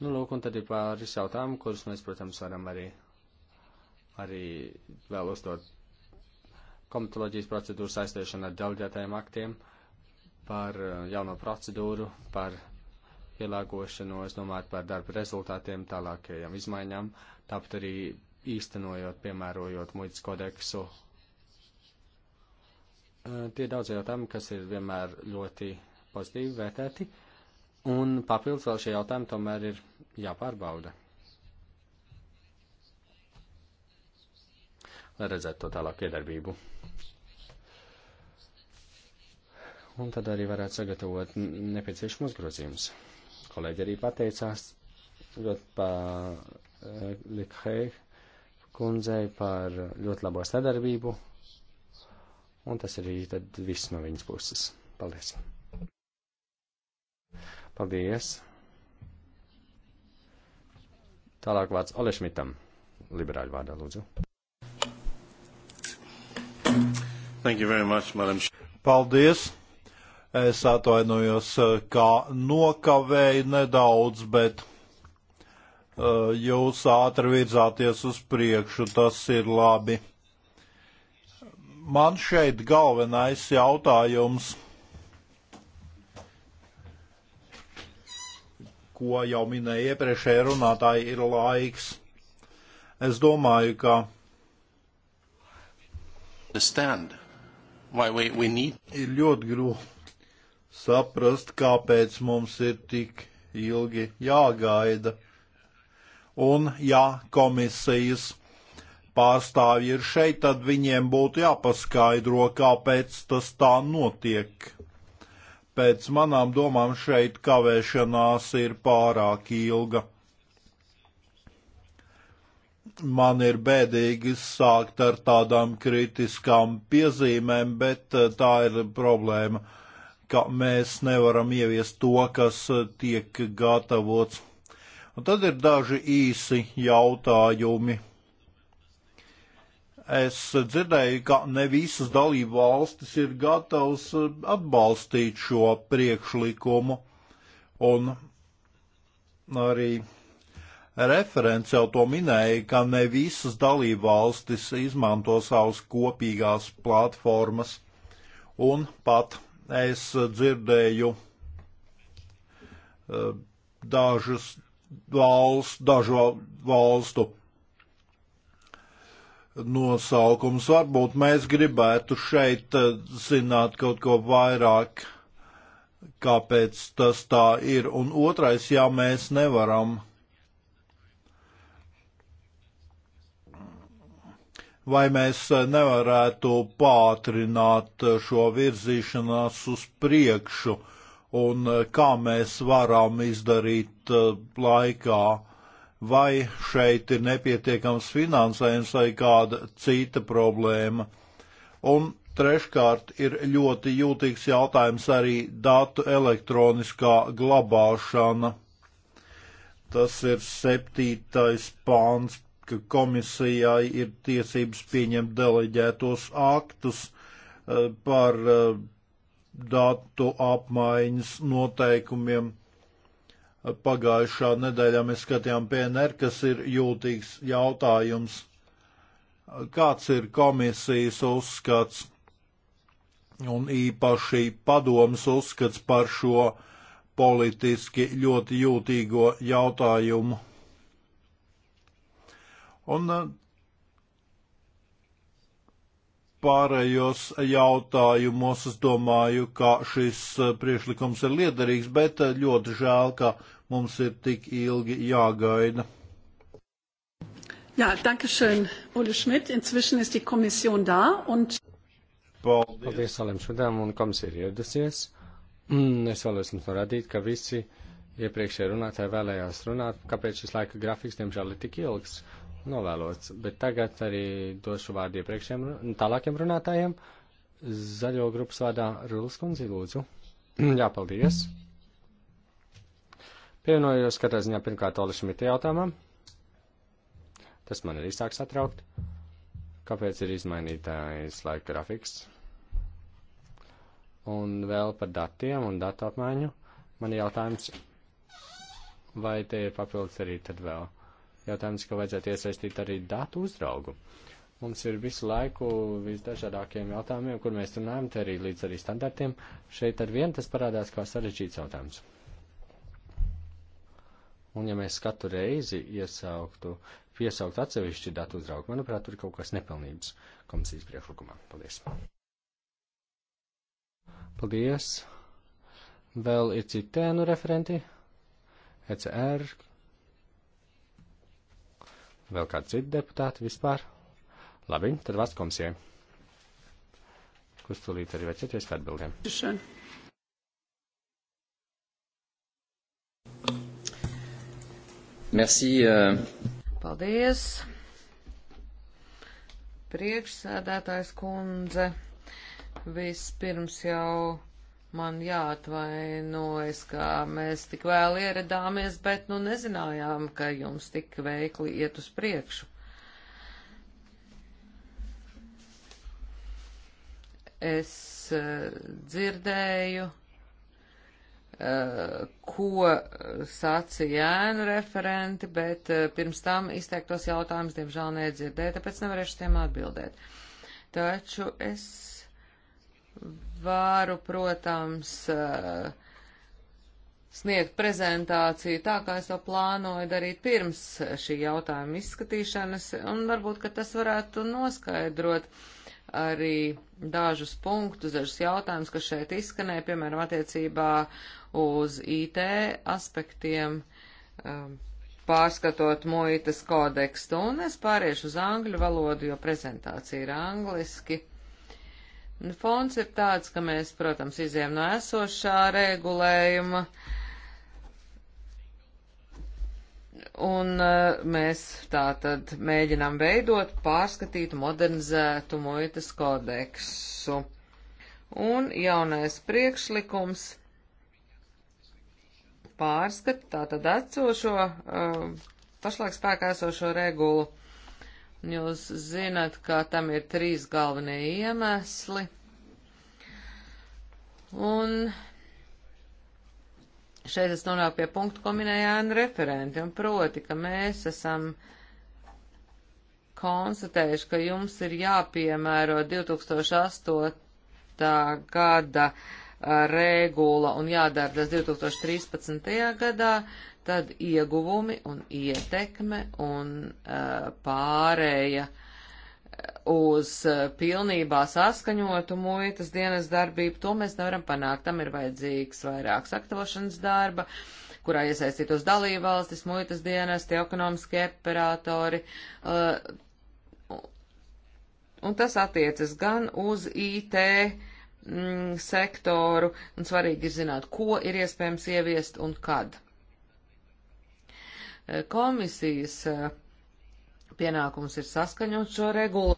Speaker 2: Nu, lūk, un tad ir pāris jautājumi, kurus mēs, protams, varam arī, arī vēl uzdot komitoloģijas procedūras aizstiešanu ar delģētajiem aktiem par uh, jauno procedūru, par pielāgošanos, domāt par darba rezultātiem, tālākajām izmaiņām, tāpat arī īstenojot, piemērojot muitas kodeksu. Tie daudz jautājumi, kas ir vienmēr ļoti pozitīvi vērtēti, un papildus vēl šie jautājumi tomēr ir jāpārbauda. Lai redzētu to tālāk iedarbību un tad arī varētu sagatavot nepieciešamos grozījumus kolēģi arī pateicās ļoti par eh, Likhei kundzei par ļoti labo sadarbību. Un tas arī tad viss no viņas puses. Paldies! Paldies! Tālāk vārds Olešmitam, liberāļu vārdā, lūdzu.
Speaker 4: Thank you very much, madam. Paldies! Es atvainojos, eh, kā nokavēju nedaudz, bet uh, jūs ātri virzāties uz priekšu, tas ir labi. Man šeit galvenais jautājums, ko jau minēja iepriekšēji runātāji, ir laiks. Es domāju, ka. Understand why we, we need. Ir ļoti grūti saprast, kāpēc mums ir tik ilgi jāgaida. Un ja komisijas pārstāvji ir šeit, tad viņiem būtu jāpaskaidro, kāpēc tas tā notiek. Pēc manām domām šeit kavēšanās ir pārāk ilga. Man ir bēdīgi sākt ar tādām kritiskām piezīmēm, bet eh, tā ir problēma. Uh, ka mēs nevaram ieviest to, kas tiek gatavots. Un tad ir daži īsi jautājumi. Es dzirdēju, ka ne visas dalību valstis ir gatavs atbalstīt šo priekšlikumu, un arī referents jau to minēja, ka ne visas dalību valstis izmanto savas kopīgās platformas, un pat es dzirdēju eh, dažas valsts, dažu valstu nosaukums. Varbūt mēs gribētu šeit eh, zināt kaut ko vairāk, kāpēc tas tā ir. Un otrais, ja mēs nevaram vai mēs eh, nevarētu pātrināt eh, šo virzīšanās uz priekšu un eh, kā mēs varam izdarīt laikā, vai šeit ir nepietiekams finansējums vai kāda cita problēma. Un treškārt ir ļoti jūtīgs jautājums arī datu elektroniskā glabāšana. Tas ir septītais pāns ka komisijai ir tiesības pieņemt deleģētos aktus eh, par eh, datu apmaiņas noteikumiem. Eh, pagājušā nedēļā mēs skatījām PNR, kas ir jūtīgs jautājums. Kāds ir komisijas uzskats un īpaši padomas uzskats par šo politiski ļoti jūtīgo jautājumu? Un uh, pārējos jautājumos es domāju, ka šis uh, priešlikums ir liederīgs, bet uh, ļoti žēl, ka mums ir tik ilgi jāgaida.
Speaker 1: Jā, dankeschön, Ole Schmidt. Inzwischen ist die Kommission da und.
Speaker 4: Paldies, Paldies Alem
Speaker 2: Šudam, un komisija ir ieradusies. Mm, es vēlos jums norādīt, ka visi iepriekšēji runātāji vēlējās runāt, kāpēc šis laika grafiks, diemžēl, ir tik ilgs novēlots, bet tagad arī došu vārdu iepriekšējiem tālākiem runātājiem. Zaļo grupas vārdā Rulas kundzi lūdzu. *clears throat* Jā, paldies. Pievienojos katrā ziņā pirmkārt Olišam ir jautājumam. Tas man arī sāk satraukt. Kāpēc ir izmainītājs laika grafiks? Un vēl par datiem un datu apmaiņu. Man ir jautājums, vai te ir papildus arī tad vēl jautājums, ka vajadzētu iesaistīt arī datu uzraugu. Mums ir visu laiku visdažādākiem jautājumiem, kur mēs runājam, te arī līdz arī standartiem. Šeit ar vienu tas parādās kā sarežģīts jautājums. Un ja mēs katru reizi iesauktu, piesaukt atsevišķi datu uzraugu, manuprāt, tur ir kaut kas nepilnības komisijas priekšlikumā. Paldies. Paldies. Vēl ir citi tēnu referenti. ECR Vēl kāds cits deputāti vispār? Labi, tad vārds komisijai. Kurš tūlīt arī vecieties par atbildēm? Merci. Uh... Paldies.
Speaker 3: Priekšsēdētājs kundze. Vispirms jau Man jāatvainojas, ka mēs tik vēl ieradāmies, bet nu nezinājām, ka jums tik veikli iet uz priekšu. Es uh, dzirdēju, uh, ko sacīja ēnu referenti, bet uh, pirms tam izteiktos jautājumus, diemžēl, nedzirdēju, tāpēc nevarēšu tiem atbildēt. Taču es varu, protams, eh, sniegt prezentāciju tā, kā es to plānoju darīt pirms šī jautājuma izskatīšanas, un varbūt, ka tas varētu noskaidrot arī dažus punktus, dažus jautājumus, kas šeit izskanēja, piemēram, attiecībā uz IT aspektiem, eh, pārskatot muitas kodekstu, un es pāriešu uz angļu valodu, jo prezentācija ir angliski. Fonds ir tāds, ka mēs, protams, izējām no esošā regulējuma. Un eh, mēs tā tad mēģinām veidot pārskatītu modernizētu muitas kodeksu. Un jaunais priekšlikums pārskata tātad atsošo, uh, eh, pašlaik spēkā esošo regulu Jūs zināt, ka tam ir trīs galvenie iemesli. Un šeit es nonāku pie punktu, ko minēja Anna referenti, un proti, ka mēs esam konstatējuši, ka jums ir jāpiemēro 2008. gada regula un jādara tas 2013. gadā, tad ieguvumi un ietekme un uh, pārēja eh, uz eh, pilnībā saskaņotu muitas dienas darbību, to mēs nevaram panākt. Tam ir vajadzīgs vairāk saktavošanas darba, kurā iesaistītos dalībvalstis, muitas dienesti, ekonomiskie operatori. Uh, un tas attiecas gan uz IT mm, sektoru, un svarīgi ir zināt, ko ir iespējams ieviest un kad. Komisijas eh, pienākums ir saskaņot šo regulu,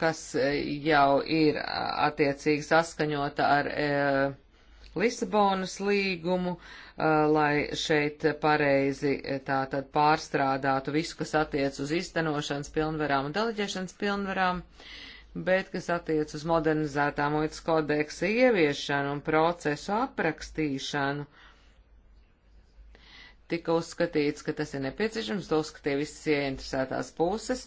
Speaker 3: kas eh, jau ir eh, attiecīgi saskaņota ar Lisabonas līgumu, lai šeit pareizi tātad pārstrādātu visu, kas attiec uz iztenošanas pilnvarām un deleģēšanas pilnvarām, bet kas attiec uz modernizētā muitas kodeksa ieviešanu un procesu aprakstīšanu. Uh, tika uzskatīts, ka tas ir nepieciešams, to uzskatīja visas ieinteresētās puses.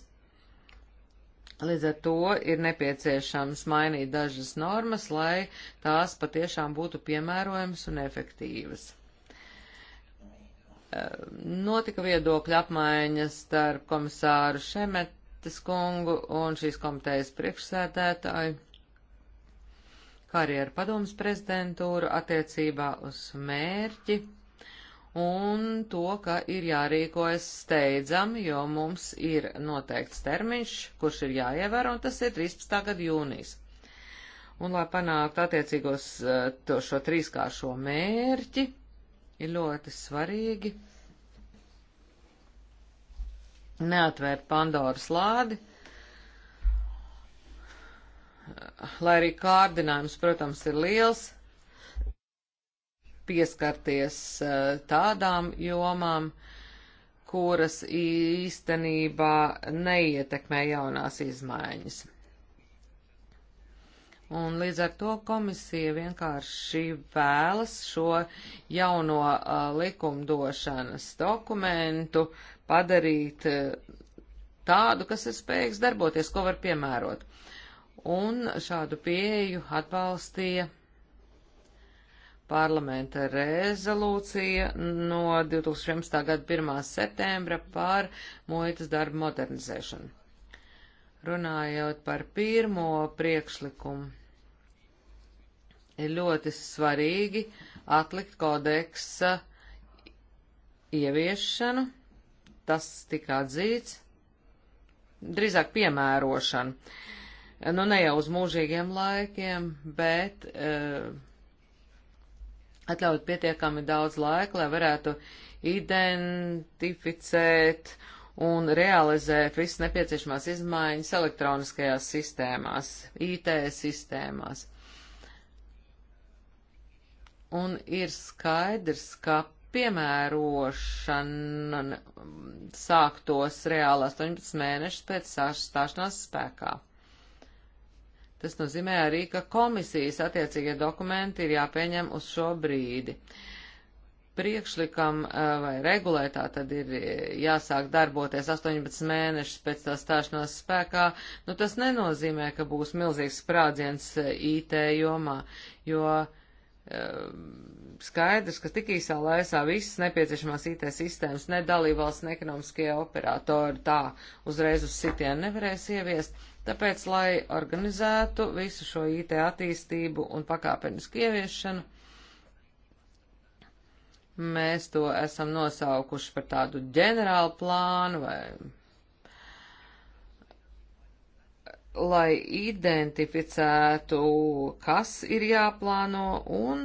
Speaker 3: Līdz ar to ir nepieciešams mainīt dažas normas, lai tās patiešām būtu piemērojamas un efektīvas. Notika viedokļa apmaiņas starp komisāru Šemetes kungu un šīs komitejas priekšsēdētāju kā arī ar padomus prezidentūru attiecībā uz mērķi un to, ka ir jārīkojas steidzami, jo mums ir noteikts termiņš, kurš ir jāievēro, un tas ir 13. gada jūnijas. Un, lai panāktu attiecīgos eh, to, šo trīskāršo mērķi, ir ļoti svarīgi neatvērt Pandoras lādi, lai arī kārdinājums, protams, ir liels, pieskarties eh, tādām jomām, kuras īstenībā neietekmē jaunās izmaiņas. Un līdz ar to komisija vienkārši vēlas šo jauno uh, likumdošanas dokumentu padarīt uh, tādu, kas ir spējīgs darboties, ko var piemērot. Un šādu pieeju atbalstīja parlamenta rezolūcija no 2011. gada 1. septembra par muitas darbu modernizēšanu. Runājot par pirmo priekšlikumu, ir ļoti svarīgi atlikt kodeksa ieviešanu, tas tika atzīts, drīzāk piemērošanu. Nu, ne jau uz mūžīgiem laikiem, bet uh, atļaut pietiekami daudz laika, lai varētu identificēt un realizēt visas nepieciešamās izmaiņas elektroniskajās sistēmās, IT sistēmās. Un ir skaidrs, ka piemērošana sāktos reāli 18 mēnešus pēc stāšanās spēkā. Tas nozīmē arī, ka komisijas attiecīgie dokumenti ir jāpieņem uz šo brīdi. Priekšlikam eh, vai regulētā tad ir eh, jāsāk darboties 18 mēnešus pēc tā stāšanās spēkā. Nu, tas nenozīmē, ka būs milzīgs sprādziens eh, IT jomā, jo skaidrs, ka tik īsā laisā visas nepieciešamās IT sistēmas, ne dalībvalsts, ne ekonomiskie operatori tā uzreiz uz sitienu nevarēs ieviest Tāpēc, lai organizētu visu šo IT attīstību un pakāpenisku ieviešanu, mēs to esam nosaukuši par tādu ģenerālu plānu vai lai identificētu, kas ir jāplāno un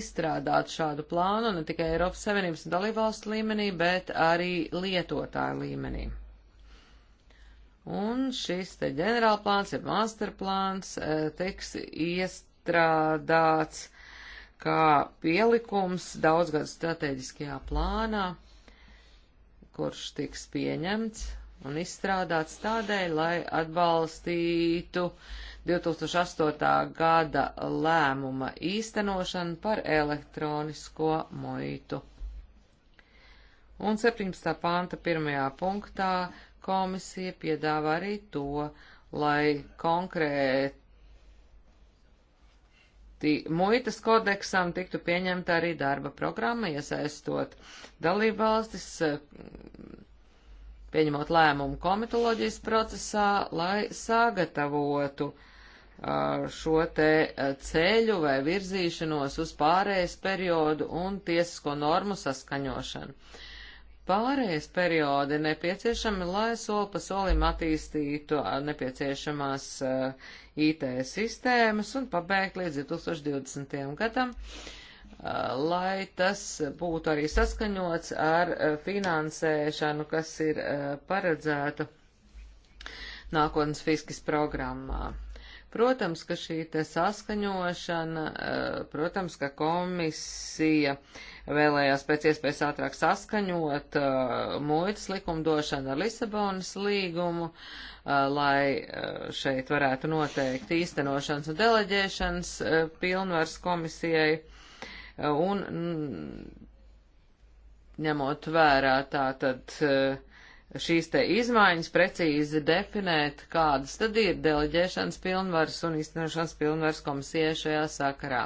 Speaker 3: izstrādāt šādu plānu ne tikai Eiropas Savienības dalībvalstu līmenī, bet arī lietotāju līmenī. Un šis te ģenerālplāns, ja masterplāns, e, tiks iestrādāts kā pielikums daudzgadu strateģiskajā plānā, kurš tiks pieņemts un izstrādāts tādēļ, lai atbalstītu 2008. gada lēmuma īstenošanu par elektronisko muitu. Un 17. panta pirmajā punktā Komisija piedāvā arī to, lai konkrēti muitas kodeksam tiktu pieņemta arī darba programma, iesaistot dalībvalstis, pieņemot lēmumu komitoloģijas procesā, lai sagatavotu šo te ceļu vai virzīšanos uz pārējais periodu un tiesisko normu saskaņošanu. Pārējais periodi ir nepieciešami, lai soli pa solim attīstītu nepieciešamās uh, IT sistēmas un pabeigt līdz 2020. gadam, uh, lai tas būtu arī saskaņots ar uh, finansēšanu, kas ir paredzēta nākotnes fiskas programmā. Protams, ka šī te saskaņošana, eh, protams, ka komisija vēlējās pēc iespējas ātrāk saskaņot eh, muitas likumdošanu ar Lisabonas līgumu, eh, lai šeit varētu noteikt īstenošanas un deleģēšanas pilnvars komisijai. Un ņemot vērā tātad šīs te izmaiņas precīzi definēt, kādas tad ir deleģēšanas pilnvaras un īstenošanas pilnvaras komisijai šajā sakarā.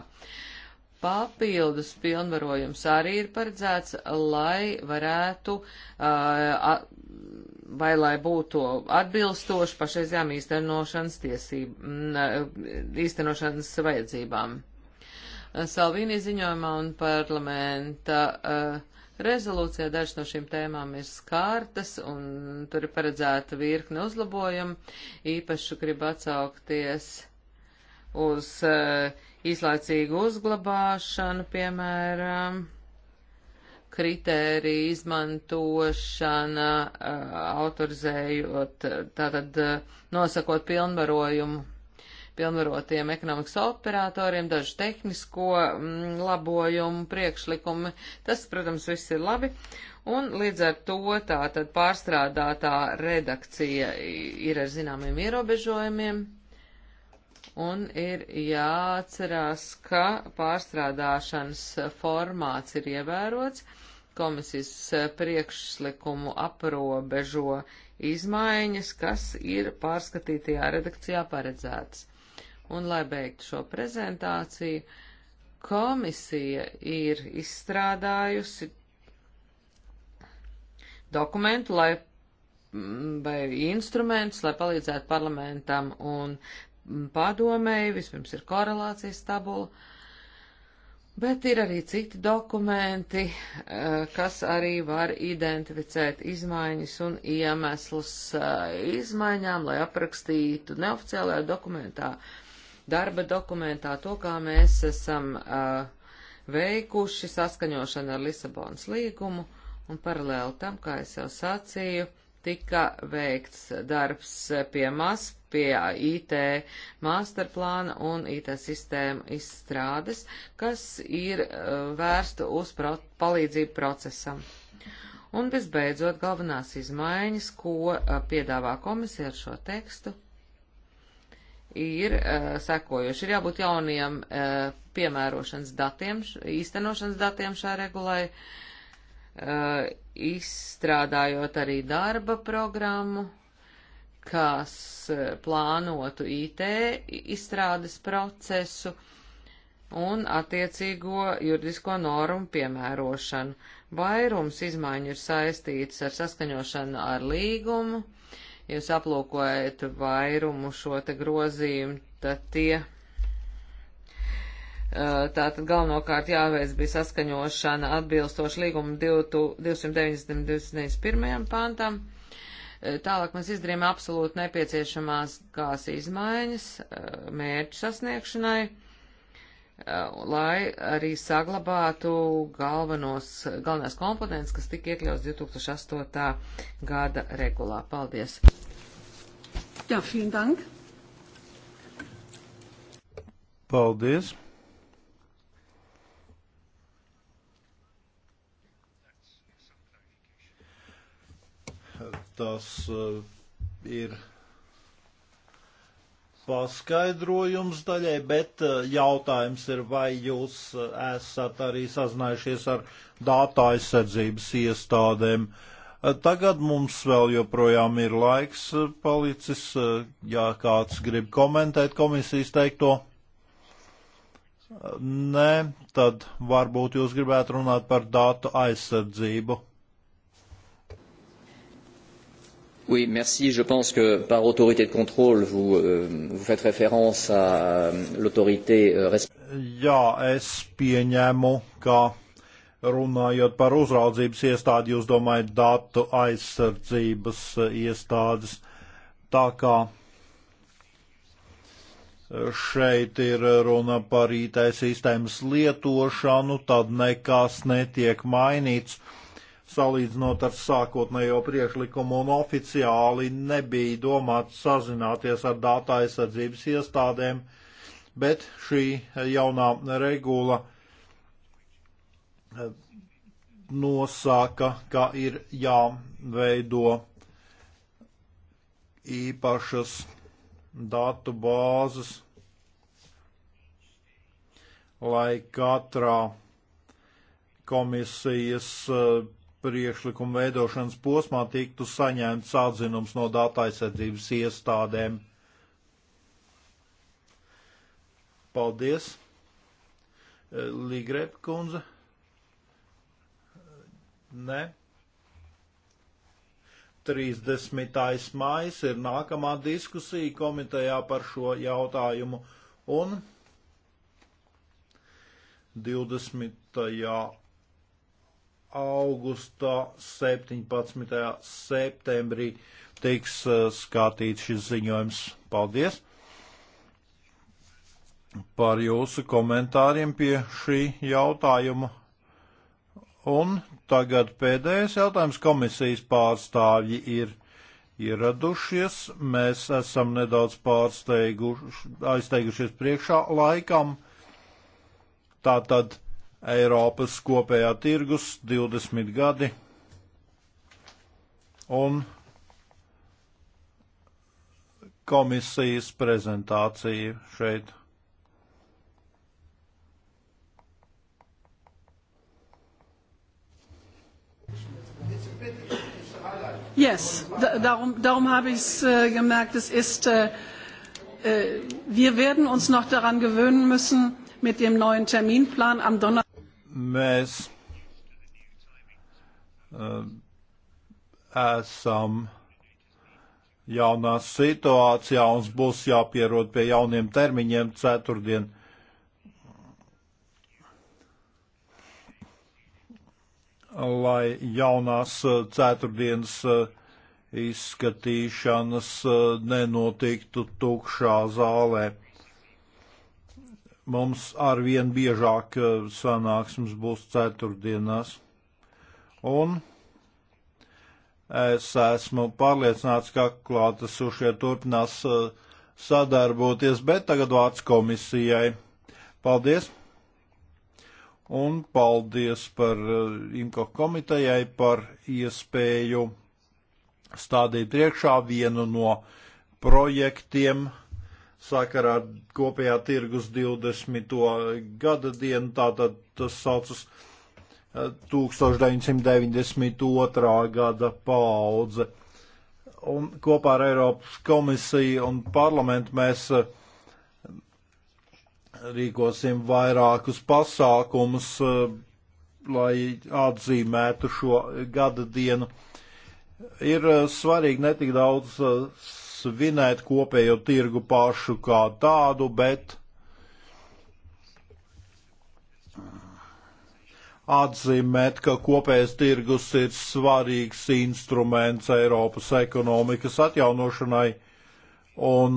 Speaker 3: Papildus pilnvarojums arī ir paredzēts, lai varētu uh, vai lai būtu atbilstoši pašreizējām īstenošanas tiesību, mm, uh, īstenošanas vajadzībām. Salvīni ziņojumā un parlamenta uh, Rezolūcijā dažas no šīm tēmām ir skārtas, un tur ir paredzēta virkne uzlabojumu. Īpaši gribu atsaukties uz uh, eh, īslaicīgu uzglabāšanu, piemēram, kritēriju izmantošana, uh, autorizējot, eh, tātad uh, nosakot pilnvarojumu pilnvarotiem ekonomikas operatoriem, dažu tehnisko mm, labojumu priekšlikumi. Tas, protams, viss ir labi. Un līdz ar to tā tad pārstrādātā redakcija ir ar zināmiem ierobežojumiem. Un ir jāatcerās, ka pārstrādāšanas formāts ir ievērots komisijas priekšlikumu aprobežo izmaiņas, kas ir pārskatītajā redakcijā paredzētas. Un, lai beigtu šo prezentāciju, komisija ir izstrādājusi dokumentu, lai, mm, vai instrumentus, lai palīdzētu parlamentam un padomēji, vispirms ir korelācijas tabula, bet ir arī citi dokumenti, eh, kas arī var identificēt izmaiņas un iemeslus eh, izmaiņām, lai aprakstītu neoficiālajā dokumentā uh, darba dokumentā to, kā mēs esam uh, veikuši saskaņošanu ar Lisabonas līgumu un paralēli tam, kā es jau sacīju, tika veikts darbs pie MAS, pie IT masterplāna un IT sistēmu izstrādes, kas ir uh, vērsta uz pro palīdzību procesam. Un visbeidzot, galvenās izmaiņas, ko uh, piedāvā komisija ar šo tekstu, ir uh, eh, sekojoši. Ir jābūt jauniem uh, piemērošanas datiem, īstenošanas datiem šā regulai, uh, izstrādājot arī darba programmu, kas uh, plānotu IT izstrādes procesu un attiecīgo juridisko normu piemērošanu. Vairums izmaiņu ir saistīts ar saskaņošanu ar līgumu, uh, jūs aplūkojat vairumu šo te grozījumu, tad tie. Tātad galvenokārt jāveic bija saskaņošana atbilstoši līguma 291. pantam. Tālāk mēs izdarījām absolūti nepieciešamās kās izmaiņas mērķu sasniegšanai Eh, lai arī saglabātu galvenos, galvenās komponentes, kas tika iekļauts 2008. gada regulā. Paldies! Jā, ja, vielen dank!
Speaker 4: Paldies! Tas uh, ir paskaidrojums daļai, bet eh, jautājums ir, vai jūs eh, esat arī sazinājušies ar datu aizsardzības iestādēm. Eh, tagad mums vēl joprojām ir laiks palicis, ja kāds grib komentēt komisijas teikto. Nē, tad varbūt jūs gribētu runāt par datu aizsardzību.
Speaker 2: Oui, merci. Je pense que par autorité de contrôle, vous, euh, vous faites référence à euh, l'autorité euh, responsable.
Speaker 4: Jā, es pieņēmu, ka runājot par uzraudzības iestādi, jūs domājat datu aizsardzības uh, iestādes. Tā kā uh, šeit ir runa par IT sistēmas lietošanu, tad nekas netiek mainīts salīdzinot ar sākotnējo priekšlikumu, un oficiāli nebija domāts sazināties ar datu aizsardzības iestādēm, bet šī jaunā regula eh, nosaka, ka ir jāveido īpašas datu bāzes, lai katrā komisijas eh, priekšlikuma veidošanas posmā tiktu saņemts atzinums no datu aizsardzības iestādēm. Paldies, eh, Ligrep kundze. Nē. 30. mājas ir nākamā diskusija komitejā par šo jautājumu un 20 augustā 17. septembrī tiks eh, skatīts šis ziņojums. Paldies par jūsu komentāriem pie šī jautājuma. Un tagad pēdējais jautājums komisijas pārstāvji ir ieradušies. Mēs esam nedaudz pārsteigušies priekšā laikam. Tātad Eiropas kopējā tirgus 20 gadi. Un komisijas prezentācija šeit.
Speaker 1: Yes, darum, darum habe ich es äh, gemerkt. Es ist, äh, äh, wir werden uns noch daran gewöhnen müssen, mit dem neuen Terminplan am
Speaker 4: Donnerstag mēs uh, esam jaunā situācijā, mums būs jāpierod pie jauniem termiņiem ceturtdien. Lai jaunās uh, ceturtdienas uh, izskatīšanas nenotiktu tukšā zālē. Mums arvien biežāk eh, sanāksmes būs ceturtdienās. Un es esmu pārliecināts, ka klātesušie turpinās eh, sadarboties, bet tagad vārds komisijai. Paldies! Un paldies par eh, IMCO komitejai par iespēju stādīt priekšā vienu no projektiem, uh, sakarā ar kopējā tirgus 20. gada dienu, tātad tas saucas 1992. Eh, gada paudze. Un kopā ar Eiropas komisiju un parlamentu mēs eh, rīkosim vairākus pasākumus, eh, lai atzīmētu šo gada dienu. Ir svarīgi ne tik daudz svinēt kopējo tirgu pašu kā tādu, bet atzīmēt, ka kopējais tirgus ir svarīgs instruments Eiropas ekonomikas atjaunošanai, un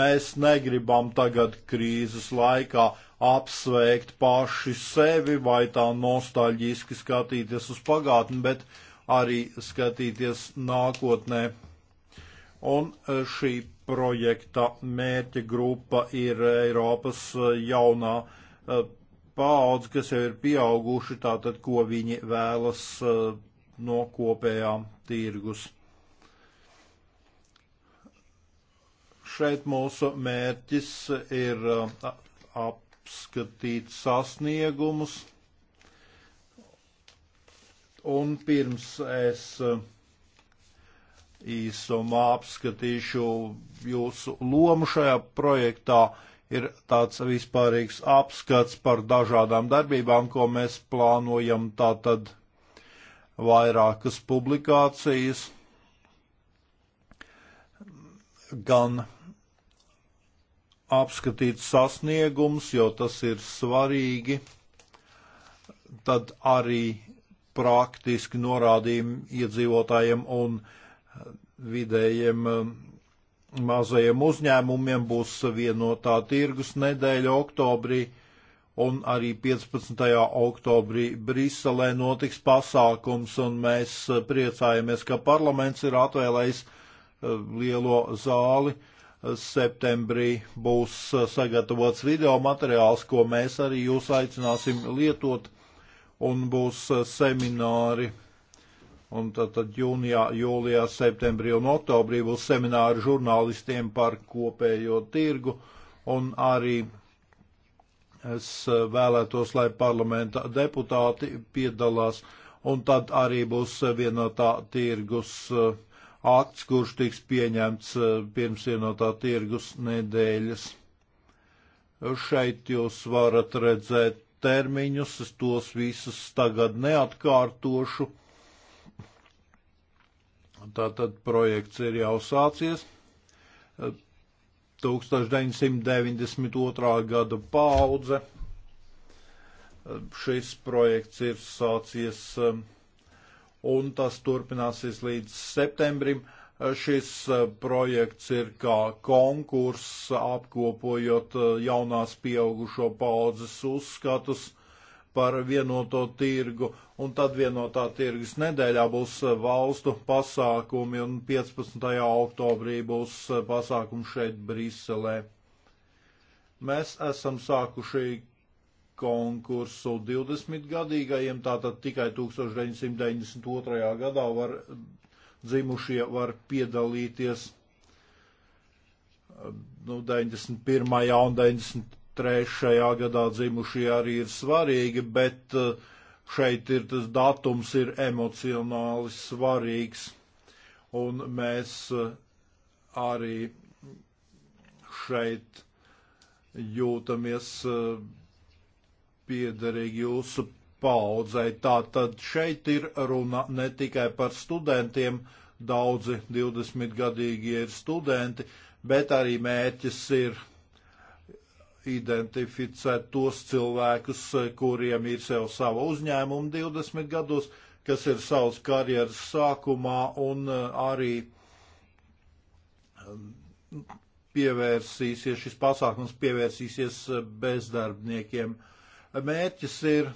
Speaker 4: mēs negribam tagad krīzes laikā apsveikt paši sevi vai tā nostalģiski skatīties uz pagātni, bet arī skatīties nākotnē. Un e, šī projekta mērķa grupa ir Eiropas e, jaunā e, paudze, kas jau ir pieauguši, tātad ko viņi vēlas no kopējā tirgus. Šeit mūsu mērķis ir apskatīt sasniegumus. Un pirms es uh, īsumā apskatīšu jūsu lomu šajā projektā. Ir tāds vispārīgs apskats par dažādām darbībām, ko mēs plānojam tātad vairākas publikācijas, gan apskatīt sasniegums, jo tas ir svarīgi, tad arī praktiski norādījumi iedzīvotājiem un iedzīvotājiem vidējiem um, mazajiem uzņēmumiem būs vienotā tirgus nedēļa oktobrī, un arī 15. oktobrī Briselē notiks pasākums, un mēs uh, priecājamies, ka parlaments ir atvēlējis uh, lielo zāli. Uh, septembrī būs sagatavots video materiāls, ko mēs arī jūs aicināsim lietot, un būs semināri Un tad, tad jūnijā, jūlijā, septembrī un oktobrī būs semināri žurnālistiem par kopējo tirgu. Un arī es eh, vēlētos, lai parlamenta deputāti piedalās. Un tad arī būs vienotā tirgus eh, akts, kurš tiks pieņemts eh, pirms vienotā tirgus nedēļas. Šeit jūs varat redzēt termiņus, es tos visus tagad neatkārtošu Tātad projekts ir jau sācies. 1992. gada paudze. Šis projekts ir sācies un tas turpināsies līdz septembrim. Šis eh, projekts ir kā konkurss apkopojot eh, jaunās pieaugušo paudzes uzskatus par vienoto tirgu, un tad vienotā tirgus nedēļā būs eh, valstu pasākumi, un 15. oktobrī būs eh, pasākumi šeit Briselē. Mēs esam sākuši konkursu 20-gadīgajiem, tātad tikai 1992. gadā var dzimušie var piedalīties eh, nu, 91. un 90 trešajā gadā dzimušie arī ir svarīgi, bet uh, šeit ir tas datums ir emocionāli svarīgs. Un mēs uh, arī šeit jūtamies uh, piederīgi jūsu paudzei. Tātad šeit ir runa ne tikai par studentiem, daudzi 20 gadīgi ir studenti, bet arī mērķis ir identificē tos cilvēkus, kuriem ir sev sava uzņēmuma 20 gados, kas ir savas karjeras sākumā un uh, arī um, pievērsīsies, šis pasākums pievērsīsies uh, bezdarbniekiem. Mērķis ir uh,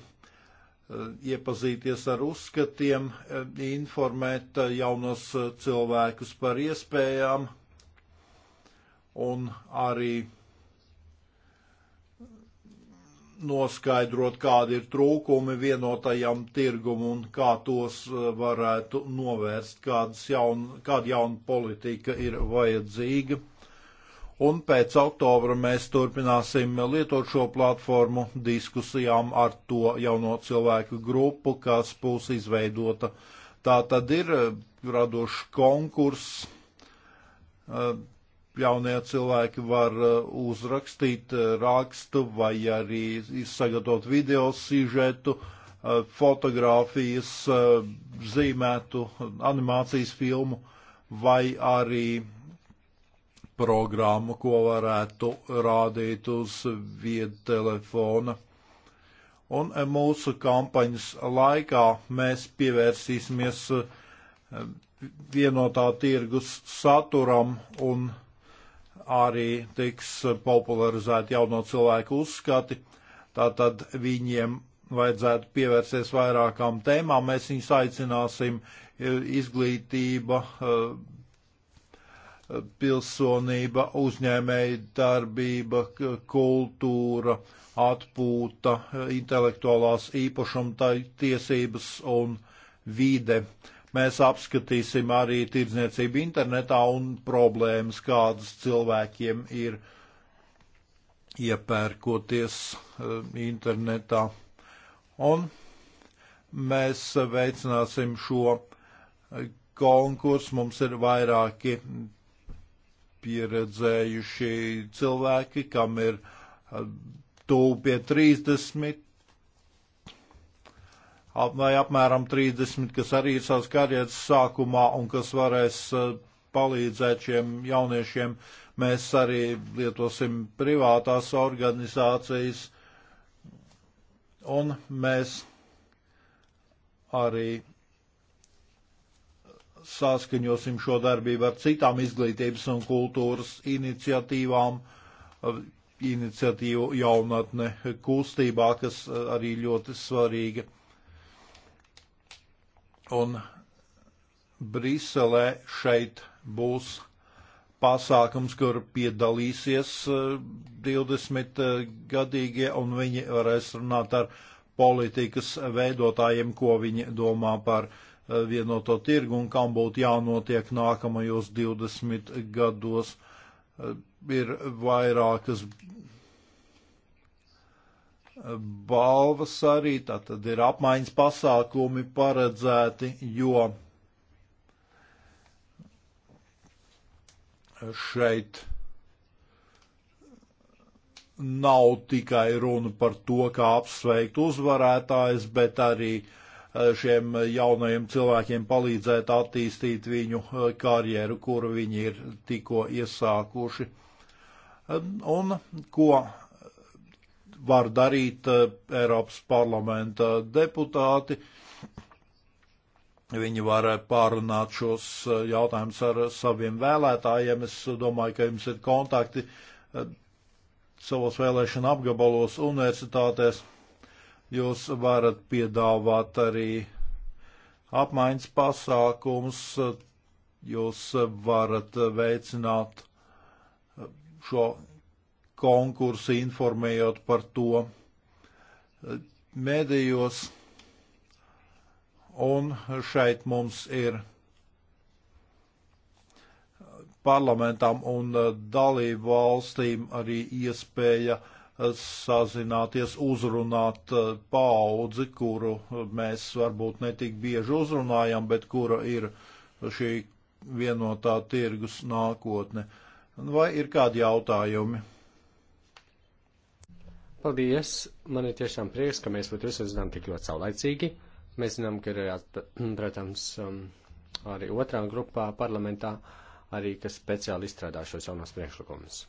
Speaker 4: iepazīties ar uzskatiem, informēt jaunos cilvēkus par iespējām un arī noskaidrot, kādi ir trūkumi vienotajam tirgumu un kā tos eh, varētu novērst, jaun, kāda jauna politika ir vajadzīga. Un pēc oktobra mēs turpināsim lietot šo platformu diskusijām ar to jauno cilvēku grupu, kas būs izveidota. Tā tad ir eh, radošs konkurss eh, jaunie cilvēki var uh, uzrakstīt uh, rakstu vai arī sagatavot video sižetu, uh, fotografijas, zīmētu animācijas filmu vai arī programmu, ko varētu rādīt uz viedtelefona. Un mūsu kampaņas laikā mēs pievērsīsimies vienotā tirgus saturam un arī tiks popularizēti jauno cilvēku uzskati. Tātad viņiem vajadzētu pievērsties vairākām tēmām. Mēs viņus aicināsim e, izglītība, e, e, pilsonība, uzņēmēja darbība, kultūra, atpūta, intelektuālās īpašuma tiesības un vide. Uh, Mēs apskatīsim arī tirdzniecību internetā un problēmas, kādas cilvēkiem ir iepērkoties eh, internetā. Un mēs veicināsim šo eh, konkursu. Mums ir vairāki pieredzējuši cilvēki, kam ir eh, tuvu pie 30 vai apmēram 30, kas arī ir savas karjeras sākumā un kas varēs eh, palīdzēt šiem jauniešiem. Mēs arī lietosim privātās organizācijas un mēs arī saskaņosim šo darbību ar citām izglītības un kultūras iniciatīvām, eh, iniciatīvu jaunatne kustībā, kas eh, arī ļoti svarīga. Un Briselē šeit būs pasākums, kur piedalīsies 20 eh, eh, gadīgie, un viņi varēs runāt ar politikas veidotājiem, ko viņi domā par eh, vienoto tirgu un kam būtu jānotiek nākamajos 20 gados. Ir vairākas balvas arī, tātad ir apmaiņas pasākumi paredzēti, jo šeit nav tikai runa par to, kā apsveikt uzvarētājs, bet arī e, šiem jaunajiem cilvēkiem palīdzēt attīstīt viņu e, karjeru, kuru viņi ir tikko iesākuši. E, un ko var darīt eh, Eiropas parlamenta deputāti. Viņi var pārunāt šos eh, jautājumus ar saviem vēlētājiem. Es domāju, ka jums ir kontakti eh, savos vēlēšana apgabalos universitātēs. Jūs varat piedāvāt arī apmaiņas pasākums, jūs varat veicināt šo konkursu, informējot par to medijos. Un šeit mums ir parlamentam un dalību valstīm arī iespēja sazināties, uzrunāt paudzi, kuru mēs varbūt netik bieži uzrunājam, bet kura ir šī vienotā tirgus nākotne. Vai ir kādi jautājumi? Paldies! Man ir tiešām prieks, ka
Speaker 2: mēs pat uzzinām tik ļoti saulaicīgi. Mēs zinām, ka ir, *clears throat* protams, um, arī otrā grupā parlamentā, arī, kas speciāli izstrādā šos jaunos priekšlikumus.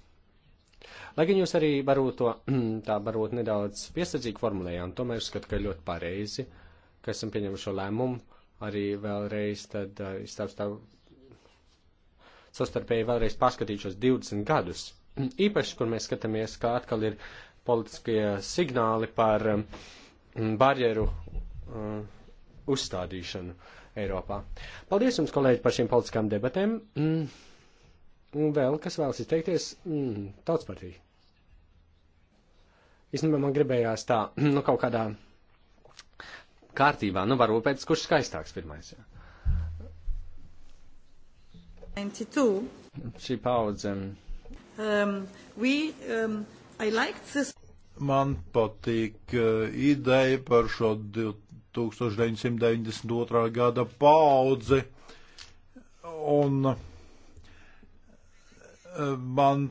Speaker 2: Lai gan jūs arī varbūt to *clears throat* tā varbūt nedaudz piesardzīgi formulējām, tomēr skatu, ka ir ļoti pareizi, ka esam pieņemuši šo lēmumu arī vēlreiz tad uh, stāv stāv sastarpēji vēlreiz paskatīšos 20 gadus. *clears throat* Īpaši, kur mēs skatāmies, kā atkal ir politiskie signāli par um, barjeru uh, uzstādīšanu Eiropā. Paldies jums, kolēģi, par šīm politiskām debatēm. Mm. Un vēl, kas vēlas izteikties, mm, tauts partija. Īstenībā man gribējās tā, *clears throat* nu, kaut kādā kārtībā, nu, varbūt pēc, kurš skaistāks pirmais. Jā.
Speaker 1: 92.
Speaker 4: Šī paudze.
Speaker 1: Um, we, um, I liked this.
Speaker 4: Man patīk e, ideja par šo 1992. gada paudzi, un e, man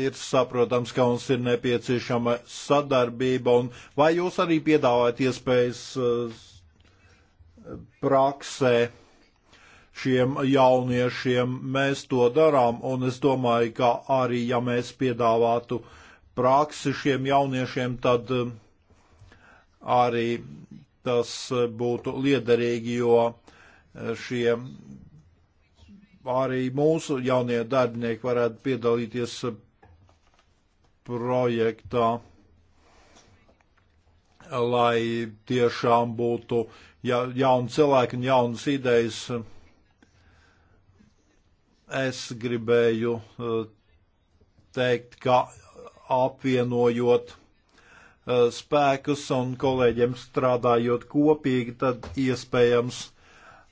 Speaker 4: ir saprotams, ka mums ir nepieciešama sadarbība, un vai jūs arī piedāvājat iespējas e, praksē šiem jauniešiem? Mēs to darām, un es domāju, ka arī, ja mēs piedāvātu uh, praksi šiem jauniešiem, tad um, arī tas uh, būtu liederīgi, jo uh, šie arī mūsu jaunie darbinieki varētu piedalīties uh, projektā, lai tiešām būtu ja, jauni cilvēki un jaunas idejas. Es gribēju teikt, ka apvienojot eh, spēkus un kolēģiem strādājot kopīgi, tad iespējams,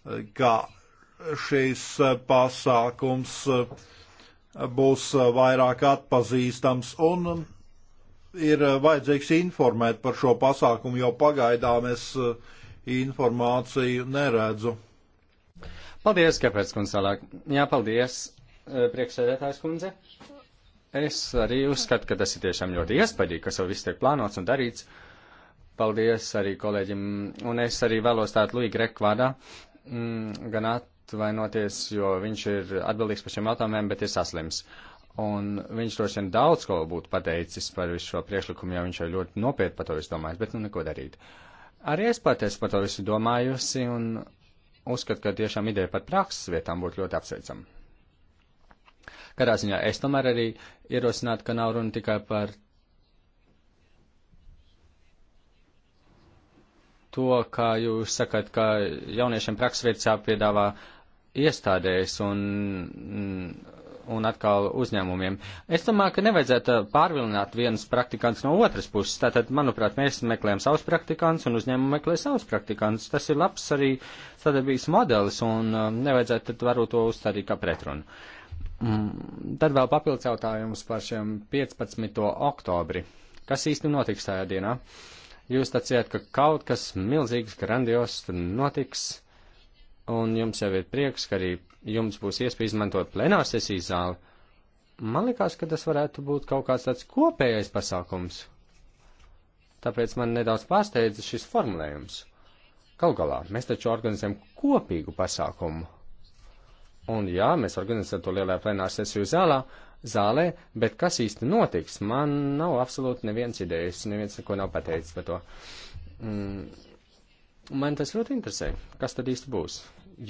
Speaker 4: eh, ka šīs eh, pasākums būs vairāk atpazīstams un um, ir vajadzīgs informēt par šo pasākumu, jo pagaidām es informāciju neredzu.
Speaker 2: Paldies, kāpēc, kundze, tālāk. Jā, paldies, priekšsēdētājs kundze. Es arī uzskatu, ka tas ir tiešām ļoti iespaidīgi, kas jau viss tiek plānots un darīts. Paldies arī kolēģim. Un es arī vēlos tādu Luigi Rekvādā mm, gan atvainoties, jo viņš ir atbildīgs par šiem jautājumiem, bet ir saslims. Un viņš droši vien daudz ko būtu pateicis par visu šo priekšlikumu, jo viņš jau ļoti nopietni par to visu domājis, bet nu neko darīt. Arī es pat esmu par to visu domājusi un uzskatu, ka tiešām ideja par prakses vietām būtu ļoti apsveicama. Katrā ziņā es tomēr arī ierosinātu, ka nav runa tikai par to, kā jūs sakat, ka jauniešiem praksvietas jāpiedāvā iestādēs un, un atkal uzņēmumiem. Es domāju, ka nevajadzētu pārvilināt vienas praktikants no otras puses. Tātad, manuprāt, mēs meklējam savus praktikants un uzņēmumu meklē savus praktikants. Tas ir labs arī sadarbības modelis un um, nevajadzētu tad varbūt to uzstādīt kā pretrunu. Uh, Mm, tad vēl papildus jautājums par šiem 15. oktobri. Kas īsti notiks tajā dienā? Jūs tacījāt, ka kaut kas milzīgs, grandios tur notiks, un jums jau ir prieks, ka arī jums būs iespēja izmantot plenārsesijas zāli. Man likās, ka tas varētu būt kaut kāds tāds kopējais pasākums. Tāpēc man nedaudz pārsteidza šis formulējums. Galu galā, mēs taču organizējam kopīgu pasākumu Un jā, mēs organizējam to lielajā plenāru sesiju zālā, zālē, bet kas īsti notiks? Man nav absolūti neviens idejas, neviens neko nav pateicis par to. Mm. Man tas ļoti interesē, kas tad īsti būs,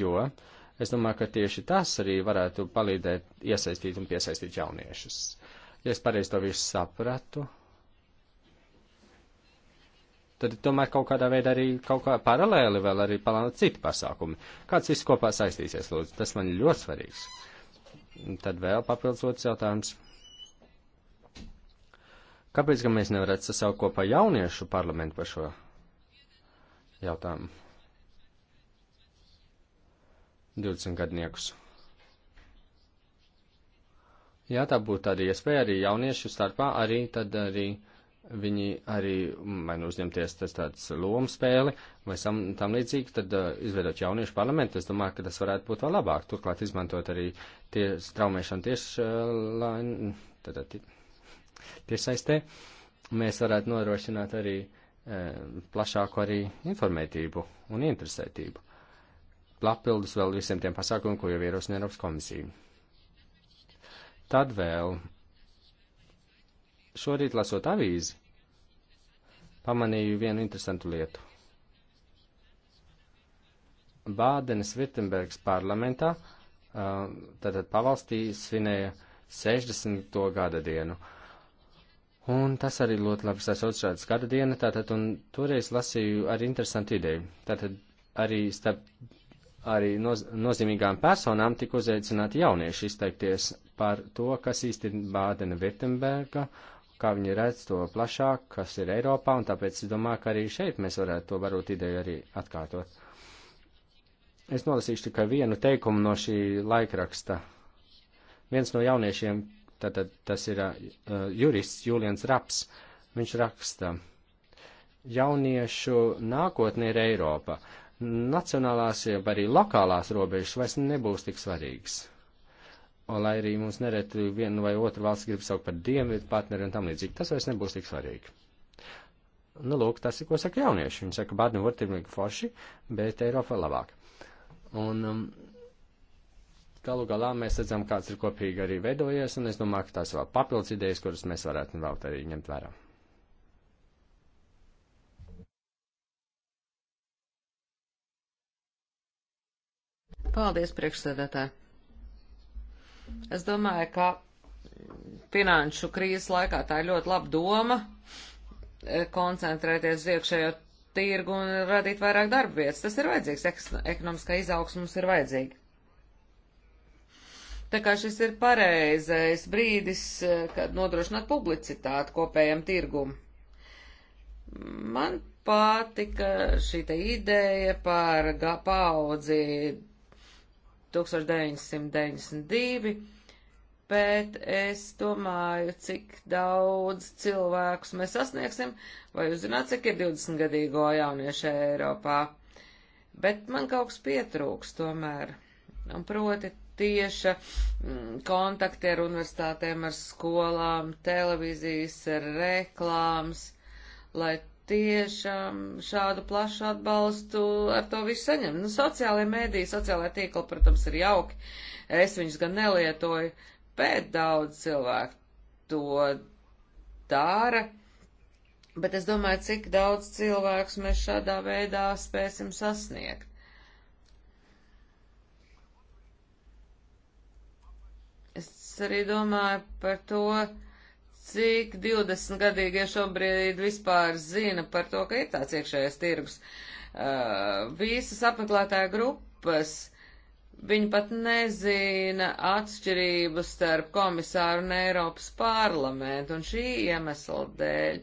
Speaker 2: jo es domāju, ka tieši tas arī varētu palīdzēt iesaistīt un piesaistīt jauniešus. Ja es pareizi to visu sapratu, tad tomēr kaut kādā veidā arī kaut kā paralēli vēl arī plānot citi pasākumi. Kāds viss kopā saistīsies, lūdzu, tas man ir ļoti svarīgs. Un tad vēl papildus otrs jautājums. Kāpēc gan mēs nevarētu sasaukt kopā jauniešu parlamentu par šo jautājumu? 20 gadniekus. Jā, tā būtu tāda iespēja arī jauniešu starpā, arī tad arī uh, viņi arī vai nu uzņemties tas tāds lomu spēli vai sam, tam līdzīgi, tad uh, izveidot jauniešu parlamentu, es domāju, ka tas varētu būt vēl labāk. Turklāt izmantot arī tie straumēšanu tieši uh, tiesaistē, mēs varētu nodrošināt arī uh, plašāku arī informētību un interesētību. Lapildus vēl visiem tiem pasākumiem, ko jau ierosina Eiropas komisija. Tad vēl šorīt lasot avīzi, pamanīju vienu interesantu lietu. Bādenes Virtenbergs parlamentā, uh, tātad pavalstī svinēja 60. gada dienu. Un tas arī ļoti labi sasauc šādas gada diena, tātad, un toreiz lasīju arī interesantu ideju. Tātad arī starp arī noz, nozīmīgām personām tika uzaicināti jaunieši izteikties par to, kas īsti ir Bādena Virtenberga uh, kā viņi redz to plašāk, kas ir Eiropā, un tāpēc es domāju, ka arī šeit mēs varētu to varbūt ideju arī atkārtot. Es nolasīšu tikai vienu teikumu no šī laikraksta. Viens no jauniešiem, tātad tas ir uh, jurists Julians Raps, viņš raksta, jauniešu nākotne ir Eiropa. Nacionālās, jeb arī lokālās robežas vairs nebūs tik svarīgas un lai arī mums nereti vienu vai otru valsts grib saukt par dienvidu partneri un tam līdzīgi, tas vairs nebūs tik svarīgi. Nu, lūk, tas ir, ko saka jaunieši. Viņi saka, bērni var tirmīgi forši, bet Eiropa labāk. Un um, galu galā mēs redzam, kāds ir kopīgi arī veidojies, un es domāju, ka tās vēl papildus idejas, kuras mēs varētu vēl arī ņemt vērā.
Speaker 3: Paldies, priekšsēdētāji! Es domāju, ka finanšu krīzes laikā tā ir ļoti laba doma e, koncentrēties uz iekšējo tirgu un radīt vairāk darba vietas. Tas ir vajadzīgs, ekonomiskā izaugsme mums ir vajadzīga. Tā kā šis ir pareizais brīdis, e, kad nodrošināt publicitāti kopējam tirgum. Man patika šī ideja par paudzi 1992, bet es domāju, cik daudz cilvēkus mēs sasniegsim, vai jūs zināt, cik ir 20 gadīgo jauniešu Eiropā. Bet man kaut kas pietrūks tomēr, un proti tieša mm, kontakti ar universitātēm, ar skolām, televīzijas, reklāmas, lai tiešām šādu plašu atbalstu ar to visu saņem. Nu, sociālajie mēdīji, sociālajie tīkli, protams, ir jauki. Es viņus gan nelietoju, bet daudz cilvēku to dara. Bet es domāju, cik daudz cilvēkus mēs šādā veidā spēsim sasniegt. Es arī domāju par to, cik 20 gadīgie šobrīd vispār zina par to, ka ir tāds iekšējais tirgus. Uh, visas apmeklētāja grupas, viņi pat nezina atšķirību starp komisāru un Eiropas parlamentu, un šī iemesla dēļ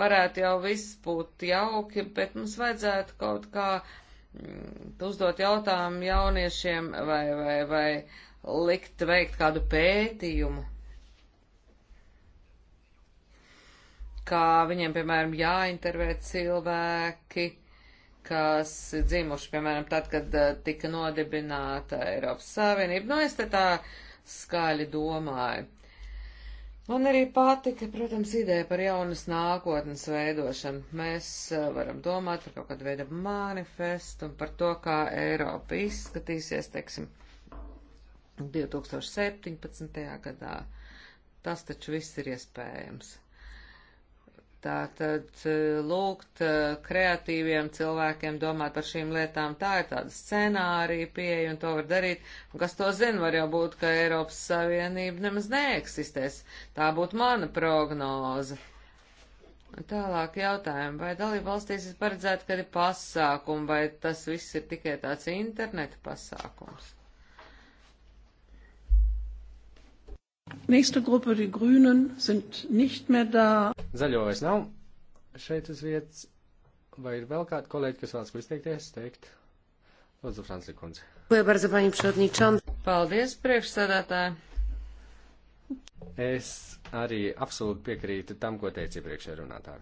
Speaker 3: varētu jau viss būt jauki, bet mums vajadzētu kaut kā mm, uzdot jautājumu jauniešiem vai, vai, vai likt veikt kādu pētījumu ka viņiem, piemēram, jāintervē cilvēki, kas dzimuši, piemēram, tad, kad eh, tika nodibināta Eiropas Savienība. Nu, es te tā skaļi domāju. Man arī patika, protams, ideja par jaunas nākotnes veidošanu. Mēs eh, varam domāt par kaut kādu veidu manifestu un par to, kā Eiropa izskatīsies, teiksim, 2017. gadā. Tas taču viss ir iespējams. Tātad eh, lūgt eh, kreatīviem cilvēkiem domāt par šīm lietām, tā ir tāda scenārija pieeja un to var darīt. Un kas to zina, var jau būt, ka Eiropas Savienība nemaz neeksistēs. Tā būtu mana prognoze. Tālāk jautājumu, vai dalību valstīs ir paredzēta kādi pasākumi, vai tas viss ir tikai tāds interneta pasākums?
Speaker 1: Nächste Gruppe, die Grünen, sind nicht mehr da.
Speaker 2: Zaļo vairs nav šeit uz vietas. Vai ir vēl kādi kolēģi, kas vēlas izteikties, teikt? Lūdzu, Francijas
Speaker 3: kundze. Paldies, priekšsēdētāji.
Speaker 2: Es arī absolūti piekrītu tam, ko teica iepriekšējā runātāja.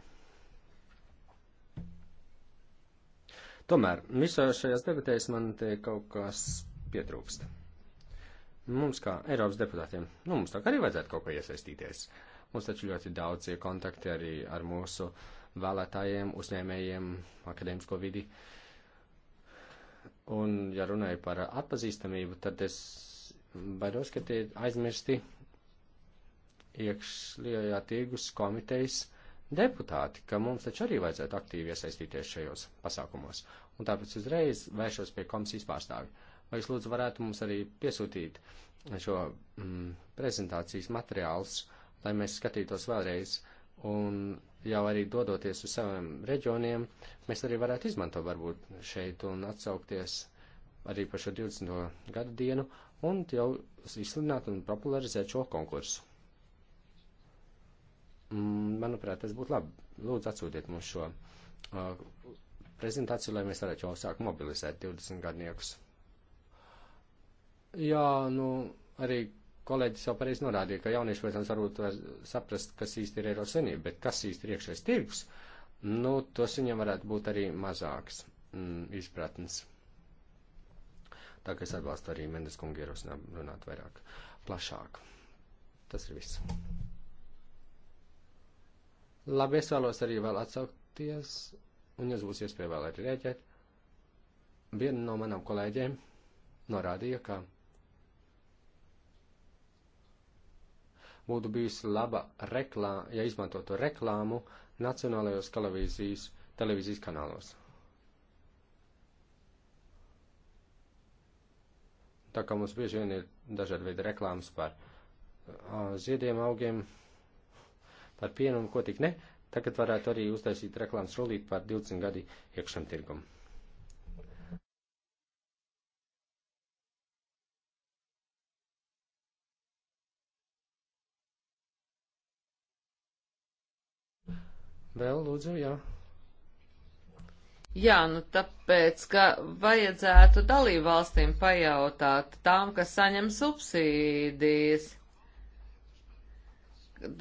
Speaker 2: Tomēr visā šajās debatēs man te kaut kas pietrūkst. Mums, kā Eiropas deputātiem, nu, mums tā kā arī vajadzētu kaut ko iesaistīties. Mums taču ļoti daudz ir kontakti arī ar mūsu vēlētājiem, uzņēmējiem, akadēmisko vidi. Un, ja runāju par atpazīstamību, tad es baidos, ka tie ir aizmirsti iekšļajā tirgus komitejas deputāti, ka mums taču arī vajadzētu aktīvi iesaistīties šajos pasākumos. Un tāpēc uzreiz vēršos pie komisijas pārstāvi. Vai jūs lūdzu varētu mums arī piesūtīt šo mm, prezentācijas materiālus, lai mēs skatītos vēlreiz un jau arī dodoties uz saviem reģioniem, mēs arī varētu izmantot varbūt šeit un atsaukties arī par šo 20. gadu dienu un jau izsludināt un popularizēt šo konkursu. Mm, manuprāt, tas būtu labi. Lūdzu, atsūtiet mums šo uh, prezentāciju, lai mēs varētu jau sākt mobilizēt 20 gadniekus. Jā, nu, arī kolēģis jau pareizi norādīja, ka jaunieši, protams, varbūt saprast, kas īsti ir Eiropas Savienība, bet kas īsti ir iekšējais tirgus, nu, tos viņam varētu būt arī mazāks mm, izpratnes. Tā kā es atbalstu arī Mendes kungu ierosinājumu runāt vairāk plašāk. Tas ir viss. Labi, es vēlos arī vēl atsaukties, un jums būs iespēja vēl arī rēķēt. Viena no manām kolēģiem norādīja, ka būtu bijusi laba reklāma, ja izmantotu reklāmu nacionālajos televīzijas, televīzijas kanālos. Tā kā mums bieži vien ir dažādi veidi reklāmas par uh, ziediem, augiem, par pienu un ko tik ne, tagad varētu arī uztaisīt reklāmas rulīt par 20 gadi iekšam tirgumu.
Speaker 3: Vēl lūdzu, jā. Jā, nu tāpēc, ka vajadzētu dalību valstīm pajautāt tām, kas saņem subsīdijas,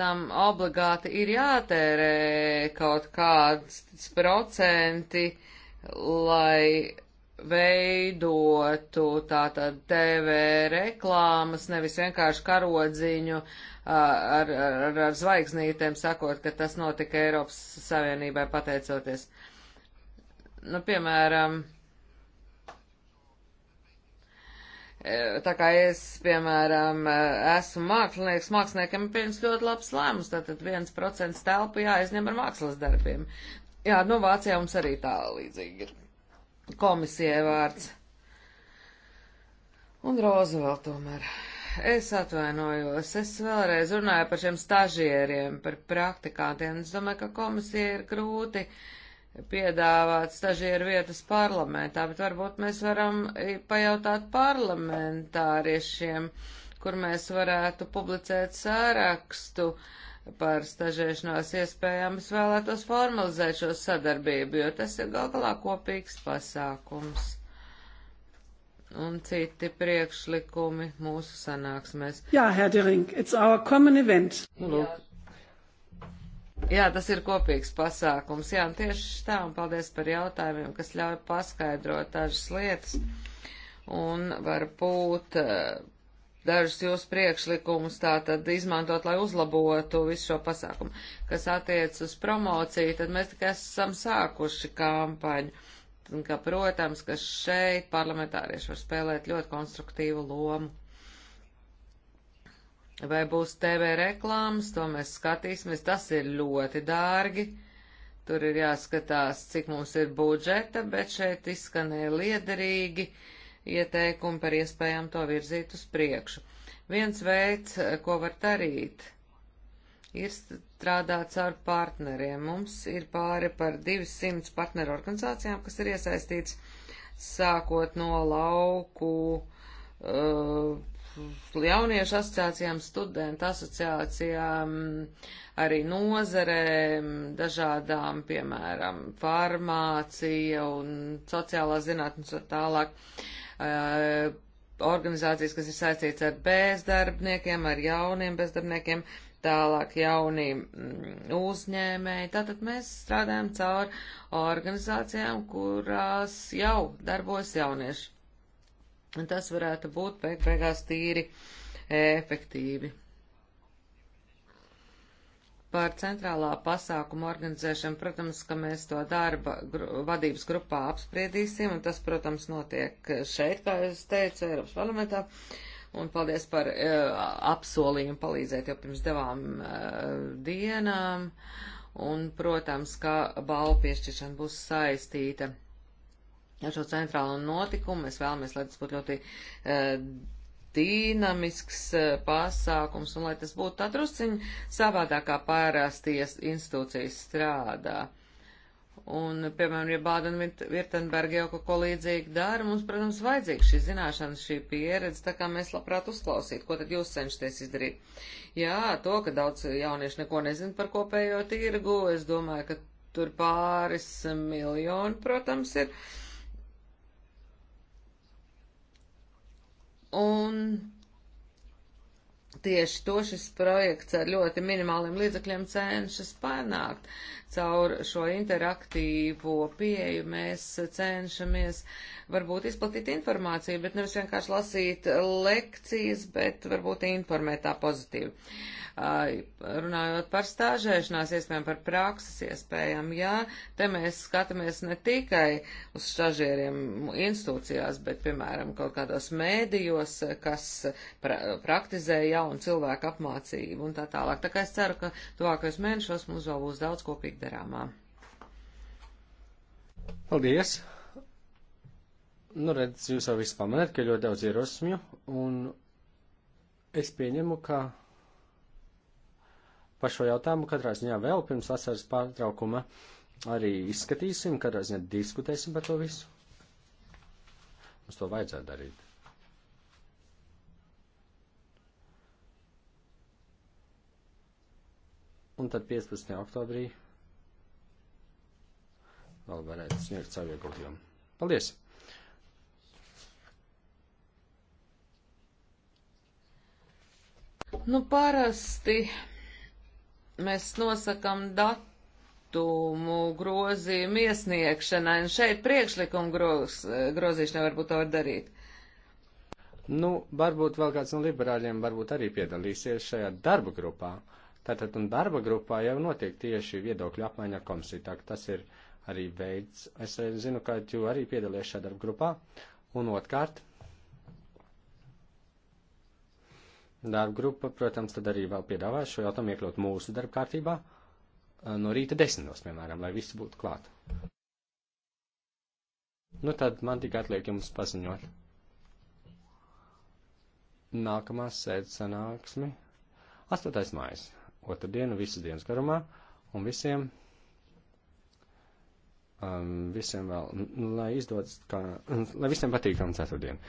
Speaker 3: tam obligāti ir jātērē kaut kāds procenti, lai veidotu tātad TV reklāmas, nevis vienkārši karodziņu uh, ar, ar, ar zvaigznītēm, sakot, ka tas notika Eiropas Savienībai pateicoties. Nu, piemēram, e, tā kā es, piemēram, e, esmu mākslinieks, māksliniekiem ir pieņems ļoti labs lēmums, tātad viens procents telpu jāizņem ar mākslas darbiem. Jā, nu, Vācijā mums arī tā līdzīgi ir. Komisijai vārds. Un Roza vēl tomēr es atvainojos. Es vēlreiz runāju par šiem stažieriem, par praktikantiem. Es domāju, ka komisija ir grūti piedāvāt stažieru vietas parlamentā, bet varbūt mēs varam pajautāt parlamentāriešiem, kur mēs varētu publicēt sārakstu par stažēšanās iespējām. Es vēlētos formalizēt šo sadarbību, jo tas ir gal galā kopīgs pasākums un citi priekšlikumi mūsu sanāksmēs.
Speaker 1: Jā, Herr Dering, it's our common event. Nu, lūk.
Speaker 3: Jā, tas ir kopīgs pasākums. Jā, un tieši tā, un paldies par jautājumiem, kas ļauj paskaidrot dažas lietas. Un varbūt eh, dažus jūsu priekšlikumus tā tad izmantot, lai uzlabotu visu šo pasākumu. Kas attiec uz promociju, tad mēs tikai esam sākuši kampaņu un ka, protams, ka šeit parlamentārieši var spēlēt ļoti konstruktīvu lomu. Vai būs TV reklāmas, to mēs skatīsimies, tas ir ļoti dārgi. Tur ir jāskatās, cik mums ir budžeta, bet šeit izskanēja liederīgi ieteikumi par iespējām to virzīt uz priekšu. Viens veids, ko var darīt, ir strādā caur partneriem. Mums ir pāri par 200 partneru organizācijām, kas ir iesaistīts sākot no lauku uh, jauniešu asociācijām, studentu asociācijām, arī nozerēm, dažādām, piemēram, farmācija un sociālās zinātnes un tālāk. Uh, organizācijas, kas ir saistīts ar bezdarbniekiem, ar jauniem bezdarbniekiem, uh, tālāk jauni mm, uzņēmēji. Tātad mēs strādājam caur organizācijām, kurās jau darbojas jaunieši. Un tas varētu būt beig beigās tīri efektīvi. Par centrālā pasākuma organizēšanu, protams, ka mēs to darba gru, vadības grupā apspriedīsim, un tas, protams, notiek šeit, kā es teicu, Eiropas parlamentā. Uh, un paldies par uh, apsolījumu palīdzēt jau pirms devām uh, dienām. Un, protams, ka balvu piešķiršana būs saistīta ar šo centrālo notikumu. Mēs vēlamies, lai tas būtu ļoti uh, eh, dīnamisks uh, pasākums un lai tas būtu tā drusciņi savādāk kā pārāsties institūcijas strādā. Un, piemēram, ja Bādena-Virtenberga jau kaut ko līdzīgu dara, mums, protams, vajadzīga šī zināšana, šī pieredze, tā kā mēs labprāt uzklausītu, ko tad jūs cenšaties izdarīt. Jā, to, ka daudz jaunieši neko nezin par kopējo tirgu, es domāju, ka tur pāris miljoni, protams, ir. Un tieši to šis projekts ar ļoti minimāliem līdzekļiem cenšas panākt. Uh, caur šo interaktīvo pieeju mēs cenšamies varbūt izplatīt informāciju, bet nevis vienkārši lasīt lekcijas, bet varbūt informēt tā pozitīvi. Runājot par stāžēšanās iespējām, par prakses iespējām, jā, te mēs skatāmies ne tikai uz stažieriem institūcijās, bet, piemēram, kaut kādos mēdījos, kas pra praktizē jaunu cilvēku apmācību un tā tālāk. Tā kā es ceru, ka tuvākajos mēnešos mums vēl būs daudz kopīgi paliek darāmā.
Speaker 2: Paldies! Nu, redz, jūs jau visu pamanāt, ka ļoti daudz ierosmju, un es pieņemu, ka par šo jautājumu katrā ziņā vēl pirms vasaras pārtraukuma arī izskatīsim, katrā ziņā diskutēsim par to visu. Mums to vajadzētu darīt. Un tad 15. oktobrī vēl varētu sniegt savu ieguldījumu. Paldies!
Speaker 3: Nu, parasti mēs nosakam datumu grozījumu iesniegšanai, un šeit priekšlikumu groz, grozīšanai varbūt to var darīt.
Speaker 2: Nu, varbūt vēl kāds no liberāļiem varbūt arī piedalīsies šajā darba grupā. Tātad, un darba grupā jau notiek tieši viedokļu apmaiņa ar komisiju, tā ka tas ir arī veids. Es zinu, ka tu arī piedalies šajā darba grupā. Un otrkārt, darba grupa, protams, tad arī vēl piedāvā šo jautājumu iekļaut mūsu darba kārtībā eh, no rīta desmitos, piemēram, lai visi būtu klāt. Nu tad man tikai atliek jums paziņot. Nākamā sēdes sanāksme 8. mājas, otru dienu, visas dienas garumā, un visiem
Speaker 1: um, visiem vēl, nu, lai izdodas, kā, lai visiem patīkam ceturtdien.